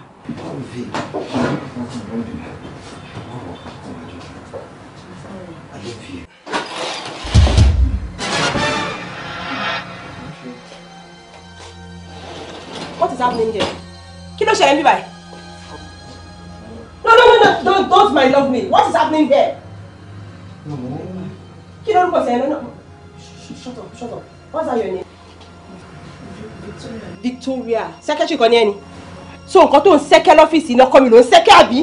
What is happening here? Kí ló ṣẹlẹ̀ níbí No, no, no, no, don't, don't my love me. What is happening here? No Kí ló rúkọ No, no. Shut up, shut up. What's that your name? Victoria. Victoria. Secretary kan ni ẹni. So nǹkan tó ń sẹ́kẹ́ lọ́fíìsì iná kọ́ mi ló ń sẹ́kẹ́ àbí?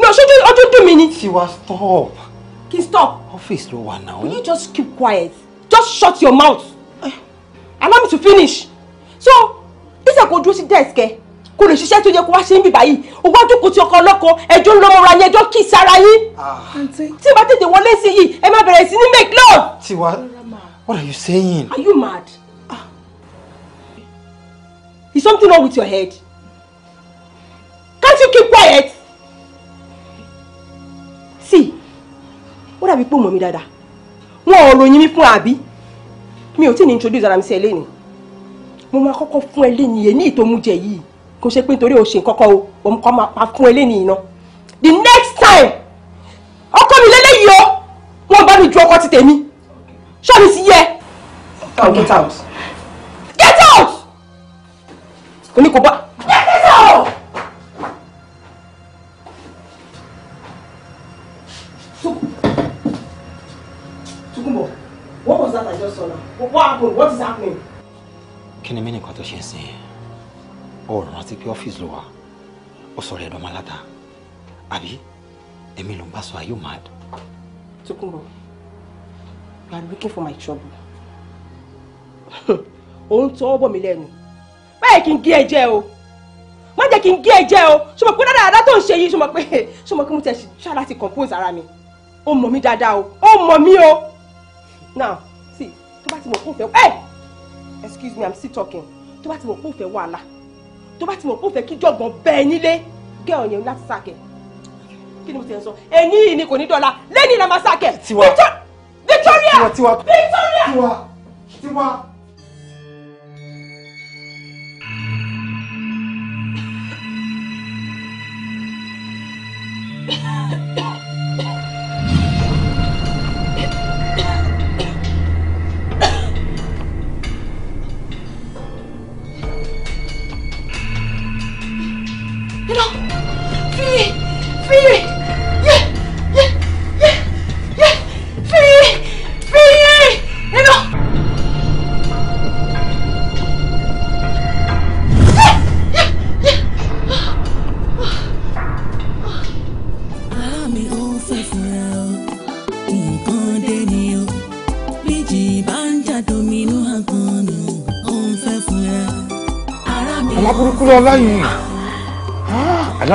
No, ṣojú ojú dùn mí ni. Tiwa stop. Kí stop. Office ló wà náà. Will you just keep quiet? Just shut your mouth. Allow me to finish. So bísà kò dúró sí desk ẹ kò lè ṣiṣẹ́ tó yẹ kó wá ṣe ń bì báyìí òwò àjòkò tí ọkọ ọlọ́kọ ẹjọ́ ń lọ́mọ́ra yẹn ẹjọ́ kì í sára yín. Ah. tí ìbá tètè wọlé sí yìí ẹ má bẹ̀rẹ̀ sí ní make love. tiwa what are you saying. are you mad. Ah. is something wrong with your head. can't you keep quiet. see ó dàbí pé ó mọ̀ mi dáadáa wọn ò ròyìn mi fún àbí mi ò tí ì ní introduce ara mi sí ẹ lẹ́yìn mo máa kọ́kọ́ fún ẹ lẹ́yìn yẹn ní ìtòmújẹ yìí kò ṣe pé nítorí o kọ́kọ́ o òun kọ́ máa fún ẹ lẹ́yìn iná the next time ọkọ mi lélẹ́yìí o wọn bá mi ju ọkọ ti tèmi ṣọ́ọ̀bù sí yẹ. get out. get out. oníkó bá. pé ọ́fíìsì ló wà ó sọ̀rọ̀ ẹ̀dọ̀ malata àbí èmi ló ń bá sọ are you mad. Tukuro you are looking for my trouble òun tọ́ bọ̀ mí lẹ́nu báyìí kí n gé ẹ jẹ o má jẹ́ kí n gé ẹ jẹ o ṣùgbọ́n pé dáadáa tó ń ṣe yìí ṣùgbọ́n pé ṣùgbọ́n pé mo tẹ̀ ṣá láti compose ara mi ó mọ̀ mí dáadáa o ó mọ̀ mí o now see tó bá ti mọ̀ kó fẹ́ ẹ excuse me i'm still talking tó bá ti mọ̀ kó fẹ́ wàhálà tó bá ti mọ̀ pé ó fẹ́ kí jọ̀gbọ́n bẹ́ẹ̀ nílé gẹ́ọ̀ yẹn láti sáàkẹ́ kí ni mo ti ẹ̀ sọ ẹ̀yìn yìí ni kò ní dọ́là lẹ́yìn la máa sáàkẹ́ Victoria Victoria Victoria.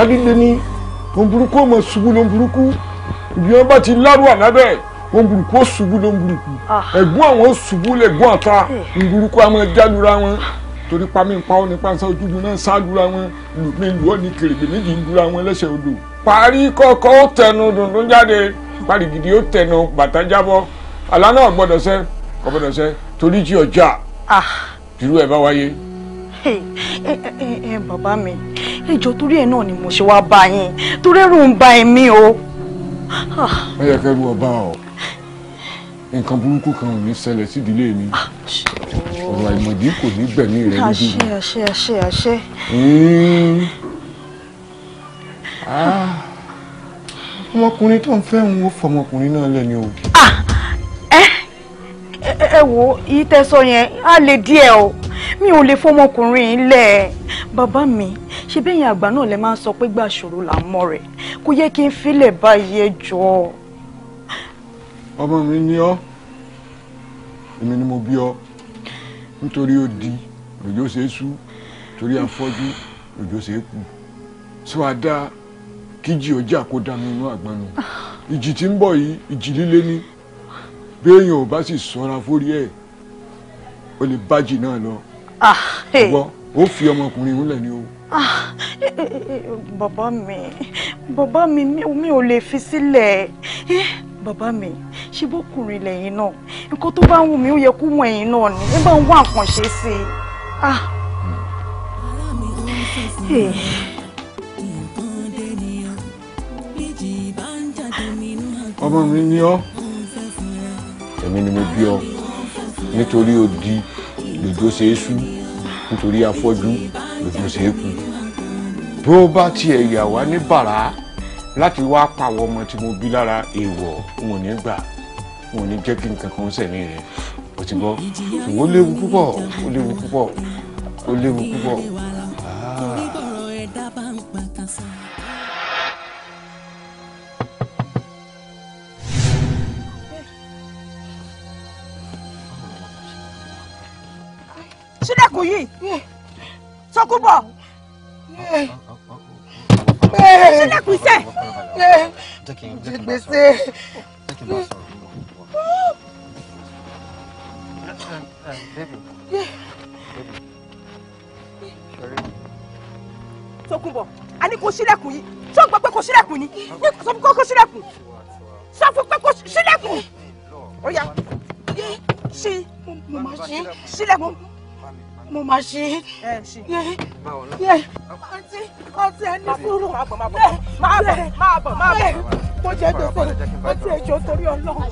ànádìde ni ohun burúkú ọmọ ṣubú ló ń burúkú ibi wọn bá ti lárú ànábẹ ohun burúkú ó ṣubú ló ń burúkú ah. ẹ̀gbọ́n àwọn ó ṣubú lẹ̀gbọ́n ọ̀tá eh. ohun burúkú àwọn ẹjálura wọn torí pami pa ọ nípa ṣá ojúgun náà ṣáàlúra wọn lùmí lù ọ ní kèrègbè méjì ń dúra wọn lẹ́sẹ̀ odò. parí kọ́kọ́ ó tẹnu dundun jáde parí gidi ó tẹnu bàtà jábọ́ àlá náà gbọ́dọ̀ ṣẹ kò gbọ́dọ̀ ṣẹ torí jí ọjà ah. irú ẹ̀ bá wáyé. ẹ ẹ ẹ bàbá mi ẹjọ́ torí ẹ̀ náà ni mo ṣe wá bá yín torí ẹ̀rù ń ba ẹ̀mí o. Ah. ó yẹ kẹ́rù ọba ọ nǹkan burúkú kan ò ní ṣẹlẹ̀ sí ìdílé mi ah, ọ̀rọ̀ àìmọ̀dí kò ní gbẹ̀mí rẹ̀ ah, níbí. àṣẹ àṣẹ àṣẹ àṣẹ ọmọkùnrin tó ń fẹ́ ń wo fọmọkùnrin náà lẹ́ni o. ẹ wo yìí tẹ́ sọ yẹn á lè díẹ̀ o mi ò lè fọmọkùnrin lẹ̀ bàbá mi ṣe bẹ́yìn àgbà náà lè máa ń sọ pé gbà ṣòro là ń mọ̀ rẹ̀ kò yẹ kí n filẹ̀ báyìí ẹ ọmọ mi ni ọ èmi ni mo bí ọ nítorí ó di òjò ṣe é sú torí afọ́jú òjò ṣe é kú sọ àdá kíjì ọjà kó dá mi inú àgbọn mi ìjì tí ń bọ̀ yìí ìjì líle ni béèyàn ò bá sì sọ́ra fórí ẹ̀ ó lè bájì náà lọ. ìwọ ah, ó fi ọmọkùnrin ńlẹ̀ ni o. Ah, eh, eh, eh, bàbá mi bàbá mi mi ò lè fi sílẹ̀ bàbá mi ṣe bọ́kùnrin lẹ́yìn náà nǹkan tó bá wù mí ó yẹ kó wọ ẹ̀yìn náà ni ẹ bá ń wá àkànṣe sí i. Ah. ọmọ mi ni ọ èmi ni mo bí ọ nítorí odi lòdó ṣe é sú nítorí afọ́jú lójú ṣe é bó bá tiẹ̀ yà wá ní bàrà láti wá pàwọ́ ọmọ tí mo bí lára èèwọ̀ n ò ní gbà n ò ní jẹ́ kí nǹkan kan sẹ̀mí rẹ̀ ó ti bọ́ ṣùgbọ́n léwu púpọ̀ ó léwu púpọ̀ ó léwu púpọ̀. sílẹ̀kùn yìí ìsọkúbọ̀. sílẹ̀kùn iṣẹ́. jẹ gbèsè. Tókunbọ̀ a ní kò sílẹ̀kùn yìí sọ gbọ́ pé kò sílẹ̀kùn ni sọ fún kò sílẹ̀kùn sọ fún pé kò sílẹ̀kùn ó yá ṣí sílẹ̀kùn mo máa ṣe é. ẹ ṣe báwo náà. àǹtí àǹtí ẹni sùúrù máa bọ̀ máa bọ̀ máa bọ̀ máa bọ̀ mo jẹ gbèsè àǹtí ẹjọ́ torí Ọlọ́run.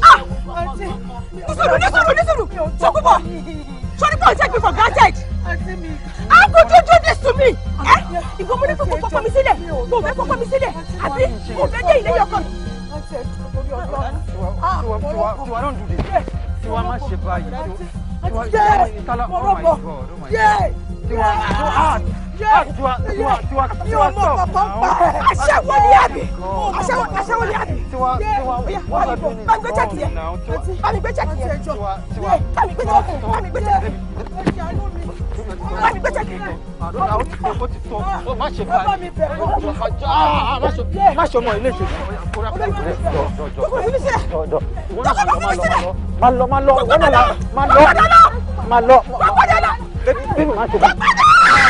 àǹtí nísòrò nísòrò nísòrò sókú bọ̀ sórí bọ̀ jẹ́ gbèsè granted. àǹtí mi. how could you do this to me? ẹ ìwọ mo ní kókó kókó mi sílẹ̀ mo fẹ́ kókó mi sílẹ̀ àbí mo fẹ́ dé ilé yọkọ mi. àǹtí torí Ọlọ́run. tiwa tiwa tiwa don't do this tiwa má ṣe báyìí. Yeah! Morobo! Yeah! Yeah! Tiwa mọ kankan pa aṣẹ́wó ní àbí aṣẹ́wó aṣẹ́wó ní àbí bámi gbé chẹ́kì yẹn bámi gbé chẹ́kì yẹn bámi gbé chẹ́kì yẹn bámi gbé chẹ́kì yẹn má ti gbẹ́sẹ̀ sílẹ̀. àdúrà ó ti tó ó ti tó ó má ṣe báyìí. ọlọ́mi bẹ̀rẹ̀ ọlọ́mi bẹ̀rẹ̀ má ṣe ọmọ ilé ìṣèjọ. ọlọ́mi bẹ̀rẹ̀ ọkùnrin mi níṣẹ́. ọkùnrin mi níṣẹ́. má lọ má lọ má lọ má lọ má lọ. wọ́n padà lọ. wọ́n padà lọ.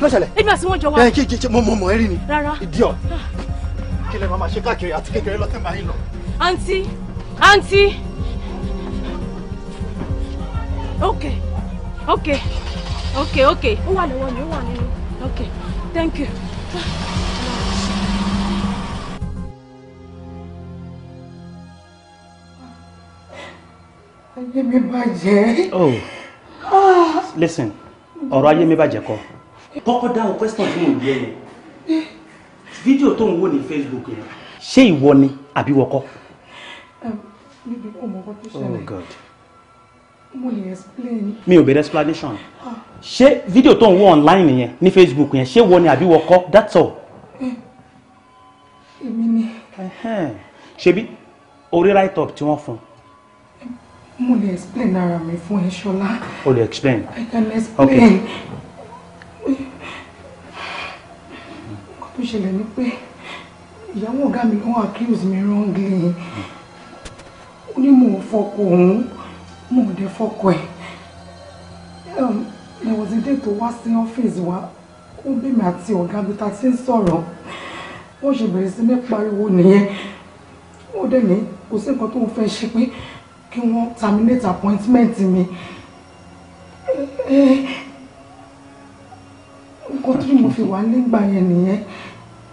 kí ló ṣẹlẹ̀. èmi àti wọn jọ wá. ẹ kí kí mo mọ mọ ẹrí ni. rárá idiot ah. kí lè máa ṣe káàkiri àti kékeré lọ́tẹ̀ máa yín lọ. àǹtí àǹtí ok ok ok ok ó wà lọ́wọ́ mi ó wà nínú ok thank you. ayé mi bàjẹ́. oh ah. listen ọ̀rọ̀ ayé mi bàjẹ́ kọ́ kọ́kọ́ dáhùn question tí mò ń bí ẹ fídíò tó ń wò ní Facebook yẹn. ṣé ìwọ ni àbí wọkọ. níbi ọmọ oh explain. mi ò bẹ̀rẹ̀ explanation ah. ṣé fídíò tó ń wò online yẹn ní Facebook yẹn ṣé ìwọ ni àbí wọkọ that's all. èmi ni. ṣebí orí right up tí wọ́n fún mo lè explain ara mi fún ẹ ṣọlá. o lè explain. i can explain. okay tó ṣẹlẹ̀ ni pé ìyàwó ọ̀gá mi wọ́n accuse mi wrongly ó ní mò ń fọkọ òun mò ń dé fọkọ ẹ̀ um, there was a day tó wá sí ọ́fíìsì wa ó bèmí àti ọ̀gá mi ta ti ń sọ̀rọ̀ wọ́n ṣe bẹ̀rẹ̀ sí ní pariwo nìyẹn ó dẹ̀ ní kò sí nǹkan tó ń fẹ́ ṣe pé kí wọ́n terminate appointment mi eh, eh, nǹkan tó mo fi wà nígbà yẹn nìyẹn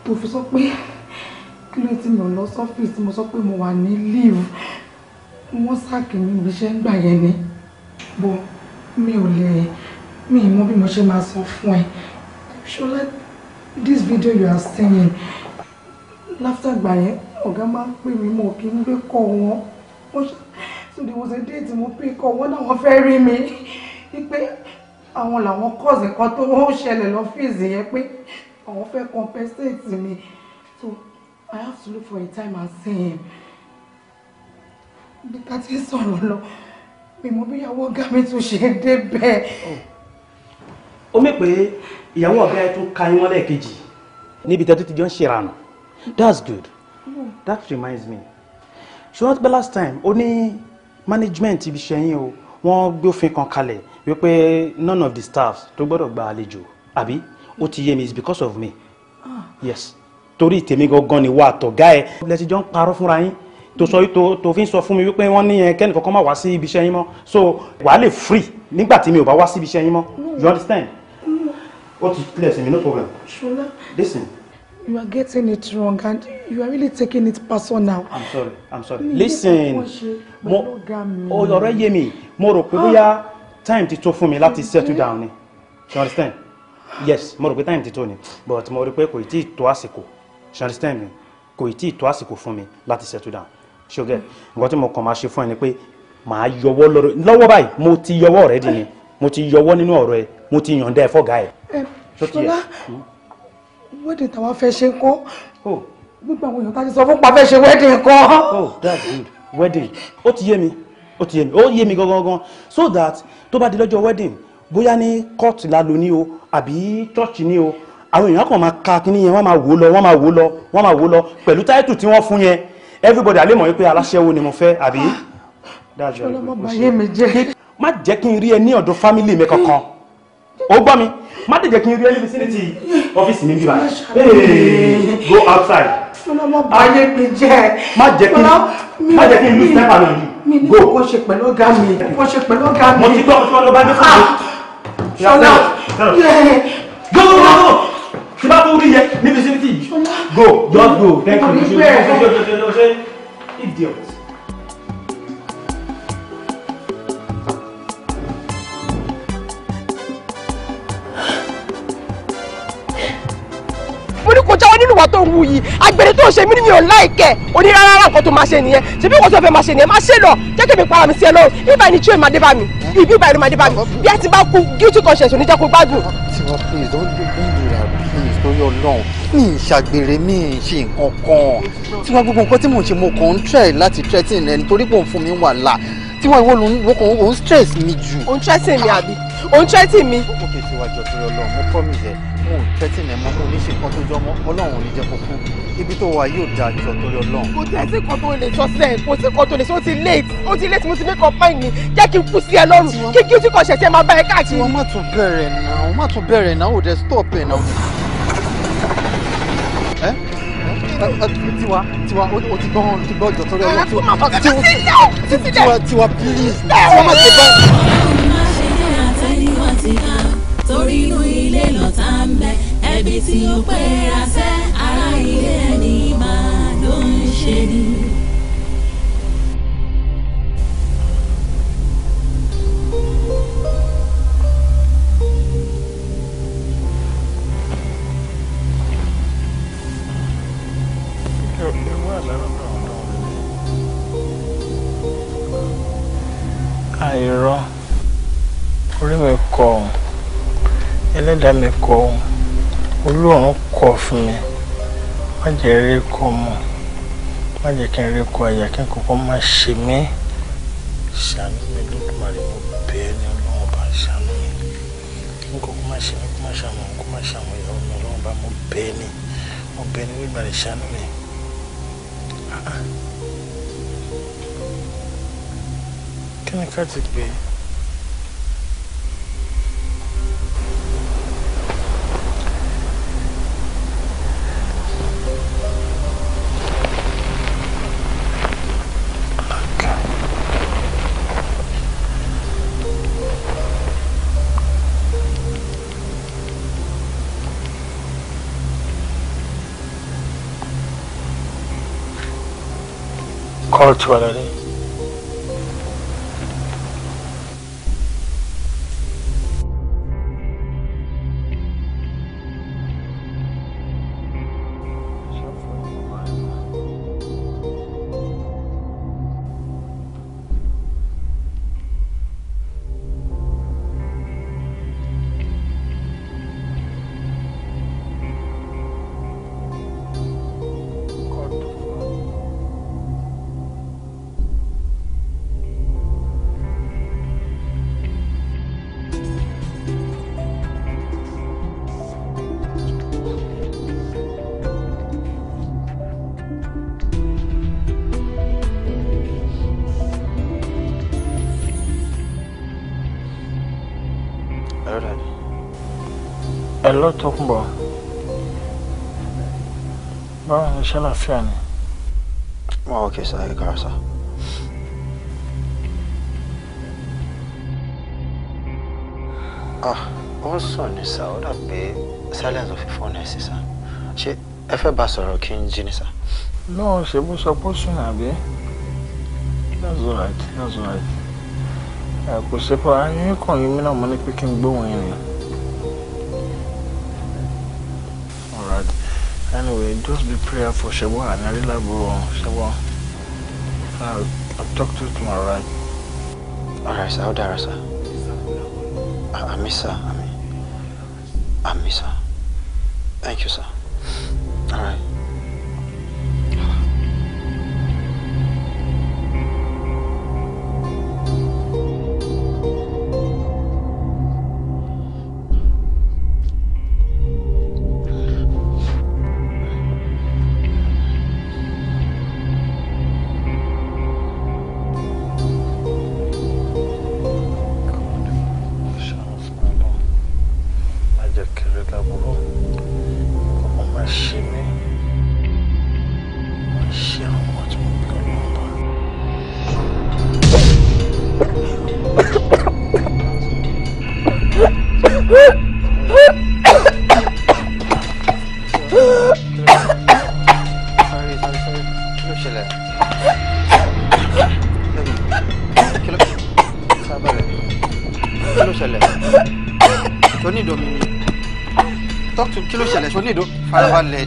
tó fi sọ pé kí ló ti mọ̀ lọ sọ́fíìsì mo sọ pé mo wà ní leave wọ́n sáàkì mi bí iṣẹ́ ń gbà yẹn ni bọ́ mi ò lè mi ì mọ bí mo ṣe máa sọ fún ẹ ṣọlá this video you are seeing láfíà gbà yẹn ọ̀gá máa ń pè mí mo kì í gbé kọ́ wọn so there was a day tí mo pè kọ́ wọn náà wọ́n fẹ́ rí mi pé àwọn làwọn kọ́ọ̀sì kan tó ń ṣẹlẹ̀ lọ́fíìsì yẹn pé àwọn fẹ́ compensate mi so I have to look for a time and see him Because ká ti sọ̀rọ̀ lọ mi mọ bí ìyàwó ọ̀gá mi tún ṣe dé bẹ́ẹ̀. Oh. ó mẹ́ pé ìyàwó ọ̀gá ẹ tún ka yín wọ́n lẹ́ẹ̀kejì níbi tẹ́tú that's good hmm. that reminds me ṣùgbọ́n the last time Only ní management ibi iṣẹ́ yín o wọ́n gbé òfin kan kalẹ̀ wípé none of the staffs tó gbọ́dọ̀ gba àlejò àbí ó ti yé mi it's because of me yes torí tèmi gangan ni wà àtọ̀gá ẹ lẹ́sìn jọ ń parọ́ fúnra yín tó sọ tó tó fi ń sọ fún mi wípé wọ́n ní ẹ kẹ́nìkan kan má wá sí ibi iṣẹ́ yín mọ́ so wàá lè free nígbà tí mi ò bá wá sí ibi iṣẹ́ yín mọ́ you understand? ó ti clear sí mi no problem. Ṣọlá listen. You are getting it wrong and you are really taking it personal. I'm sorry, I'm sorry. Listen, mo ọ̀rọ̀ yé mi, mo rò pé bóyá ah. time ti tó fún mi láti settle down ni. You understand? yes mo rò pé time ti tó ni but mo rí pé kò tí ì tó àsìkò ṣe understand me? kò tí ì tó àsìkò fún mi láti settle down ṣoge nǹkan tí mo kàn máa ṣe fún ẹ ni pé màá yọwọ́ lọ́wọ́ báyìí mo ti yọwọ́ rẹ dì ni mo ti yọwọ́ nínú ọ̀rọ̀ ẹ mo ti yànda ẹ fọ́gà ẹ. ṣọlá hmm? wedding táwa fẹ́ ṣe kọ́ oh. gbogbo àwọn èèyàn tá sọ fún pa fẹ́ ṣe wedding kọ́. oh that's good wedding ó ti yé mi ó ti yé mi ó yé mi gangan so that tó bá di lọ́jọ́ wedding bóyá ní kóòtù la lò ní o àbí chọ́ọ̀chì ní o àwọn èèyàn kan máa ka kíní yẹn wọ́n máa wò lọ wọ́n máa wò lọ wọ́n máa wò lọ pẹ̀lú táìtù tí wọ́n fún yẹn everybody alẹ́ mọ̀ wípé aláṣẹ́wó ni mo fẹ́ àbí. má jẹ́ kí n rí ẹ ní ọ̀dọ̀ fámìlì mi kankan ó gbọ́ mi má dẹ̀ jẹ́ kí n rí ẹ ní vicinity ọ́fíìsì mi bíbá go outside. ayé mi jẹ́ má jẹ́ kí má jẹ́ kí n lose time àná yìí go. mi ní kò ṣe pẹ̀lú ọ̀gá mi kò ṣe pẹ̀lú ọ̀gá mi. mo ti gbọ́ mo ti gbọ́ ló bá dé fún mi. Ah! ṣọlá go go go go! tí bá fún yẹ ní vicinity go just go thank you. idiot. ìwà tó ń wù yìí agbèrè tó ń ṣe mí ni mi ò láìkẹ́ onírárá nǹkan tó máa ṣe nìyẹn ṣe kò tó fẹ́ máa ṣe nìyẹn máa ṣe lọ jẹ́ mi para mi sí ẹ lọ́rùn bíbá ẹni tí ó máa dé bá mi ibi ìbá ẹni máa dé bá mi bí ẹ ti bá kú guilty conscience ò ní jẹ́ kó gbádùn. tiwọn please don do bí please lórí Ọlọ́run mi ì ṣe nǹkan kan tiwọn gbogbo nǹkan tí mò ń ṣe mo kàn ń try láti threaten ẹni torí pò ń fún mi wàhálà tiwọn ìwọ ló ń stress mi jù. òun threaten mi àbí òun threaten mi. ó kò kè sí wájú ọ̀tún Ọlọ́run mo promise ẹ mo ò tẹ́tí ní mọ́ mo ní ṣe nǹkan tó jọ mọ́ ọlọ́run ò ní jẹ́ kó kú ibi tó wà yóò dáa jọ torí ọlọ́run. kò tẹ́tí kan tó lè sọ sẹ́ẹ̀ kò sí kan tó lè sọ ó ti late ó ti late mo ti make up mind jẹ́ kí n kú sí ẹ lọ́rùn kí kí o ti kọ̀ ṣẹ̀ṣẹ̀ máa bá ẹ káàkiri. wọ́n má tún bẹ̀rẹ̀ náà má tún bẹ̀rẹ̀ náà ò dẹ̀ stop ẹ̀ náà. ẹ tiwa tiwa o ti gbọ́ o ti gbọ́ jọ torí ọlọ́run tiwa tiwa please torí inú ilé lọ́tà ń bẹ ẹbí tí ó pé asẹ́ ara ilé ẹni máa ló ń ṣe ni. àìrọ orí mi kọ̀ ọ́ ẹlẹ́dàá mi kọ ohun olóòrùn kọ fún mi má jẹ́ eré kọ ọmọ má jẹ́ kí n eré kọ àyà kí n kọ́kọ́ má ṣe mí ṣàánú mi lódùmarè mo bẹ̀ ẹ́ ní ọlọ́run bá ṣàánú mi kí n kọ́kọ́ má ṣe mí kó má ṣàmù kó má ṣàmù mi ọlọ́run bá mo bẹ̀ ni. ní mo bẹ̀ ẹ́ ní lódùmarè ṣàánú mi. Ah, ah. kí ni ká ti gbé e. culturally hello Tọ́kùnbọ̀ báwo ni ṣe láfíà ni. wọn ò kí sá ẹ kára sá. ah what's on this ní sá ó dà pé silence ò fi fóònù ẹ sí sá ṣé ẹ fẹ́ bá sọ̀rọ̀ kí n jí ni sá. náà ṣe bó sọ pé ó that's alright that's alright. kò sí pa ayé kàn yín mí náà mo ní pé kí n just be prayer for Shewa and Arila Bro. Shewa. I'll, I'll talk to you tomorrow, right? Alright, sir. How dare, sir? I, I miss, her. I mean, I miss, her. Thank you, sir. darle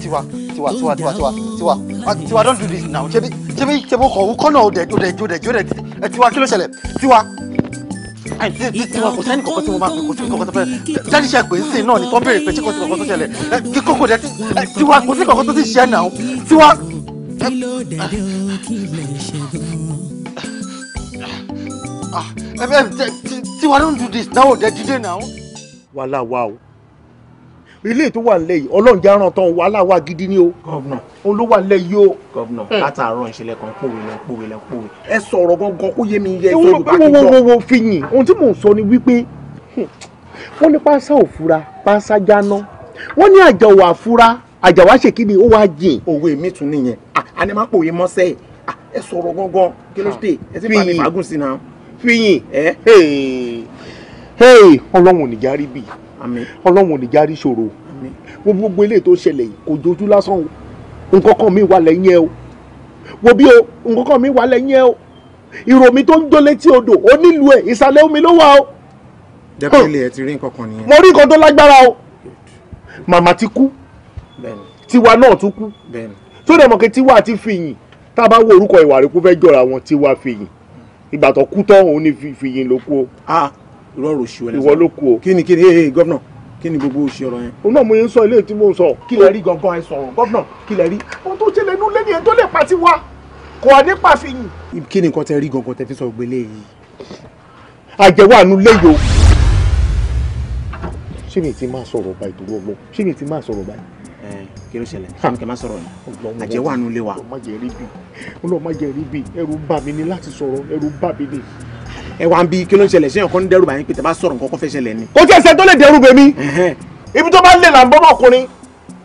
tiwa tiwa tiwa tiwa tiwa tiwa tiwa don't do this now ṣebi ṣebi ṣebi kọ òkọ náà ó dẹ ó dẹ ó dẹ ó dẹ ẹ tiwa kí ló ṣẹlẹ̀ tiwa àìsí ti tiwa kò sẹ́ni kọ̀kọ́ tí mo máa pè kò sí kọ̀kọ́ tó jáde iṣẹ́ pé ńsìn náà ni tó béèrè pé ṣé kò sí kọ̀kọ́ tó ṣẹlẹ̀ kí kókò dẹ tiwa kò sí kọ̀kọ́ tó ti ṣẹ́ náà tiwa. kí ló dé dé o kí lè ṣẹ́gun. tiwa don't do this now ó dẹ dídé náà. wàhálà wa o ilé tó wà nílẹ̀ yìí ọlọ́run já ràn tán wàhálà wà gidi ni o. gọ́vnà òun ló wà nílẹ̀ yìí o. gọ́vnà hmm. látàárọ̀ ìṣẹ̀lẹ̀ kan pòwe lẹ pòwe lẹ pòwe. ẹ sọ̀rọ̀ gangan kó yé mi yẹ ìṣòro bá ti gbọ́. wo wo wo fi yìn ohun tí mò ń sọ ni wípé hmm, wọ́n ní pásá òfura pásá jáná wọ́n ní àjà ò àfura àjà wá ṣe kíni ó wá jìn. òwe mi tún nìyẹn a ní má pòwe mọ́sẹ̀ ẹ sọ̀rọ̀ gangan kí ló dé ẹ sì bá mi fàágùn sí náà. fi yìn ọlọ́run ò ní járí bì í ọlọ́run ò ní járí ṣòro gbogbo eléyìí tó ṣẹlẹ̀ yìí kò jojú lásán o nǹkan kan mi wà lẹ́yìn ẹ o wo bí o nǹkan kan mi wà lẹ́yìn ẹ o ìròmí tó ń jó létí odò ó nílùú ẹ̀ ìsàlẹ̀ omi ló wà o. dẹ́pẹ́lẹ̀ ẹ ti rí nǹkan kan nìyẹn. mo rí nǹkan tó lágbára o màmá ti kú tiwa náà tún kú tó dẹ̀ mọ̀ pé tiwa àti fìyìn tá a bá wo orúkọ ìwà rẹ̀ kó fẹ́ jọra wọn tiwa fìyìn ìgbà tó kú tán òun ni fìyìn ló kú o. Ah, rọrùn oṣù ẹlẹsẹ ìwọ ló kú o kí ni kí ni ee gọ́fìnà kí ni gbogbo oṣù ọ̀rọ̀ yẹn. òun náà mo yẹn sọ ilé tí mo sọ. kí lẹ rí gangan ẹ sọ̀rọ̀ gọ́fìnà kí lẹ rí. ohun tó ṣẹlẹ̀ inú lẹ́yìn ẹ̀ tó lè pa tiwa kò ní pàfihàn. kí ni nǹkan tẹ rí gangan tẹ fi sọ gbélé yìí. àjẹwò àánú léyò. ṣé mi ti máa sọ̀rọ̀ báyìí tó gbogbo ṣé mi ti máa sọ̀rọ̀ báyìí. ẹ kí ló ṣẹlẹ̀ ṣé mi kì í máa sọ̀rọ̀ yìí àjẹwò àánú lé wa. ọlọ́ọ̀ má jẹ́ rí ẹrù bà ni láti sọ̀rọ̀ ẹrù bà ni ẹ wá ń bi kí ló ń ṣẹlẹ̀ ṣé nǹkan ń dẹ́rù bàyín pé tẹ́ bá sọ̀rọ̀ nǹkan kan fẹ́ ṣẹlẹ̀ ni. kò tí ẹsẹ̀ tó lè dẹ́rù bèmí ibi tó bá lè là ń bọ́ ọmọkùnrin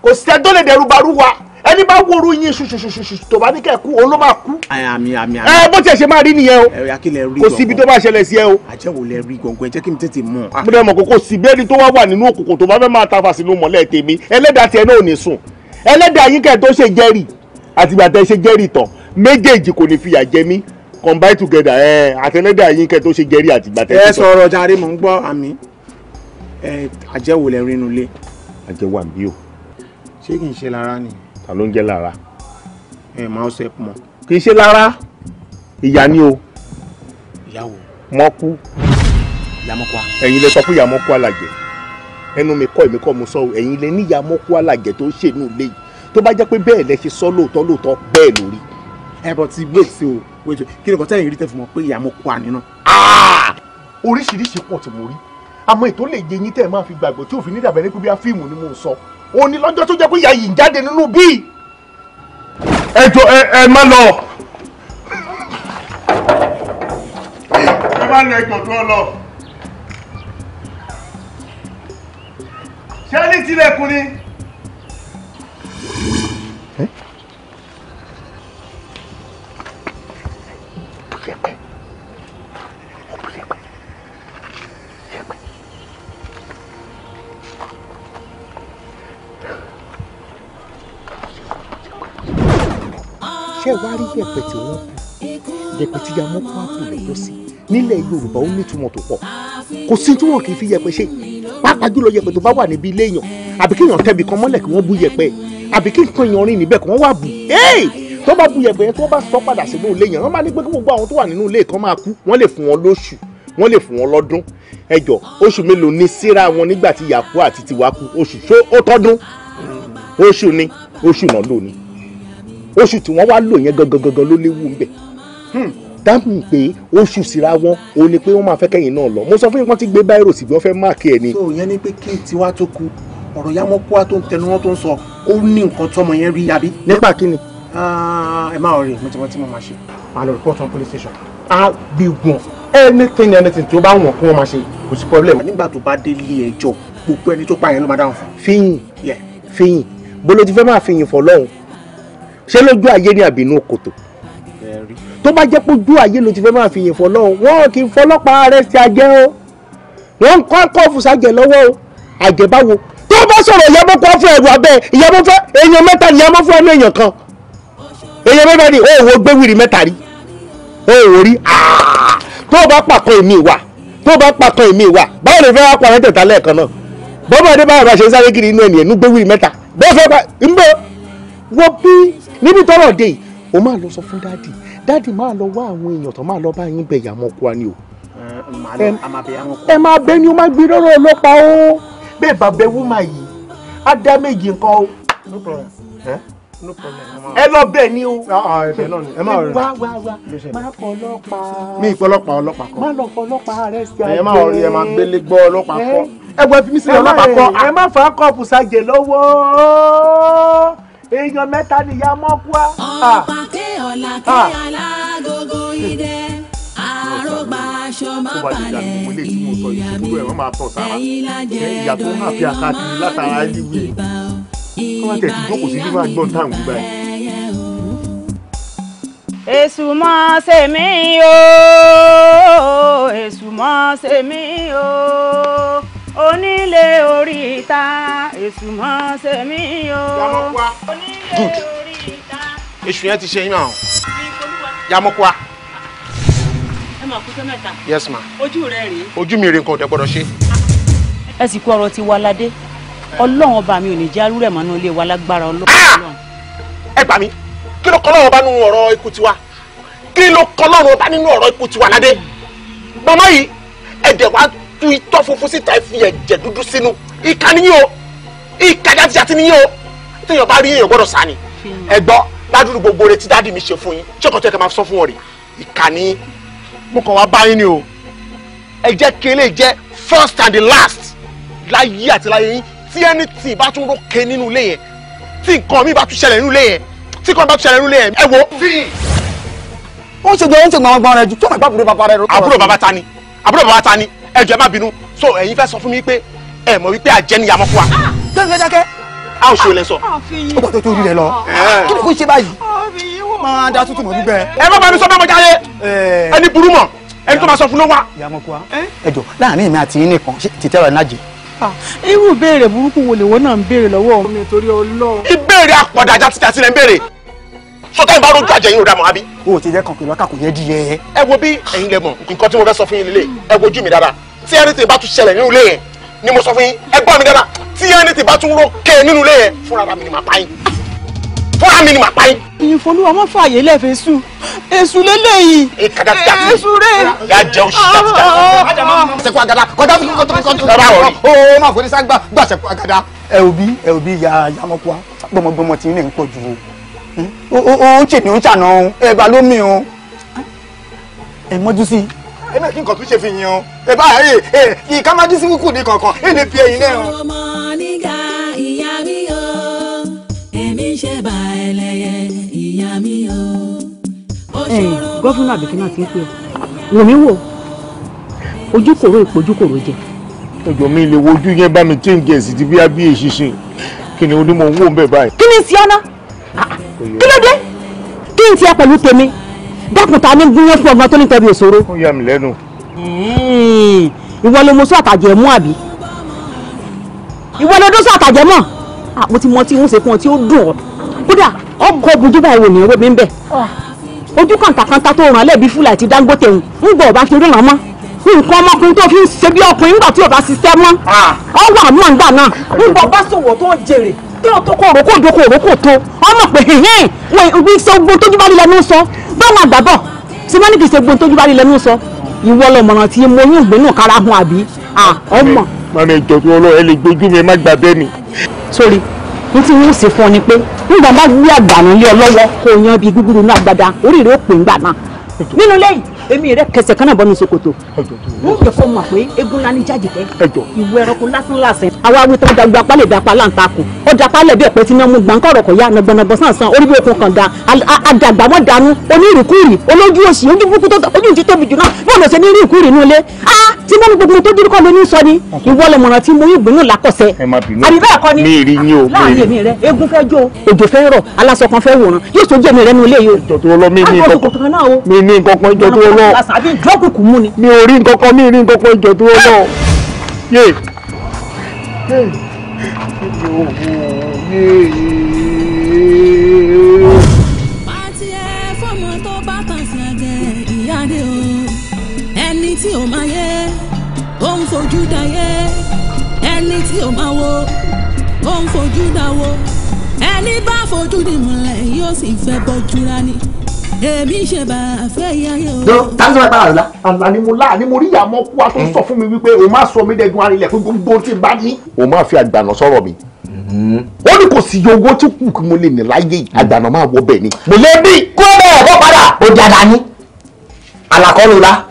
kò sí ẹ tó lè dẹ́rù barú wa ẹni bá wóoru yín ṣùṣùṣùṣù tó bá ní kẹ́ kú òun ló máa kú. àmì àmì àmì. ẹ bó tiẹ̀ ṣe máa rí nìyẹn o. ẹ̀rọ akílẹ̀ rí gbọ̀ngàn kò síbi tó bá ṣẹlẹ̀ sí ẹ o. àjẹwò lẹ rí gbọ̀ngàn ẹ jẹ́ kí n tètè mọ̀. mo dẹ̀ mọ̀ kó kó síbi ẹni tó wá wà nínú òkùnkùn tó bá fẹ́ máa tafa sínú mọ̀lẹ́ tèmi ẹlẹ́dàá tiẹ̀ náà ò ní sùn ẹlẹ́dàá yín kẹ́ tó ṣe jẹ́rìí àtìgbà tẹ́ ṣe jẹ́rìí tán méjèèjì kò ní fìyà jẹ mí combine together ẹ eh, àtẹlẹdà yín kẹ tó ṣe gẹrí àtìgbà tẹ. ẹ sọ̀rọ̀ jàre mò ń gbọ́ àmì ẹ àjẹwò lẹ rinu lé. àjẹwò àbí o. ṣé kì í ṣe lára ni. ta ló ń jẹ lára. ẹ máa ṣe pọn. kì í ṣe lára ìyá ni o. ìyàwó. mọ́kú. ìyàmọ́kú. ẹ̀yin lè sọ fún ìyàmọ́kú alàjẹ ẹnu mi kọ́ èmi kọ́ mo sọ o ẹ̀yin lè ní ìyàmọ́kú alàjẹ tó ń ṣèlú lé yìí tó bá jẹ́ pé bẹ́ẹ̀ lẹ ṣe sọ lóòótọ́ lóòótọ́ bẹ́ẹ̀ lórí. ẹ bọ ti gbèsè o wẹ́jọ kí ni kọ́tẹ́yìn rí tẹ́fù mọ́ pé ìyá mo kó àní náà. Ah! oríṣiríṣi pọ̀ tí mo rí àmọ́ ètò lè jẹ yín tẹ́ ẹ máa fi gbàgbọ́ tí òfin nídàbẹ̀ ní pípẹ́ fíìmù ni mo sọ òun ni lọ́jọ́ tó jẹ́ pé ìyá yìí ń jáde nínú bíi. ẹ jọ ẹ ẹ má lọ. ẹ má lọ ẹjọ tó lọ. ṣé ní tilẹ̀kùn ni. yẹpẹ ó bu yẹpẹ yẹpẹ. ṣé wàá rí yẹpẹ tí wọ́n kù yẹpẹ tí yamọ́ kó àpò lọ́jọ́ sí nílẹ̀ Yorùbá ó nítumọ̀ tó pọ̀ kò sí tí wọn kì í fi yẹpẹ ṣe pàápàá jùlọ yẹpẹ tó bá wà níbi ilé èèyàn àbí kéèyàn tẹbi kan mọ́lẹ̀ kí wọ́n bu yẹpẹ àbí kí nǹkan èèyàn rìn níbẹ̀ kí wọ́n wà bù. Hey! tó bá bu yẹ̀pẹ̀ yẹn tó bá sọ padà sínú ilé yẹn wọ́n máa ní pé kí gbogbo àwọn tó wà nínú ilé kan máa kú wọ́n lè fún wọn lóṣù wọ́n lè fún wọn lọ́dún ẹjọ́ oṣù mélòó ni síra wọn nígbà tí yàkú àti tiwa kú oṣù ṣó ó tọ́dún oṣù ni oṣù náà lò ní oṣù tí wọ́n wá lò yẹn gangan ló léwu ńbẹ̀ dáhùn hmm, pé oṣù síra wọn ò ní pé wọ́n máa fẹ́ kẹ́yìn náà lọ mo sọ fún yín wọ́n ti gbé báírò sí wọ́n fẹ́ máàkì ẹ̀ ni. so yẹn ni pé kí tiwa tó kú ọ̀rọ̀ yá mọ́ kó wa tó ń tẹnu wọn tó ń sọ ó ní nǹkan tọmọ yẹn rí àbí. nípa kí ni Ah, ẹ má rí mo ti mọ my machine. I'll report on police station I'll gbé wọn anything anything tó bá wọn kí wọn máa the kò sí problem. nígbà tó to délé ẹjọ́ gbogbo ẹni tó pààyàn ló máa dáhùn fún. fihìn fihìn bolo ti fẹ́ máa fihìn fọ lọ́hùn ṣé lójú ayé ni àbínú kòtò tó bá jẹ́ pójú ayé ló ti fẹ́ máa fihìn fọ lọ́hùn wọn kì í fọlọ́pàá arrest àjẹ́ o wọn kọ́ kọ́ọ̀fù sájẹ lọ́wọ́ o àjẹ́ báwo tó bá sọ̀rọ̀ ìyàmọ́ kọ́ fún ẹ̀rù abẹ́ ìyàmọ́ fẹ́ èèyàn mẹ́ta ìyàmọ́ fún ẹnu èèyàn kan èyàn mẹ́fà ni òwò gbéwìrì mẹ́ta rí òwò rí tó o bá pàkan èmi wà tó bá pàkan èmi wà báwo lè fẹ́ wá pa mẹ́tẹ̀ẹ̀ta lẹ́ẹ̀kan náà bọ́bá adé báwo bá ṣe ń sáré kiri inú ẹ̀nìyẹn nú gbéwìrì mẹ́ta bẹ́ẹ̀ fẹ́ pa nbọ wọ bí níbi tọrọ dé o máa lọ sọ fún dáàdì dáàdì máa lọ wá àwọn èèyàn tó máa lọ bá yín bẹ̀yà ni o ẹ máa ni o máa gbé ọlọ́pàá o bẹ́ẹ̀ yìí á dá no problem. ẹ lọ bẹ́ẹ̀ ni o. Ah, ah, ẹ̀bẹ̀ náà ni ẹ máa rẹ. wá wá wá má fọlọ́pàá. mi ìpọlọpàá ọlọ́pàá kọ. má lọ fọlọ́pàá rẹ sí àgbẹ̀. ẹ máa rí ẹ máa gbélé gbọ́ ọlọ́pàá kọ. Eh? ẹ wọ fi mí sílẹ̀ ọlọ́pàá kọ. ẹ má fà á kọ́ ọ̀pùsàjẹ lọ́wọ́ èèyàn mẹ́ta nìyá mọ́kúá. ọ̀pá ah. ké ọ̀la ké alágógó idẹ àrògbà aṣọ má balẹ̀ ìyá mi ẹ̀yìn lájẹ̀ ọ̀la ìbá kọ́ máa tẹ̀sí jókòó sí fífa gbọ́n táwọn gbígbà yìí. èṣù mọ́ ṣe mí o èṣù mọ́ ṣe mí o onílé orí ìta èṣù mọ́ ṣe mí o onílé orí ìta. èṣù yẹn ti ṣe yín náà yamukwa. ẹ máa kú sọ mẹ́ta. yes ma. ojú rẹ rèé. ojú mi rèé nǹkan ò dẹ́ gbọ́dọ̀ ṣe. ẹ sì kú ọ̀rọ̀ tiwa ládé ọlọ́run ọba mi ò ní jẹ́ arúrẹ̀ mọ́nú ilé wa lágbára ọlọ́run. ẹ gbà mí kí ló kọ́lọ́run ọba nínú ọ̀rọ̀ ikú tiwa kí ló kọ́lọ́run ọba nínú ọ̀rọ̀ ikú tiwa ládé màmá yìí ẹ̀dẹ̀ wa tu itọ́ funfun síta ẹ fi ẹ̀jẹ̀ dúdú sínú ìka níyìn o ìka jàtijàti níyìn o téèyàn bá rí èèyàn gbọ́dọ̀ sá ni ẹ gbọ́ gbogbo rẹ tí dáàdì mi ṣe fún yín first and the last láyé àti láyé yín tí anything bá tún rókè nínú ilé yẹn tí nǹkan mi bá tún ṣẹlẹ̀ nínú ilé yẹn tí nǹkan bá tún ṣẹlẹ̀ nínú ilé yẹn ẹ wo. ó ń ṣe ó ń ṣe gbọ́n rẹ ju tọ́nà gbàgbọ́n bàbá rẹ. àbúrò bàbá ta ni àbúrò bàbá ta ni ẹ ẹ má bínú so ẹ̀yin fẹ́ sọ fún mi pé ẹ mọ̀ wípé àjẹniyàmọ́ fún wa. gbẹ̀ngàn ah, dákẹ́ a ò ṣe olè sọ. Ah, ó gbọ́dọ̀ tó rí rẹ lọ ah, kí ni kò ṣe báyìí. Ah, irú ìbéèrè burúkú wo lèwọ náà ń béèrè lọ́wọ́ mi torí Ọlọ́run. ìbéèrè àpọ̀dà játijàti rẹ̀ ń béèrè sọtẹ́ ìbá rojú àjẹyìn ò dá mọ́ àbí. o ò ti jẹ́ kàn pé lọ́kà kò yẹ di yẹ. ẹ wo bí ẹ̀yin lẹ mọ̀ nǹkan tí mo fẹ́ sọ fún yín nílé ẹ wojú mi dáadáa tí ẹni tí bá tún ṣẹlẹ̀ nínú ilé yẹn ni mo sọ fún yín ẹ gbọ́ mi dáadáa tí ẹni tí bá tún rò kẹ́ nínú ilé yẹn fúnra mi ni màá pa yín fúnra mi ni màá pa yín. ìyìnfolúwa má fààyè lẹ́fẹ̀ẹ́ sùn èṣù lélẹ́yìí èṣù rẹ̀. ya jẹ oṣù dàbídà sẹkọ agada kọjá fún kọtọ kọtọ ẹ bá wọrí. ó ó máa foni ságbà gbà sẹkọ agada. ẹ ò ẹ ò bí ya yamọkua gbọmọgbọmọ tí ní ń pọ̀ jù o hmm? ó ń tèmi ń tànà o ẹ bá ló mi o ẹ mọ́jú sí i. ẹ náà kí nǹkan tún ṣe fi yín o ẹ bá ẹ ẹ kí ká má gọ́fúnà àbíkínà ti ń pè wò mí wò ojú kòrò ìpò ojú kòrò jẹ. ẹjọ mi lè wojú yẹn bá mi change ẹ sí ti bí abíyè ṣinṣin kí ni onímọ̀ owó ń bẹ̀ báyìí. kí ni ti ọ́nà kí ló dé kí n ti ẹ pẹ̀lú tèmi dákun ta ni gúnyán fún ọgbọ́n tó ní tẹ̀bi òṣòro. ó yà mí lẹ́nu. ìwọ ló mú sọ àtàjẹ mú àbí ìwọ ló dún sọ àtàjẹ mọ́ àpótí mọ́ ń ṣe fún ọ tí ó dùn ọ́ kódà ọkọ̀ ojú báyìí wò ní owó mi ń bẹ̀ ojú kàǹtàkàǹtà tó ràn lẹ́bi fúlà àti Dangote ń ń gbọ́ ọba kiri ràn mọ́ nǹkan ọmọkùnrin tó fi ń ṣe bí ọkùnrin nígbà tí ò bá ṣiṣẹ́ mọ́ ọ wà mọ́ nígbà náà. nígbà bá ṣòwò tó ń jèrè tí o tó kó òrókò òdókò òrókò tó ọmọ pé hìhìn wọn ìwé iṣẹ́ ogun tójú bá rí lẹ́nu sọ báwọn àgbàbọ̀ ṣe máa ní kì í ṣe ogun tójú bá rí lẹ́nu sọ ìwọ lọmọràn tí mo yún ìgbénú kára hun àbí ọmọ. mọ̀nà ìjọ̀gbọ́n ọlọ́run ẹ lè gbójú mi má gbà bẹ́ẹ̀ mi. sórí ní tí wọ́n sì fún ọ ni pé nígbà bá gbé àgbànú lé ọ lọ́wọ́ kó o yan bí gúgúrú náà gbada oríire ó pè ń gbà náà nínú lẹ́yìn èmi rẹ kẹsẹ̀ kan náà bọ́ mi ṣòkòtò mo ń kẹ́kọ̀ọ́ mọ̀ pé egun ńlá ní jájìdẹ́ ìwé ẹranko lásán lásán àwa awi tó dàgbà pálẹ̀ dàpá láǹtakùn ó dàpá lẹ̀ bí ọ̀pẹ tí náà mú gbàǹkọ́ ọ̀rọ̀ kò yá nàgbọ̀nàgbọ̀ sàǹsàn orí bí okun kan da àdàgbà mọ́ dànù onírìkúrì olójú òṣì ojú burúkú tó ojú ti tóbi jù náà bọ́ọ̀lù ṣe ní rìkúrì nulẹ̀ ah tí mọ́mí gbogbo tó dúró kọ́ ló sọ ni ìwọ lè mọ̀ràn tí mo yí gbìyànjú làkọ̀sẹ̀ àbíbẹ́ ẹ̀kọ́ ni láàrin èmi rẹ egun fẹ́ jó òjò fẹ́ rọ̀ aláṣọ kan fẹ́ wòran yóò tó jẹ́ mi rẹ nu ilé yìí. ìjọ o máa yẹ. ẹni tí ò máa wo ó ń fojú dáwó ẹni bá fojú di múlẹ̀ yóò sì fẹ́ bọ́jú rání èmi ṣe bá a fẹ́ yáyé o. jọ tani sọ báyìí àlá ni mo lá ni mo rí ìyàmọ kú wa tó sọ fún mi wípé o máa sọ mi dẹgun arinlẹ fún gbogbo tí n bá ní. o máa fi àgbàna sọ̀rọ̀ mi mhm. ó ní kò sí owó tí kù kí mo lè ní láyé àgbàna máa wọ bẹ́ẹ̀ ni. mo lè bí kó bẹ́ẹ̀ bọ́ padà ó jàdá ní àlàkọ́ ló la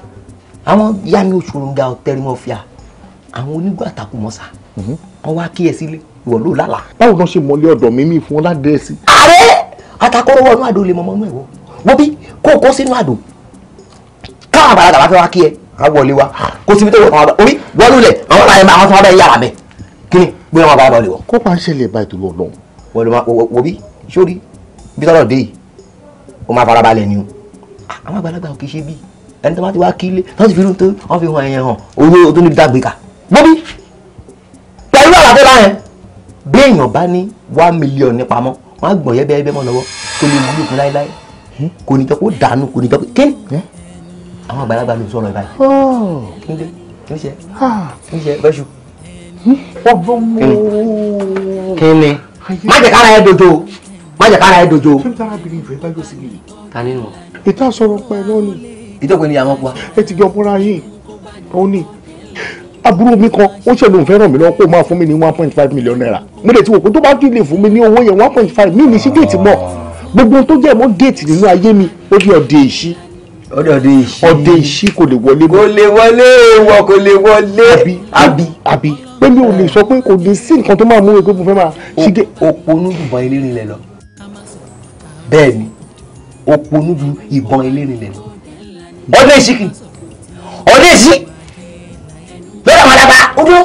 àwọn yá mi ò ṣòro ga ọ̀tẹ́rìmọ́fíà àwọn onígbà takumọ́sà mhm. wọ́n wá kí ẹ sílé ìwọ ló lálà. báwo lọ ṣe mọlé ọ̀dọ̀ mi mi fún ọ ládẹẹsì. ààrẹ atakọrọwọ inú àdó lè mọ ọmọ ẹwọ wọ́n bí kó kó sínú àdó káwọn àgbàlagbà bá fẹ́ wá kí ẹ á wọlé wa kó síbi tó wọ àwọn àgbà orí wọlé lẹ àwọn àgbà àwọn tó wá bẹ yàrá bẹ kí ni gbé wọn bá wọlé wọ. kó máa ń ṣẹlẹ̀ báyìí tó lọ lọ. wọlé ma wọ bí sórí bí tọ́lọ̀ dé yìí ó máa farabalẹ̀ ni o ah, àwọn àgbàlagbà kì í ṣe bí ẹni tó bá ti wá kí ilé tó ti fi irun tó wọ́n fi hàn ẹ̀yẹ̀ hàn owó tó ní dàgbé kà bóbí pẹ̀lú àlàfo láyẹn bí èèyàn bá ní one million ní pamọ́ wọ́n á gbọ̀n yẹ́bẹ́ yẹ́bẹ́ mọ́ lọ́wọ́ kó lè wúlò fún láéláé hm? kò ní jọ kó dànù kò ní jọ kí ni hm? àwọn àgbàlagbà ló sọ̀rọ̀ ìbáyìí oh. kí ni kí ni ṣe ah. kí ni ṣe bẹ́ṣu. Hm? kí ni má jẹ́ kára ẹ dojo má jẹ́ kára ẹ dojo. ṣé n taara bìrì ìfẹ́ tájọ sí mi. ta ni nù. ìta sọ̀rọ̀ pẹ̀lú ọ̀nì. ìjọba ni àwọn pa. ẹ ti jọ múra yìí òun ni àbúrò mi kan ó ṣe lóun fẹ́ràn mi lọ́wọ́ kó máa fún mi ní one point five million naira mo lè ti wò pé tó bá ti lè fún mi ní owó yẹn one point five mi ní sí déètì mọ́ gbogbo tó jẹ́ mọ́ déètì nínú ayé mi ó di ọ̀dẹ̀ ìṣí ọ̀dẹ̀ ìṣí kò lè wọlé mọ́. kò lè wọlé wọ kò lè wọlé. àbí àbí àbí pé mi ò lè sọ pé kò ní sí nǹkan tó máa mú egbò fún fẹ́ máa ṣíde. òponú ìbọn elérin lẹ lọ bẹ́ẹ̀ ni òponú ìbọn elérin lẹ lọ ọ̀dẹ̀ ìṣí kì ọ̀dẹ̀ ìṣí lọ́dọ̀ àwọn alábá ó dúró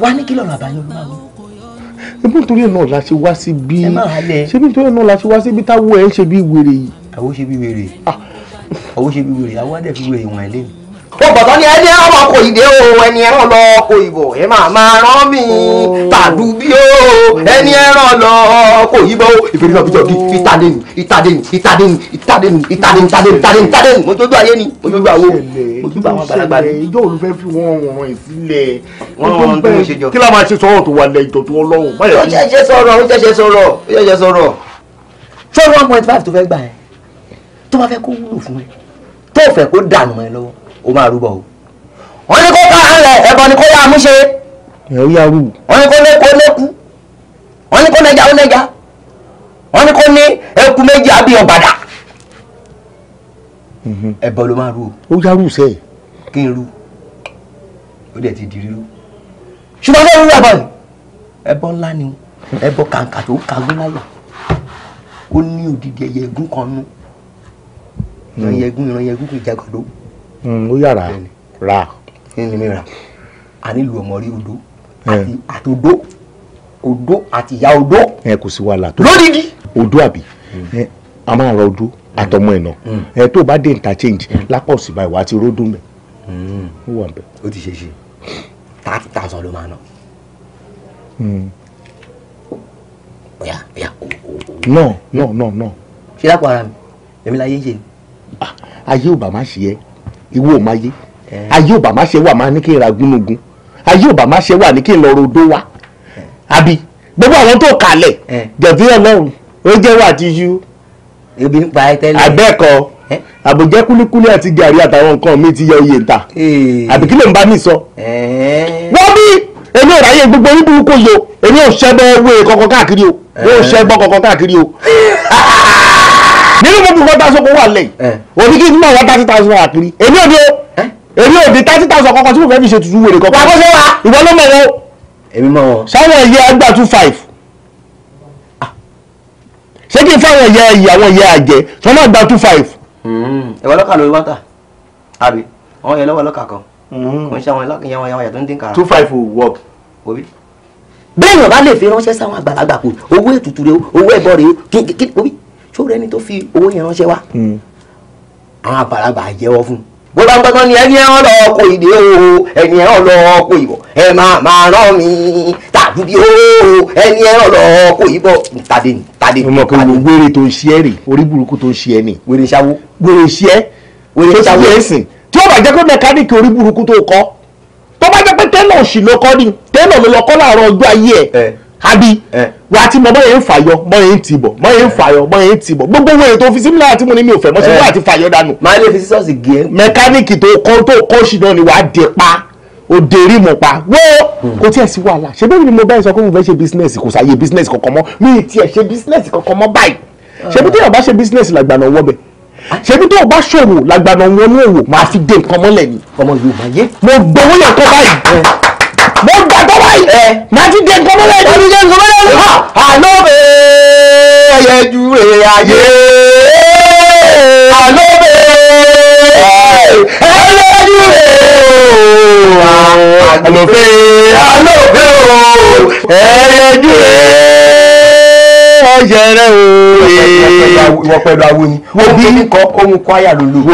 wá ní kí lọ́rọ̀ àbáyọ ló máa wọ. ṣebí nítorí ẹ̀ náà la ṣe wá sí bí ṣebí nítorí ẹ̀ náà la ṣe wá sí bí táwọ ẹ̀ ń ṣe bí wèrè yìí. àwo ṣe bí wèrè ah. àwo ṣe bí wèrè àwo á dẹ̀ fi wèrè ìwọ̀n ẹ̀ lé wọn bọ̀tọ́ ni ẹni ọmọ kò ìdè o ẹni ẹran lọ kò ìbò ẹ máa máa rán mi oh. tàdúbí o ẹni ẹran lọ kò ìbò ìfèrè náà bíjọ bí ìtàdénù ìtàdénù ìtàdénù ìtàdénù ìtàdénù ìtàdénù ìtàdénù ìtàdénù mo tójú ayé ni mo tójú àwọn mo tójú àwọn àgbàlagbà ni. ìjọ olùfẹ́ fi wọ́n wọ̀n ìsílẹ̀ wọ́n tó ń ṣe jọ. kí la máa ṣe sọ̀rọ̀ tó wà lẹ́yìn tó tó ọlọ́run. ó ṣẹ̀ṣẹ̀ sọ̀rọ̀ ó ṣẹ̀ṣẹ̀ sọ̀rọ̀ ó ṣẹ̀ṣẹ̀ sọ̀rọ̀. sọ̀rọ̀ one point five tó ó máa rúbọ o. wọ́n ní kó ká àlẹ̀ ẹ̀bọ ni kó yá amúṣe. ẹ̀ ó yá rú. wọ́n ní kó lékú lékú wọ́n ní kó nẹja ó nẹja wọ́n ní kó ní eku méjì àbí ọ̀bàdà. Mhm. ẹ̀bọ ló máa rú o. ó yá rú sẹ́yìn. kí n rú ó dẹ̀ ti di rírú. ṣùgbọ́n ló ń rú ẹ̀bọ ńlá ni ẹ̀bọ kàǹkà tó kàgbé láyà ó ní òdìdí ẹyẹ ẹgún kan nú ìran yẹgún ìran yẹgún kò ìjàgàdó Mm, ó yàrá ra. ẹni mi ra a nílò ọmọ rí odó àti odó odó àti ìyá odó. kò sí wàhálà tó lódìdí. odó àbí mm. a máa ra odó mm. àtọmọ ẹ náà ẹ tó bá dé interchange lápá òsì báyìí wàá ti ródùn bẹ. ó wà bẹ. ó ti ṣe ṣe thirty thousand ló máa ná. ọ̀yà ọ̀yà. no ìwọ ò máa yé eh. ayé ò bá má ṣe wà máa ní kí n ra gúnugún ayé ò bá má ṣe wà ní kí n lọ rodó wa eh. àbí gbogbo àwọn tó kalẹ̀ eh. jẹ̀bi ọlọ́run ó jẹ́ wà ti yú abẹ́kọ̀ àbòjẹ́ kúlíkúlí àti gàrí àtàwọn nǹkan mi ti yẹ oyè ta àbí kí ló ń bá mi sọ. wọ́n bí èmi ò ráyè gbogbo oníbùrúkú yo èmi ò ṣẹ́gbọ́ owó kankan káàkiri o èmi ò ṣẹ́gbọ́ kankan káàkiri o. mo bí fọ́tà sọ́kò wà lẹ́yìn òbí eh. kí n máa wá thirty thousand naira kiri èmi ò di o eh? èmi ò di thirty thousand kọ́kọ́ tí mo fẹ́ fi ṣe tutù wèrè kọ́kọ́. wà á kó ṣe wa. ìwọ ló mọ̀ wọ́n. èmi mọ̀ wọ́n. sáwọn ẹ̀yẹ àgbà two five ah. ṣé kí n fáwọn ẹ̀yẹ ẹ̀yẹ àwọn ẹ̀yẹ àjẹ sọ náà gba two five. Hmm. ẹ̀wọ̀n lọ́kà lórí wáta àbí àwọn ẹ̀yẹ lọ́wọ́ lọ́kà kan hmm. kò ń ṣe àwọn ẹ̀yà tó ń dín two five will work. òbí bẹ́ẹ̀ yàn bá lè fi ránṣẹ́ sáwọn àgbàlagbà kù owó ètùtù rẹ owó ẹ̀bọ rẹ kí ṣòro ẹni tó fi owó yẹn wa hmm. àwọn àgbàlagbà jẹ́wọ́ fún bóbá ń gbọ́dọ̀ ni ẹni ẹ̀ ń lọ ọkọ̀ ìdè o ẹni ẹ̀ ń lọ ọkọ̀ ìbọ̀ ẹ máa máa rán mi tàbí bí o ẹni ẹ̀ ń lọ ọkọ̀ ìbọ̀ tàdé ni tàdé ni. mo mọ̀ pé wo wéré tó ń ṣe é rè orí burúkú tó ń ṣe é nì. wéré ṣáwó. wéré ṣe é tó ṣe é sìn tí ó bá jẹ́ pé mẹkáníìkì orí burúkú tó kọ́ tó bá jẹ́ pé tẹ́lọ̀ òṣì àbí eh. wà á ti mọ bọ́yẹ̀ ń fàyọ bọ́yẹ̀ ń tibọ̀ bọ́yẹ̀ ń fàyọ bọ́yẹ̀ ń tibọ̀ gbogbo We tó fi símúlẹ̀ àti mo ní mi ò fẹ́ mọ́ sọ́wọ́ àti eh. fàyọ dànù. máa lè fi sísọ́ọ̀sì gé ẹ́. mẹkáníìkì tó kọ́ tó kọ́ sí náà ni wàá dé pa òde rí mọ̀ pa wó hmm. kò tiẹ̀ sí wàhálà ṣé bẹ́ẹ̀ ni mo bẹ́ẹ̀ sọ pé mo fẹ́ ṣe bísínẹ́sì kò sáyé bísínẹ́sì kankan mọ́ mi tiẹ̀ ṣe bísínẹ́sì kankan mọ́ báyìí ṣebí tó yàn bá ṣe bísínẹ́sì làgbàna ọwọ́ bẹ̀ ṣebí tó bá ṣòwò làgbàna ọwọ́ ní òwò máa fi dé nǹkan mọ́lẹ̀ ni. ọmọ Yorùbá yé. mo gbowó yàtọ̀ báyìí. Eh mo gbà tó báyìí. màá ti dé nǹkan mọ́lẹ̀ yìí. olùdé nǹkan mọ́lẹ̀ yìí. àlọ́ bẹ́ẹ̀ ẹyẹ ju rẹ̀ ayé. àlọ́ bẹ́ẹ̀ ẹyẹ ju rẹ̀ àlọ́ bẹ́ẹ̀ àlọ́ bẹ́ẹ̀ ẹyẹ ju rẹ̀ ọ̀yẹ̀ rẹ̀ ooo. ìwọ pẹ̀lú awo ni. wo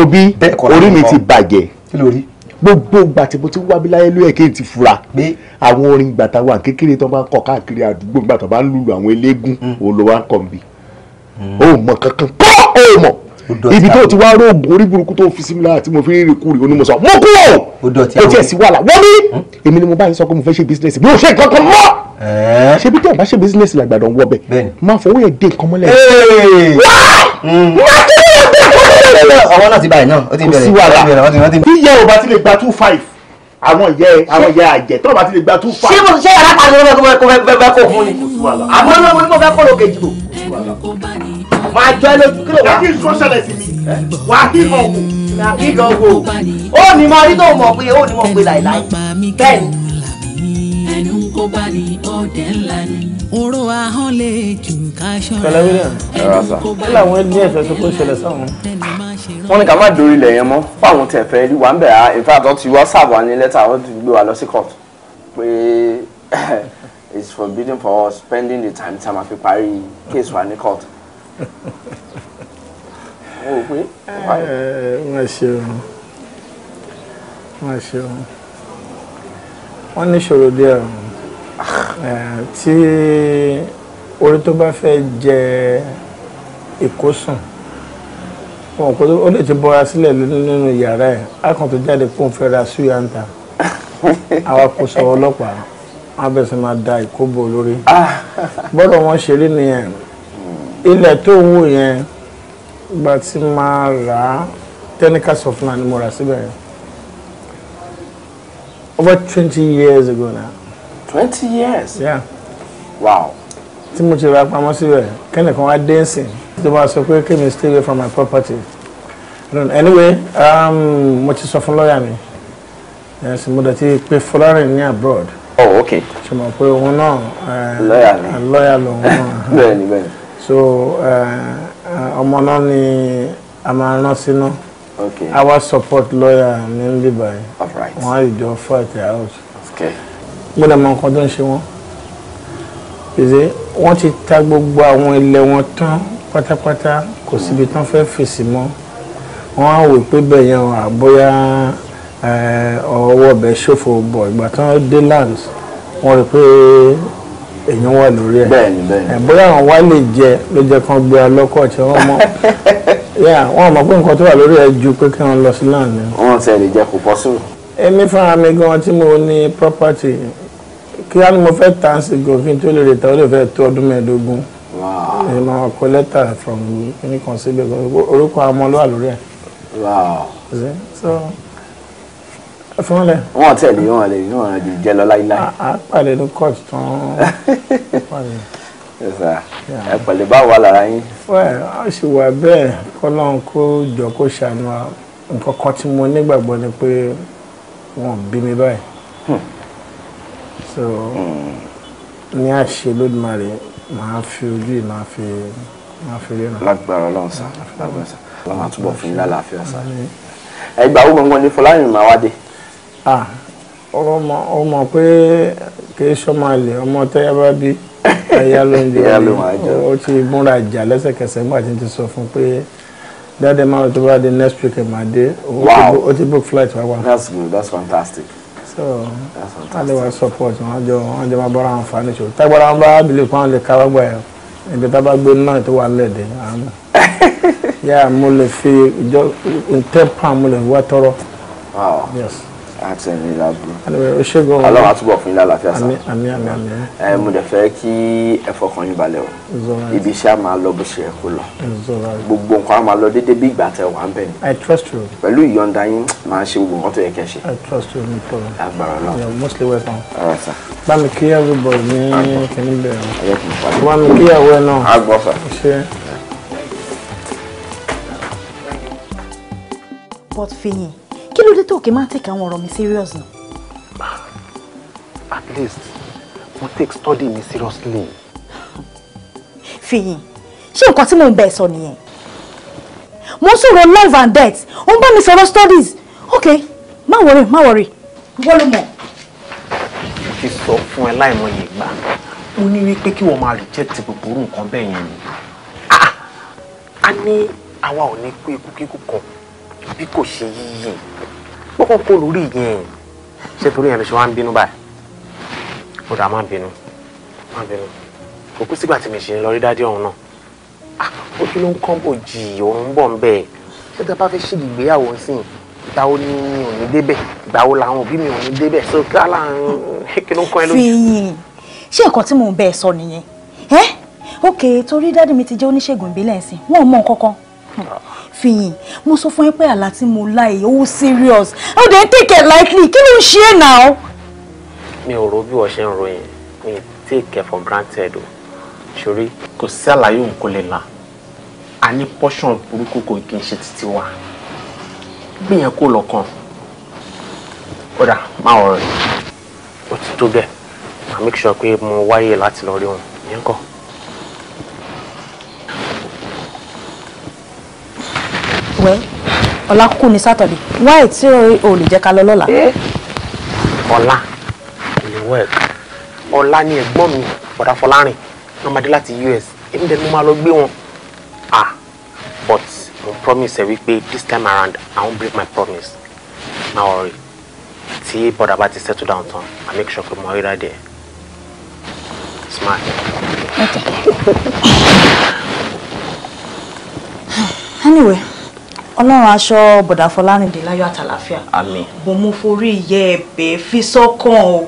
bí orí mi ti bàjẹ́. kí ló rí gbogbo ìgbà tí mo ti wá bí láyé ló yẹ kí n ti fura pé àwọn orin ìgbà tá a wà kékeré tó bá ń kọ káàkiri àdúgbò ìgbà tó bá ń lùlù àwọn eléégún olówó àkànbí ó mọ kankan kọ́ ó mọ̀ ibi tó ti wá róògùn orí burúkú tó fi sími lára tí mo fi rí ìrìkúrì onímọ̀sán mo kú o ó tiẹ̀ sí wàhálà wọ́n ní hmm? èmi ni mo bá yín sọ pé mo fẹ́ ṣe bísínẹ́sì mi ò ṣe nǹkan kan mọ́ ṣebí tí ẹ̀ bá ṣe bísínẹ́sì làgbàdo ń wọ́ máa fọwọ́ ẹ̀ dé nǹkan mọ́lẹ̀. wá hmm. má ọwọ́ náà ti báyìí náà ó ti bẹ̀rẹ̀ ó ti bẹ̀rẹ̀. bí ìyá ò bá ti lè gba two five àwọn ìyá àwọn ìyá àjẹ tó bá ti lè gba two five. ṣé mo ṣe yàrá kan ló fẹ́ kó fẹ́ fẹ́ kó fún ni àmọ́ ló mo ní kó fẹ́ kó lókè jù. máa jọ ẹ lójú kí ló wà. wàá kí n sọ́ṣẹ̀lẹ̀ sí mi wàá kí n ọ̀gùn. wàá kí n ọ̀gùn. ó ní mo rí tó mọ̀ pé ó ní mo pé láìláì bẹ́ẹ̀ ni kó bá ní ọdẹ ńlá ni. oró ahọ́n lè jù ká ṣọ́ra. sọlá william ẹ̀rọ sà kí làwọn ní ẹ̀fẹ́ tó kó ṣẹlẹ̀ sáwọn. wọ́n ní ká má dorí ilẹ̀ yẹn mọ́ fáwọn tẹ̀ fẹ́ rí wà ń bẹ̀rẹ̀ in fact wọ́n ti whatsapp wa ní lẹ́tà wọ́n ti gbé wa lọ sí court pé it's forbidden for us spending the time tí a máa fi parí case wa ní court. mo rò pé. wọ́n ṣeun wọ́n wọ́n ní ìṣòro díẹ̀ ọ̀hún tí orí tó bá fẹ́ jẹ ìkósùn wọn kò ó lè ti bọra sílẹ̀ nínú yàrá ẹ̀ akàn tó jáde fún fẹ́ ra suya ń ta àwa kò sọ ọlọ́pàá wọn bẹ̀rẹ̀ sí máa da ìkóbò lórí ah. bọ́dọ̀ wọn ṣe nìyẹn ilẹ̀ tó ń yẹn gba tí máa rà á tẹ́níkà sọ̀fúnà ni mo rà síbẹ̀ yẹn over twenty years ago now twenty years. Yeah. wow. tí mo ti ra pamọ́ síbẹ̀ kẹ́nìkan wá dé ǹsìn tó bá sọ pé kémi stay away from my property anyway um, mo ti sọ fún lọ́ọ̀yà mi ẹ̀sìn mo dẹ̀ ti pe fọlọ́rìn ní abroad. oh okay. ṣe mọ̀ pé òun náà eh, lọ́ọ̀yà ni lọ́ọ̀yà lòun náà. bẹ́ẹ̀ni bẹ́ẹ̀ni. so eh, ọmọ náà ni a máa rán sínú. okay. our support lawyer mi ń bíbáyìí. all right. wọ́n á jọ fight out. okay wọ́n dà mọ nǹkan tó ń ṣe wọ́n pèsè wọ́n ti ta gbogbo àwọn ilẹ̀ wọn tán pátápátá kò síbi tán fẹ́ fèsì mọ́ wọ́n á wò pé bẹ́ẹ̀ yẹn àbóyá ọwọ́ bẹ́ẹ̀ ṣòfò bọ̀ ìgbà tán dé land wọ́n rí pé èyàn wà lórí ẹ̀ bẹ́ẹ̀ni bẹ́ẹ̀ni bóyá àwọn wá lè jẹ ló jẹ kán gbé alọ́kọ̀ tí wọ́n mọ̀ wọ́n mọ̀ pé nǹkan tó wà lórí ẹ̀ ju pé kí wọ́n lọ sí land ni. wọ́n ti ẹ̀ lè jẹ kó pọ̀ sí. èmi fúnra mi gan tí mo ní property kí á ní mo fẹ́ tà ń sí gòfin tó lè rè tà ó lè fẹ́ tó ọdún mẹ́ẹ̀ẹ́dógún ẹ máa kọ lẹ́tà from kíní kan síbẹ̀ orúkọ àwọn ọmọ ló wà lórí ẹ̀. fúnlẹ̀. wọ́n tẹ̀lé wọn lè ní ọ̀ràn jù jẹ́ lọ láíláí. a pàdé ní court tán. ẹ pẹ̀lẹ́ báwo wà lára yín. wẹ́ẹ̀ a sì wà bẹ́ẹ̀ kọ́lọ́n kó jọ kó ṣàánú nǹkan kan tí mo nígbàgbọ́ ni pé wọ́n bí mi báyìí. Hmm so ní àṣẹ lódìmarè máa fi ojú yìí máa fi máa fi ríran. lágbára Ọlọ́run sá lágbára sá Ọlọ́run àtúbọ̀ fún yín lálàáfíà sá ẹgbà ó gbọngàn ní Fọláyìn máa wádé. ọmọ ọmọ pé kì í sọmọ àlè ọmọ tẹyà bá bí ẹyà ló ń jẹ ó ti múra jà lẹ́sẹ̀kẹsẹ̀ nígbà tí n ti sọ fún pé dáadé máa tó bá dé next week ẹ̀ máa dé ó ti book flight wá wá. that's good that's fantastic so wọ́n lè wá support wọ́n jọ wọ́n jọ máa bọ́ra àǹfààní ṣòro tágbára wọn bá bìlẹ̀ fún àwọn lè káwá gbà yẹn ibi tá a bá gbé náà tó wà lẹ́ẹ̀dẹ̀ àánú yà mo lè fi ìjọ ntẹ́pà mo lè wá tọrọ. yes àtẹ̀yìn lábú. ó ṣe gan-an ọlọ́run àtúbọ̀ fún yín lálàáfíà sá. àmín àmín àmín. ẹ mo dẹ̀ fẹ́ kí ẹ fọkàn yín balẹ̀ o ibi iṣẹ́ a máa lọ bó ṣe yẹ kó lọ gbogbo nǹkan a máa lọ déédéé bí ìgbà tẹ wà ń bẹ̀ ni. I trust you. pẹ̀lú ìyọ̀ǹda yín máa ṣe gbogbo nǹkan tó yẹ kẹ́ ṣe. I trust you no problem. agbára náà. you are mostly welcome. alright sir. bá mi kí everybody ní kìíní bẹ̀rẹ̀. bá mi kí ìyàwó ẹ náà. agbọ́ sir. but fihàn kí ló dé tó kì máa take àwọn ọ̀rọ̀ mi serious nù. at least mo take study mi seriously. fìyìn ṣé nǹkan tí mò ń bẹ̀ sọ nìyẹn mo ń sọ̀rọ̀ life and death ó ń bá mi sọ̀rọ̀ studies ok má wọrí má wọrí wọ́n ló mọ̀. mo ti sọ fún ẹ láìmọye ìgbà ó ní wípé kí wọ́n máa reject gbogbo orú nǹkan bẹ́ẹ̀ yẹn ni ah, a ní àwa ò ní kú ikú kíkú bí kò ṣe yíyí gbọ́kàn kó lórí yẹn ṣé torí yẹn ló ṣe wá ń bínú báyìí ó má bínú má bínú òkú sígbà tí mi ṣe ń lọ rí dádì ọ̀hún náà ojú ah, ló ń kán bò jì òun bọ̀ ń bẹ̀ ṣé tá a bá fẹ́ ṣe ìgbéyàwó sí i ìgbà wo ni mi ò ní débẹ̀ ìgbà wo làwọn òbí mi ò ní débẹ̀ so kí á láàrin kí ló ń kọ́ ẹ lójú. fi yìn ṣé nǹkan tí mò ń bẹ ẹ sọ nìyẹn ẹ ókè torí dádì mi ti jẹ́ oníṣègùn ìbílẹ̀ ẹ̀sìn wọn ò mọ nǹkan kan fihìn mo sọ fún ẹ pé àlá tí mo lá èyí serious How do you take it lightly kí ló ń ṣe é náà. mi ò ro bí wọ́n ṣe ń ròyìn mi take it for granted o ṣorí kò sí àlàyé òun kò ní portion burúkú kò kí n ṣe títí wa gbìyànjú kó lọ kàn kódà má ọ̀rọ̀ rẹ̀ ó ti tó bẹ́ẹ̀ máa make sure pé mo wáyé láti lọ rí òun yẹn kọ́. wẹ́ ọ̀la kúkú ni sátọ̀dẹ̀ wáì tí o lè jẹ́ ká lọ lọ́la. ọ̀la kò lè wọ́ ẹ̀ka ọ̀la ni ẹ̀gbọ́n mi bọ̀dá Fọlárìn wọ́n láti US èmi dẹ̀ mo máa lọ gbé wọn. ah but mo promise ẹ wípé this time around I won't break my promise na ọ̀rẹ́ tí bọ̀dá bá ti settle down tán I make sure pé mo rí rà smart. Okay. anyway ọlọ́run aṣọ bọ̀dà fọlárìndé láyọ̀ àtàlàfíà àmín bò mo forí ìyẹ́ ẹ̀bẹ̀ fi sọ́kàn o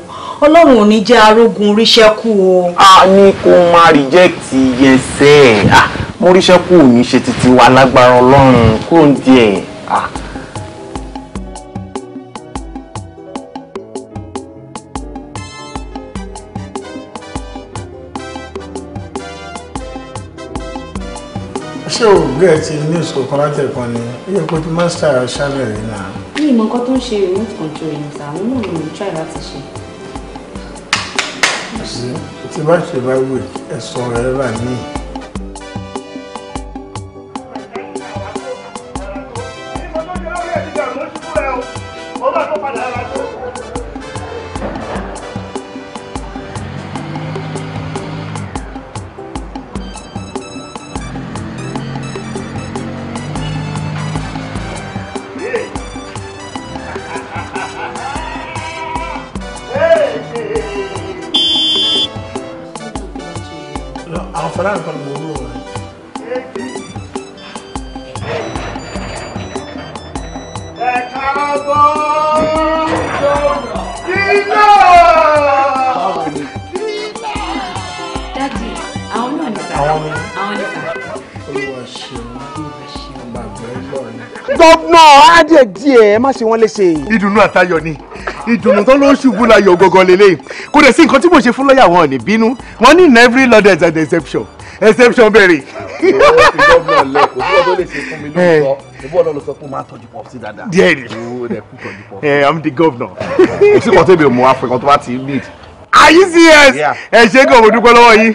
ọlọ́run ò ní jẹ́ arógun oríṣẹ́ kù o. a ní kó máa rìjẹ́ẹ̀tì yẹsẹ̀ ah, mo ríṣẹ́ kù ní ṣe títí wa lágbára ọlọ́run kúrò ní tiẹ̀. Ah. ò gẹ̀ẹ́tì news kò kan láti ẹ̀kan ni ó yẹ kó tó master ṣáàlẹ̀ rí náà. ní ìmọ̀ nǹkan tó ń ṣe remote control yìí sá àwọn náà ló ń try láti ṣe. tí bá ṣe bá wù ẹ sọ ẹ rà míì. má ṣe wọ́n léṣe. ìdùnnú àtayọ̀ ni ìdùnnú tó ló ń ṣubú láyọ̀ gọ́gọ́ lélẹ́yìn kò dẹ̀ sí nǹkan tí mo ṣe fún lọ́ọ̀yà wọn ní bínú wọn ní in every law is an exception exception bẹ̀rẹ̀. ìjọba ọ̀lẹ́ kò tí wọ́n tó lè ṣe fún mi lóòótọ́ ìbú ọ̀dọ́ ló sọ pé ó máa tọ́jú pọ̀ sí dáadáa. díẹ̀ ni ẹ i'm the governor. kò sí kan tẹ́bi òmù afẹ́kan tó bá ti lead. are you serious? ẹ ṣe é gan mo dúpẹ́ lọ́wọ́ yìí.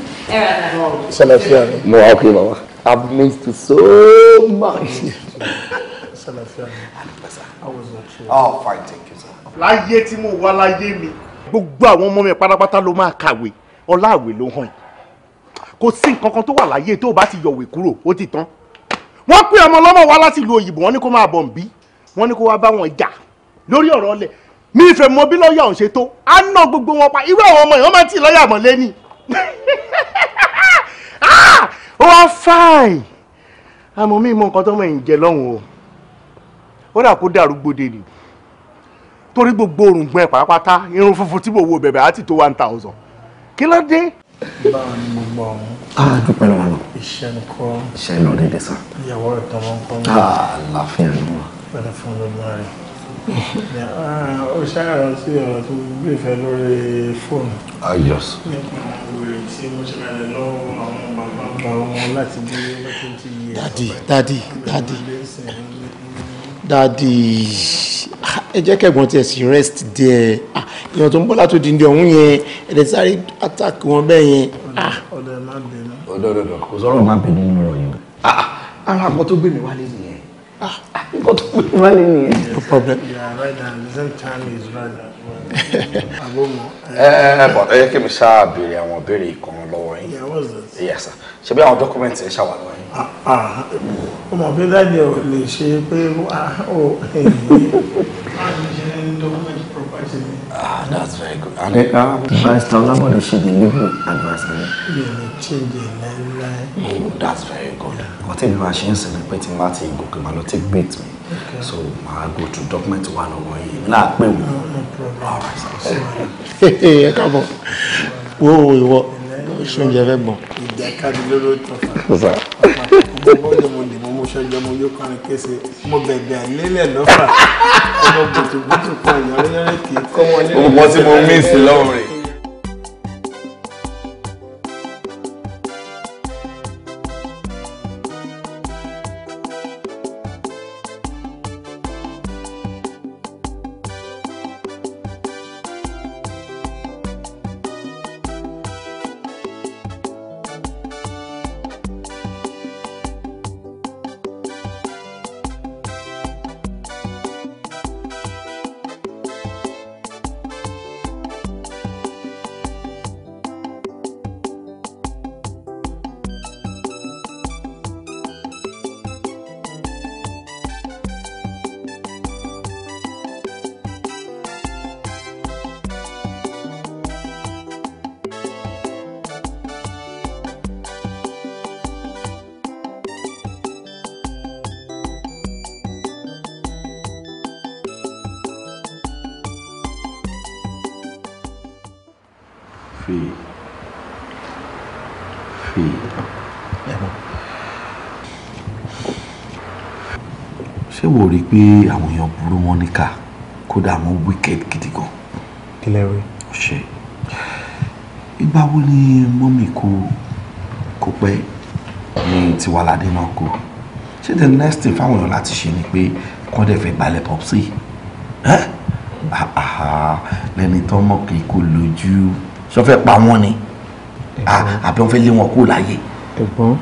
Salafia. Mo wà I've missed you so much. Salafia. Oh fine thank you sir. Láyé tí mo wá láyé mi. Gbogbo àwọn ọmọ mi pátápátá ló máa kàwé. Ọlá àwẹ̀ ló hàn yìí. Kò sí nǹkan kan tó wà láyé tó o bá ti yọ̀wé kúrò ó ti tán. Wọ́n pè ọmọ ọlọ́mọ wá láti ìlú òyìnbó wọ́n ní kó máa bọ̀ bí. Wọ́n ní kó wá bá wọn jà lórí ọ̀rọ̀ ọlẹ̀. Mi ìfẹ́ mọ bí lọ́ọ̀yà òun ṣe tó. Á ná gbogbo wọn pa irú àwọn ọmọ yìí wọ́n máa ń tì lọ́ọ̀yà mọ́lé ni. Ah! Ah! ó wá fáìn àmọ́ mi mọ nǹkan tó mọ̀ ń jẹ lọ́hùn o ó dà kó dàrúgbòde nì torí gbogbo òrùngbọ̀n ẹ̀ pàápàá irun funfun tí mo wo bẹ̀bẹ̀ á one thousand kí ló dé. báwo ni mo gbọ́ ọ̀hún. Ah, a dúpẹ́ lọ́wọ́ lọ. iṣẹ́ ni kọ́. iṣẹ́ ni ọ̀rẹ́dẹ̀ sàn. ìyàwó rẹ̀ tán ló ń kọ́. àlàáfíà ni wọn. pẹ̀lú ó uh, ṣàrà sí ọ̀rọ̀ tó gbé fẹ́ lórí fóònù. ayọ̀s. dadi dadi dadi dadi ẹ jẹ́ kẹ́gbọ́n tiẹ̀ sí rest there ah, èèyàn tó ń bọ́ látò dìndín ọ̀hún yẹn ẹ̀dẹ̀ sáré attack wọn bẹ́ẹ̀ yẹn. Ah. ọ̀dọ̀ ọ̀dọ̀ ọ̀dọ̀ kò sọ̀rọ̀ má bínú nínú ọ̀rọ̀ yìí. Ah, ara àpọ̀ tó gbé mi wálé nìyẹn nǹkan tó pè wá lé nìyẹn. no problem. ẹ ẹ bọ ẹ yẹ kí mi ṣáà béèrè àwọn ìbéèrè kan lọ́wọ́ yín ṣe bí àwọn dọkúmẹ̀ntì ẹ ṣàwà lọ́wọ́ yín. ọmọ mi dáàdi ò lè ṣe pé ó ẹ̀yìn dọkúmẹ̀ntì property mi. ah that's very good. Eh, ah, And ṣe ṣe ọlọ́mọdé ṣe delivery advice mi. yóò lè change it now. Eh? oh that's very good nǹkan tí èmi máa ṣe ń sìn go to tí n bá ti gòkè máa lọ take bait mi so máa go to document wa lọ́wọ́ yìí èmi náà pè wọ́n ẹ káàbọ̀ wo ìwọ ṣoúnjẹ fẹ́ gbọ̀n. ìjà káàdì lóró tán fún mi ọmọ bọ́ọ̀lù mo lè mú mo ṣọjọ́ mo yóò kọrin kése mo bẹ̀bẹ̀ lélẹ̀ lọ́fà ọmọ gbòtògbòtò kan ìyàrá yẹrẹ kì í kọ́ wọn lélẹ̀. mo mọ tí mo mí sí lọ́wọ́ rẹ̀. pé àwọn èèyàn burú wọn níkà kódà àwọn wicked gidi gan. kí lẹ rí. ọ̀sẹ̀ ìgbà wo ni mọ́mì kú kò pẹ́ ní tiwaladé náà kú ṣé the next thing fáwọn èèyàn láti ṣe ni pé kọ́ dẹ̀ fẹ́ balẹ̀ pọ̀ sí lẹ́ni tó mọ̀ kí kò lójú ṣọ fẹ́ pa wọ́n ni àbí wọ́n fẹ́ lé wọn kó láyé. ẹ̀gbọ́n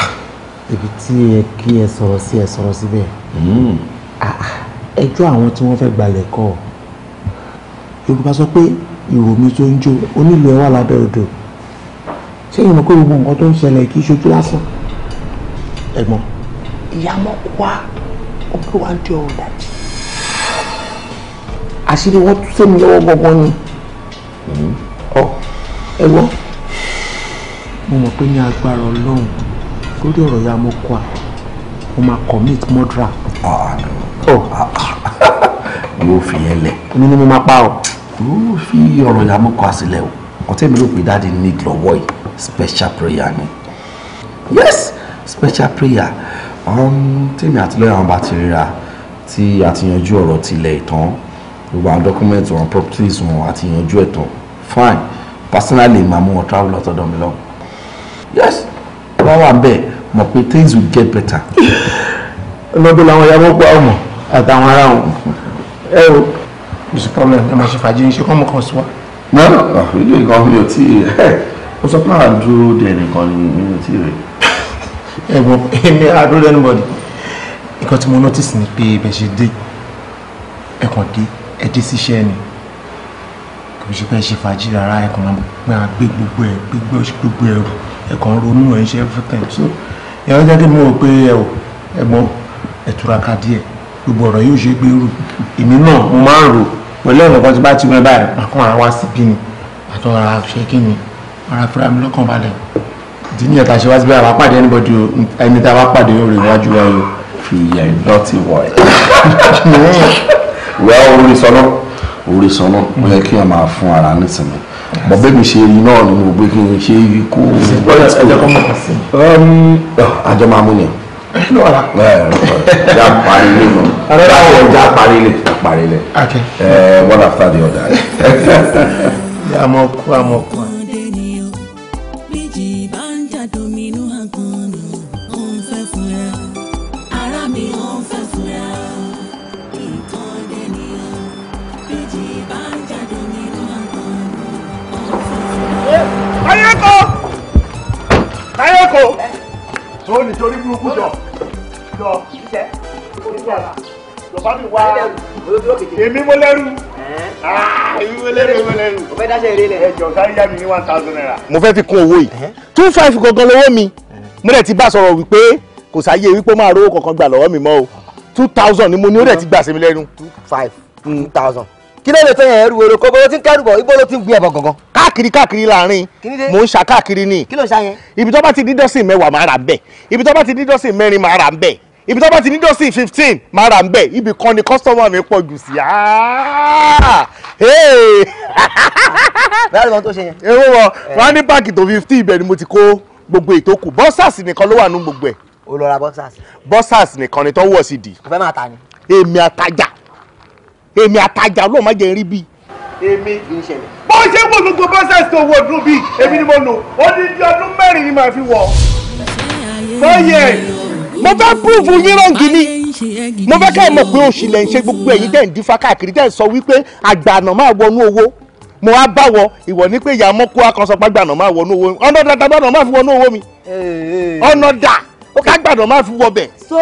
ah. ibi tí ẹ kí ẹ sọ̀rọ̀ sí ẹ sọ̀rọ̀ síbẹ̀. Hmm. Ah, ẹjọ́ àwọn tí wọ́n fẹ́ gbalẹ̀ kọ́ yorùbá sọ pé ìwò mi tó ń jó onílù ẹ wà lábẹ́ odò ṣé ìmọ̀ pé gbogbo nǹkan tó ń ṣẹlẹ̀ kì í ṣojú lásán ẹ̀gbọ́n ìyàmọ̀ wá ọgbẹ́ wa ń di ọ̀rọ̀ dájú àṣírí wọn tún sẹ́mi lọ́wọ́ gbọ́ngbọ́n ni hmm. ọ ẹ̀gbọ́n mo mọ̀ pé ní agbára ọlọ́run lórí ọ̀rọ̀ ìyàmọ̀ kọ́ a mo máa commit murder. Ah, mo fi yẹn lẹ̀. èmi ni mo máa pa ọ. mo fi ọ̀rọ̀ ìyá mú kọ àsìlẹ̀ o ọtí mi ló pè dáàdi need lọ́wọ́ yìí special prayer ni yes special prayer um, tèmi àti lọ́yà wọn bá ti ríra tí a ti yanjú ọ̀rọ̀ tilẹ̀ ìtàn gbogbo àwọn documents wọn properties wọn àti yanjú ẹ̀tàn fine personally màá mú wọn travel ọ̀tọ̀dọ̀ mi lọ yes wọ́n wà bẹ́ẹ̀ mọ̀ pé things will get better. lọ́dún làwọn yàgò pa ọmọ àtàwọn ará wọn ẹ o bísí problem ẹ máa ṣe fàájì ṣe kọ́ mọ́ kan sí wa. náà ìlú ìkan mi ò tí ì rẹ ó sọ pé àdúró dẹ nìkan ni mi ò tí ì rẹ. ẹ̀gbọ́n èmi àdúró dẹ anybody nǹkan tí mo notice ni pé ibẹ̀ ṣe dé ẹ kàn dé ẹ dé síṣẹ́ ni kò ṣe fẹ́ ṣe fàájì rárá ẹ kàn máa gbé gbogbo ẹ gbé gbogbo ẹrù ẹ kàn ronú ẹ ṣe everything so ìyàwó jẹ́ kí mi rò pé ẹ ò ẹ̀gbọ́n ẹ túraká díẹ̀ gbogbo ọ̀rọ̀ yóò ṣe gbé rù èmi náà mo máa ń rò pẹ̀lú ọ̀nà kan tí bá ti mọ báyìí àkàn ara wa sí bí ni àtọ́ ara ṣe kí ni ara fúra mi lọ́kàn balẹ̀ ìdí nìyẹn tá a ṣe wá sí bí àwa pàdé anybody ẹni tá a wá pàdé yóò rè wájú wa yóò fi ìyà ìdọ́tí wọ̀ ẹ́ wẹ́ orí sọ náà orí sọ náà ó yẹ kí ẹ máa fún ara nísìnyí bọ̀ bẹ́ẹ̀ mi ṣe rí náà ni mo gbé kí n ṣe ikú. ẹjọ́ um, máa mú yẹn lọ́ra. ja parile nù. ja ja parile ja parile. one after the other. amọ̀kú amọ̀kú èmi mo lẹ́rù ah, mo fẹ́ fi kún owó yìí two five gangan lọ́wọ́ mi mo dẹ̀ ti bá sọ̀rọ̀ wípé kò sáyé wípé ó máa rówó kankan gbà lọ́wọ́ mi mọ́ o two thousand ni mo ní ó dẹ̀ ti gbà sí mi lẹ́nu. two five hmm. two thousand kí ló lè fẹ́ yẹn ẹrù èrò kókó ló ti ń kẹ́rù bọ̀ ibo ló ti ń gbin ẹ̀bọ̀ gangan. káàkiri káàkiri láàrin mò ń ṣa káàkiri ni. kí ló ṣa yẹn. ibi tó bá ti dídọ́sìn mẹ́wàá máa rà bẹ́ẹ̀ ibi tó bá ti dídọ́sìn mẹ́rin máa rà bẹ́ẹ̀ ibi tó bá ti ní dọ́sìn fifteen máa rà ń bẹ̀ ibì kan ni kọ́sọ́mà mi pọ̀ jù sí i. báyọ̀ lọ́n tó ṣe yẹn. ewu wọ eh. wọn á ní báàgì tó fifteen ibẹ̀ ni mo ti kó gbogbo ìtókù bọ́sàsì nìkan ló wà nú gbogbo ẹ̀. o lọ ra bọ́sàsì. bọ́sàsì nìkan ni tó wọ̀ sí di. o fẹ́ máa ta ni. èmi àtajà èmi àtajà ló máa jẹ rí bí. èmi kì í ṣẹlẹ̀. bó ṣe wo gbogbo bọ́sàsì tó wọ̀ dùn bíi èmi ni mo lò ó ní ọdún mẹ́rin ni màá fi wọ̀. fọ́yẹ̀ mo fẹ́ púrúfù yín rọ́ǹgì mo fẹ́ ká ẹ mọ̀ pé oṣù lẹ̀ ṣe gbogbo ẹ̀yin tẹ̀ ń dífá káàkiri tẹ̀ ń sọ wípé àgbàànà máa wọnú owó mo wá bá ìwọ ní pé ìyá mọ́kú akọ́sọ pé àgbàànà máa wọnú owó mi ọ̀nà ọ̀dà àgbàànà máa fi wọnú owó mi eh, eh. ọ̀nà ọ̀dà kágbàànà máa fi wọ bẹ̀. so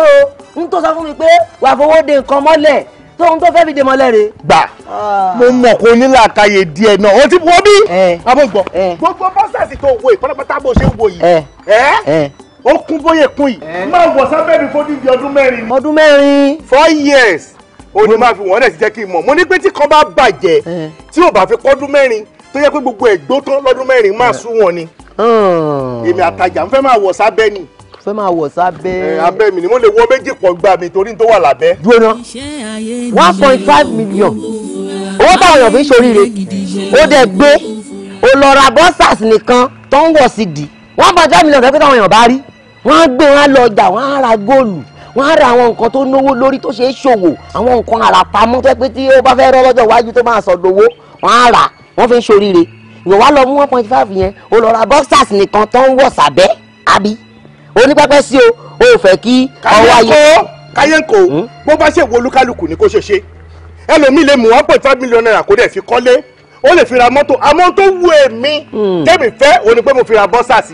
n tó sọ fún mi pé wà á fowó de nǹkan mọ́lẹ̀ tó ń tó fẹ́ fi de mọ́lẹ̀ rè. gbà ah. mo mọ̀ kó nílà káyè díẹ̀ náà o ti wọ́n bí. abó eh. gbọ́ gbogbo bọ́sẹ̀sì tó wo ìpátápátá bó ṣe ń wo yìí ó kún bóyè kún yìí. máa wọ sábẹ́ mi fódì di ọdún mẹ́rin. ọdún mẹ́rin. four years o ní máa fi wọ́n dẹ̀ ti jẹ́ kí n mọ̀ mo ní pé tí kan bá bàjẹ́ tí ò bá fi kọ́dún mẹ́rin tó yẹ pé gbogbo ẹ̀gbó tán lọ́dún mẹ́rin máa sún wọn ni. èmi àtajà ń fẹ́ máa wọ̀ sábẹ́ ni. fẹ́ máa wọ̀ sábẹ́. abẹ́ mi ni mo lè wọ méjì pọ̀ gbà mí torí tó wà lábẹ́. dúró ná one point five million owó táwọn èèyàn fi ń ṣoríire ó dẹ̀ gbé ó lọ ra bọ́sàs nìkan tó ń wọ̀ sí di one point five million tó yẹ pé táwọn èèyàn bá rí wọ́n á gbé wọn lọ ọjà wọ́n á ra góòlù wọ́n á ra àwọn nǹkan tó náwó lórí tó ṣe é ṣòwò àwọn nǹkan àràpamọ́ fẹ́ pé tí ó bá fẹ́ rọ́ lọ́jọ́ iwájú tó máa sọ lówó wọ́n á rà wọ́n fi ń ṣoríire ìwọ̀n wá lọ mú one point five yẹn o lọ ra boxers nìkan tó ń wọ̀ sàbẹ́ àbí onípẹ́pẹ́ sí o ò fẹ́ kí ọwọ́ ayé. káyọ̀kọ́ hmm? bó bá ṣèwọ olúkálùkù ni kò ṣe ṣe ẹlòmíì lè mú one point five million naira kó dẹ̀ fi kọ́lé ó lè fi ra mọ́tò àmọ́ tó wù èmi hmm. tẹ́mi fẹ́ òní pé mo fi ra boxers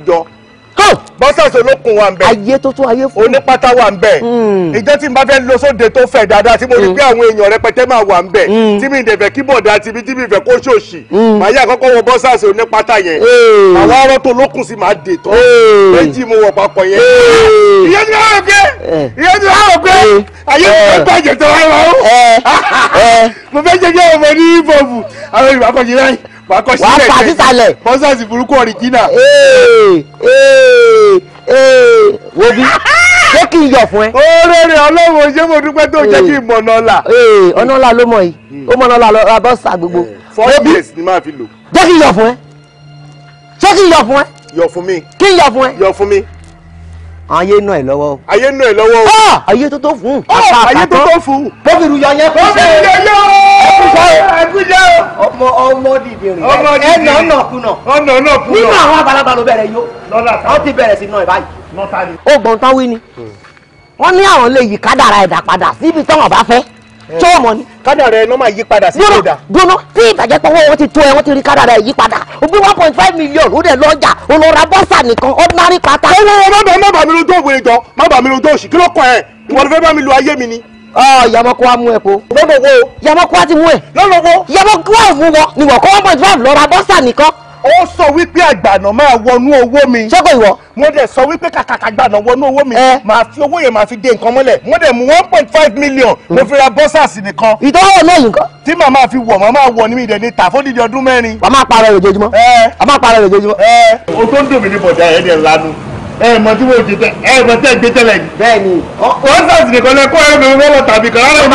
bọ́sẹ̀sẹ̀ ló kun wa ń bẹ̀. ayé tó tó ayé fún. onípátá wa ń bẹ̀. Hmm. ìjọ tí n bá fẹ́ lọ sóde tó fẹ̀ dáadáa tí mo rí hmm. pé àwọn èèyàn rẹpẹtẹ máa wà ń bẹ̀. Hmm. tí mi dẹ̀fẹ̀ kí bọ̀dà ti bí tí mi fẹ́ kó ṣòṣì. màá yà kọ́kọ́ wọ bọ́sẹ̀sẹ̀ onípátá yẹn. àwọn arọ́ tó lókun sí máa dè tán. méjì mo wọ̀ papọ̀ yẹn. ìyẹn ti wá òkè. ìyẹn ti wá òkè. ayé mi fẹ́ eh. bàjẹ́ tó wá wà ó. mo fẹ́ jẹ́ wàá kọ́ sílẹ̀ wàá fà sísàlẹ̀ kọ́nsẹ́ǹsì burúkú ọ̀rìjínà. wo bí ṣé kí n yọ̀ fún ẹ. oore ọlọ́run ṣé mo dúpẹ́ tó jẹ́ kí n mọ̀nà ọ̀la. ọ̀nà ọ̀la ló mọ̀ yìí hmm. ó mọ̀nà ọ̀la lọ abọ́sà gbogbo. four years ni máa fi lò. jẹ́ kí n yọ̀ fún ẹ ṣé kí n yọ̀ fún ẹ. yọ̀ fún mi. kí n yọ̀ fún ẹ. yọ̀ fún mi ayé nà ẹ lọ́wọ́. ayé nà ẹ lọ́wọ́. Ah! ayé tó tó fún. Oh, ayé tó tó fún. bóbi ru yọ yẹn kó ṣe. bóbi ru yọ yẹn ẹgúnjẹ o. ọmọ ọmọ dìde rìn báyìí ẹnà ọ̀nà kùnà ọ̀nà ọ̀nà kùnà nínú àwọn àgbàlagbà ló bẹ̀rẹ̀ yó wọ́n ti bẹ̀rẹ̀ sí náà báyìí. ó gbọ́n tán wí ni wọ́n ní àwọn lè yí kádàrá ẹ̀dá padà síbi táwọn bá fẹ́ tó ọmọ ni. kádàrá ẹ ló máa yí padà sí ìdá. gbóná tí ìbàjẹ́ pé owó wọn ti tó ẹ wọ́n ti rí kádàrá ẹ yí padà ó bí one point five million ó dẹ̀ lọ́jà ó lọ ra bọ́sà nìkan ordinary pátá. ẹ wọ́n wọ́n má bàa mi lu tó òwe jọ má bàa mi lu tó òṣì kí ló kọ ẹ ìwọ ló fẹ́ bá mi lu ayé mi ni ọ ah, yàmọkọ wa mú ẹ e po. lọ́lọ́wọ́ yàmọkọ wa ti mú ẹ. lọ́lọ́wọ́ yàmọkọ wa mú wọ ni wọ́n kọ́ one point five lọ́ra bọ́sà nìkan. ó sọ wípé àgbàna máa wọnú owó mi. ṣé kò ìwọ. mo dẹ̀ sọ wípé kàkàkà àgbàna wọnú owó mi. màá fi owó yẹn màá fi dé nǹkan mọ́lẹ̀ mo dẹ̀ mú one point five million mm. mo fi ra bọ́sà sí nìkan. ìtọ́wọ́ náà yìí kan. tí màá máa fi wọ̀ màá máa wọ̀ ní ìdẹ̀ ní tà fódìdí ọdún mẹ́rin. wàá máa parọ́ rẹ̀ lójoojúmọ́. wàá máa parọ́ rẹ̀ lójoojúmọ́. o tó ń dùn mí ní bọ̀dá ẹ̀ ẹ mọ tí wọn ò tẹ wọn nìkan lẹ kó mi tàbí kan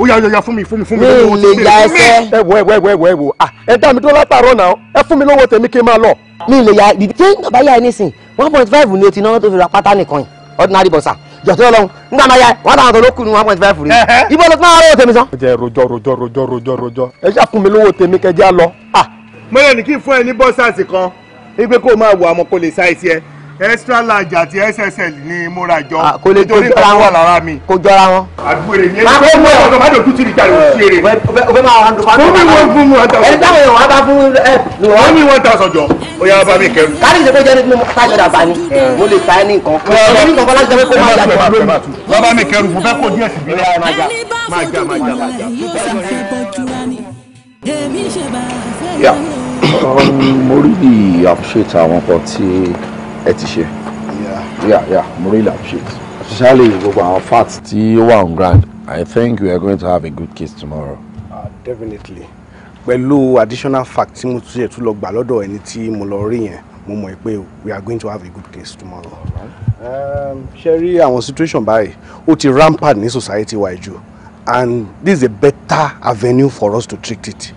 mi ya fún mi fún ẹsẹ̀. ẹ wọ ẹ wọ ẹ wọ ẹ wọ ẹ wọ ẹ dá mi látàárọ̀ náà ẹ fún mi tèmi ya ṣé one point five ni tó fi ra pátá nìkan yìí ordinary ya tó ló kù point five ibo ló mọ́lẹ̀ ní kí n fún ẹ ní bọ́sàsì kan wípé kó máa wọ àmọ́ kó lè ṣàìsí ẹ extra large àti SSL ni mo ra jọ ah, kò lè jọ ra wọn kò jọra wọn. àgbèrè ni ẹni tó ń bọ̀ ọ̀dọ̀ má dòtú tìrì jáde òsì èrè. o eh, bẹ máa rando fún mi. fún mi wọn fún mi wọn tà sọjọ. ẹni táwọn èèyàn wá bá fún ẹ. fún mi wọn tà sọjọ ó yà bá mi kẹrù. káàdì ìṣèpé jẹ́ nínú tájọ dàbà ni mo lè ta ẹ ní nǹkan. ọ̀rọ̀ ní nǹkan fọláṣẹ́ pé kó má jà jù. bàbá mi kẹrù mo fẹ́ kó díẹ̀ sí Yeah. um, mo really appreciate àwọn kan tí ẹ ti ṣe. Yeah. Yeah, yeah, mo really appreciate. Especially gbogbo àwọn facts tí ó wà on ground. I think we are going to have a good case tomorrow. Uh, definitely. Pẹ̀lú additional facts tí mo tún ṣe tún lọ gbà lọ́dọ̀ ẹni tí mo lọ rí yẹn, mo mọ̀ pé we are going to have a good case tomorrow. Um, Ṣé rí àwọn situation báyìí? Ó ti rampant ní society wa jù and this is a better avenue for us to treat it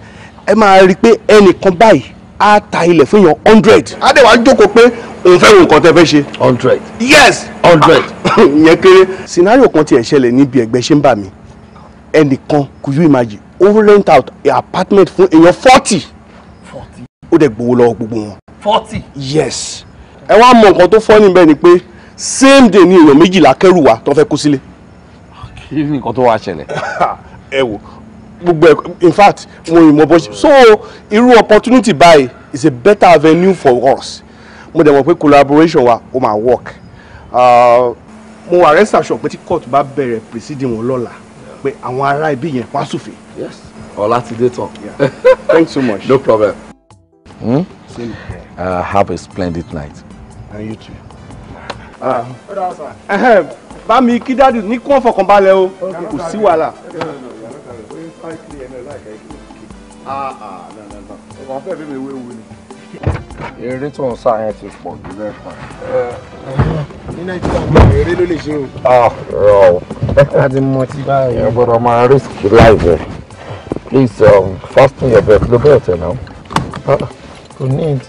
ẹ máa rí i pé ẹnìkan báyìí á ta ilẹ̀ fún yàn hundred á dẹ̀ wá jókòó pé òun fẹ́ wo nǹkan tẹ́ fẹ́ ṣe. hundred. yes hundred. ìyẹn kéré. scenario kan tiẹ̀ ṣẹlẹ̀ níbi ẹgbẹ́ ṣe ń bà mí ẹnìkan could you imagine ó rent out a apartment fún èèyàn forty ó dẹ̀ gbowó lọ́wọ́ gbogbo wọn. forty. yes ẹ wá mọ nǹkan tó fọ́ níbẹ̀ ni pé same day ni èèyàn méjìlá kẹ́rù wa tó fẹ́ kó sílé kí nǹkan tó wá ṣẹlẹ̀. ẹ wo gbogbo ẹ in fact mo yìnbọn bọ so irú opportunity buy is a better avenue for us mo dẹ̀ mọ̀ pé collaboration wa ó máa work uh, mo arrest aṣọ pé tí court bá bẹ̀rẹ̀ proceeding wọn lọ́la pé àwọn ará ibi yẹn wá sùfè. ọ̀la ti dé tán. thanks so much. no problem. Hmm? Uh, have a splendid night. And you too bá mi kí dádì ní kún ọ̀fọ̀kan balẹ̀ o kò sí wàhálà. eré tó ń sá yẹn ti pọ̀ jù lẹ́ẹ̀kan. ní nàìjíríà eré ló lè ṣe o. rọ o láti mọ ti báyìí. èèyàn gbọ́dọ̀ máa risk life ẹ̀ please um, fasten your belt ló bẹ̀rẹ̀ tẹ̀ náà kò ní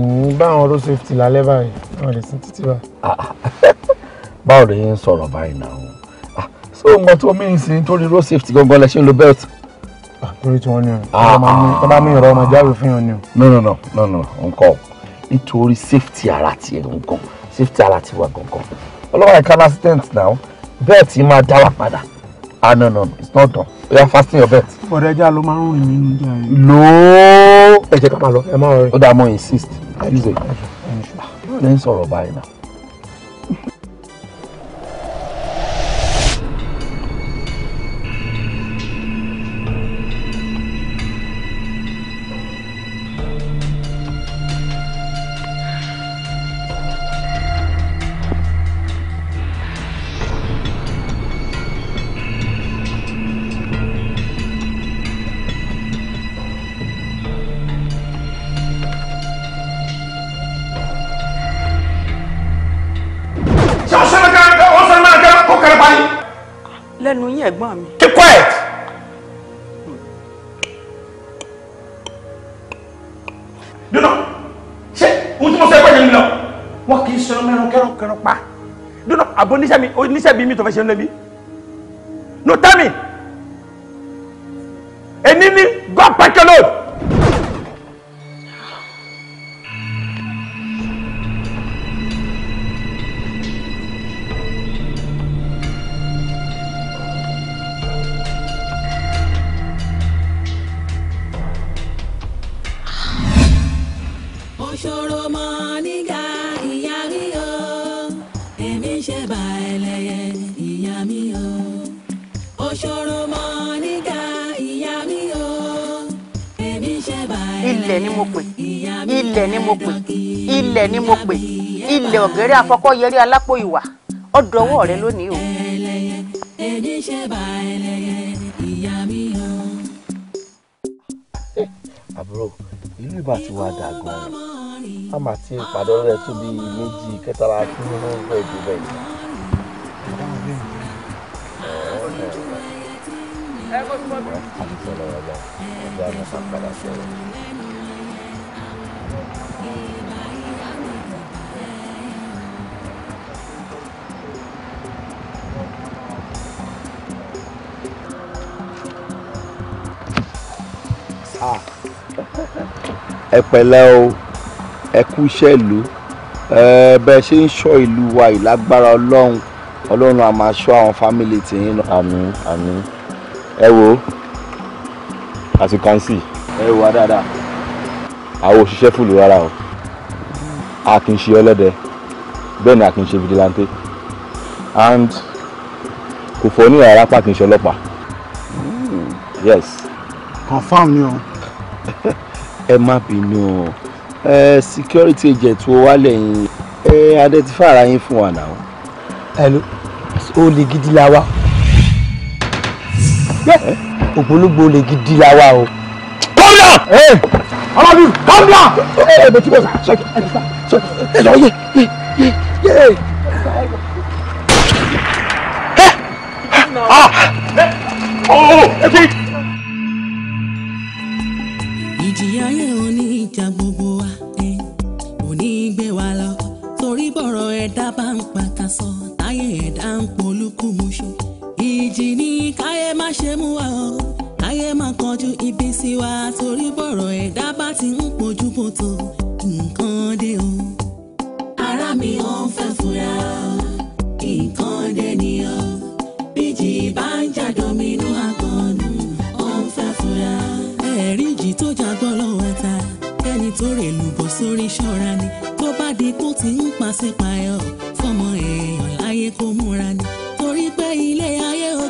ní báwọn road safety lálẹ́ báyìí wọn lè sin títí báyìí. báwo lè ń sọ̀rọ̀ báyìí náà o ṣé o mọ tí omi ń road safety gangan lẹ ṣe ń lo belt. Ah, torí tí wọ́n ní o wọ́n ah, ah, bá mi ìrọ̀ ọmọ jáwé fún yàn ni o. no no no no no nǹkan nítorí safety ara tiẹ̀ nǹkan safety ara tiwa gangan ọlọ́wọ́ ẹ̀ka accident náà Belt tí máa dá wa padà ah no no it's not done You are fasting your bet. ọ̀rẹ́ ẹja ló máa ń rìn nínú ìjà yìí. lóò ẹ jẹ́ ká máa lọ ẹ máa rìn. ó dáa mo insist ẹ use it. ẹ ń sọ̀rọ̀ báyìí náà. yín ẹ̀gbọ́n mi. keep quiet. dunu ṣé ohun tí mo sọ ẹ pẹ̀lú mi lọ wọn kì í sọ mẹ́rin kẹrànkẹràn pa dunu àbọ̀ oníṣẹ́ mi oníṣẹ́ bíi mi tó fẹ́ ṣe ń lé mi no tell me. mo pè ilẹ̀ ọ̀gẹ́rẹ́ afọkọ́yẹrí alápò ìwà ọ̀dọ̀wọ́ rẹ lónìí o. Eh, àbúrò ìlú ìbá ti wá dà gan a máa ti pàdé rẹ tó bí méjì kẹtàlá fún un lọ́wọ́ ìlú bẹ́ẹ̀. ẹ kó tó bá bẹ̀rẹ̀. ẹ o ẹ kú iṣẹ́ ìlú bẹ́ẹ̀ ṣe ń ṣọ́ ìlú wa ìlágbára ọlọ́run ọlọ́run á máa àwọn fámìlì tìyín lọ. àmín àmín ẹ wo as you can see. ẹ wà dáadáa. àwọn òṣìṣẹ́ fùlù rárá o a kì í ṣe ọlọ́dẹ bẹ́ẹ̀ ni a kì í ṣe fìdílàntè and kò fọ́ ní ọ̀rá pàkì í ṣe ọlọ́pàá yes. confam ni o ẹ má bínú ẹ security agent wo wá lẹ́yìn ẹ identify ara yín fún wa náà. hello olè gidi la wa ògbólógbò olè gidi la wa o. calm down. ọlọ́dún calm down. ẹ ẹ bẹ tí mo sà sọkì ẹ sà sọkì ẹ sọ yé yé yé yé. ah oh ẹ fi. ògúnmọ̀ṣọ́ ìjì ní káyé má ṣe mú wa o káyé má kọjú ibi sí wa torí bọ̀rọ̀ ẹ̀dá bá ti ń pojú bòtò nǹkan dé o. ara mi ò ń fẹ́ fura nǹkan dé ni o bíjì bá ń jàdọ̀ mi inú àgọ́nù ò ń fẹ́ fura. ẹ̀rí ìjì tó jagbọ́ lọ́wọ́ ta kẹ́ni tó rè lùbọ̀ sórí ṣọ́ra ni tó bá di kó ti ń pàṣípààyàn fọmọ èèyàn láyé kó múra ni torí pé ilé ayé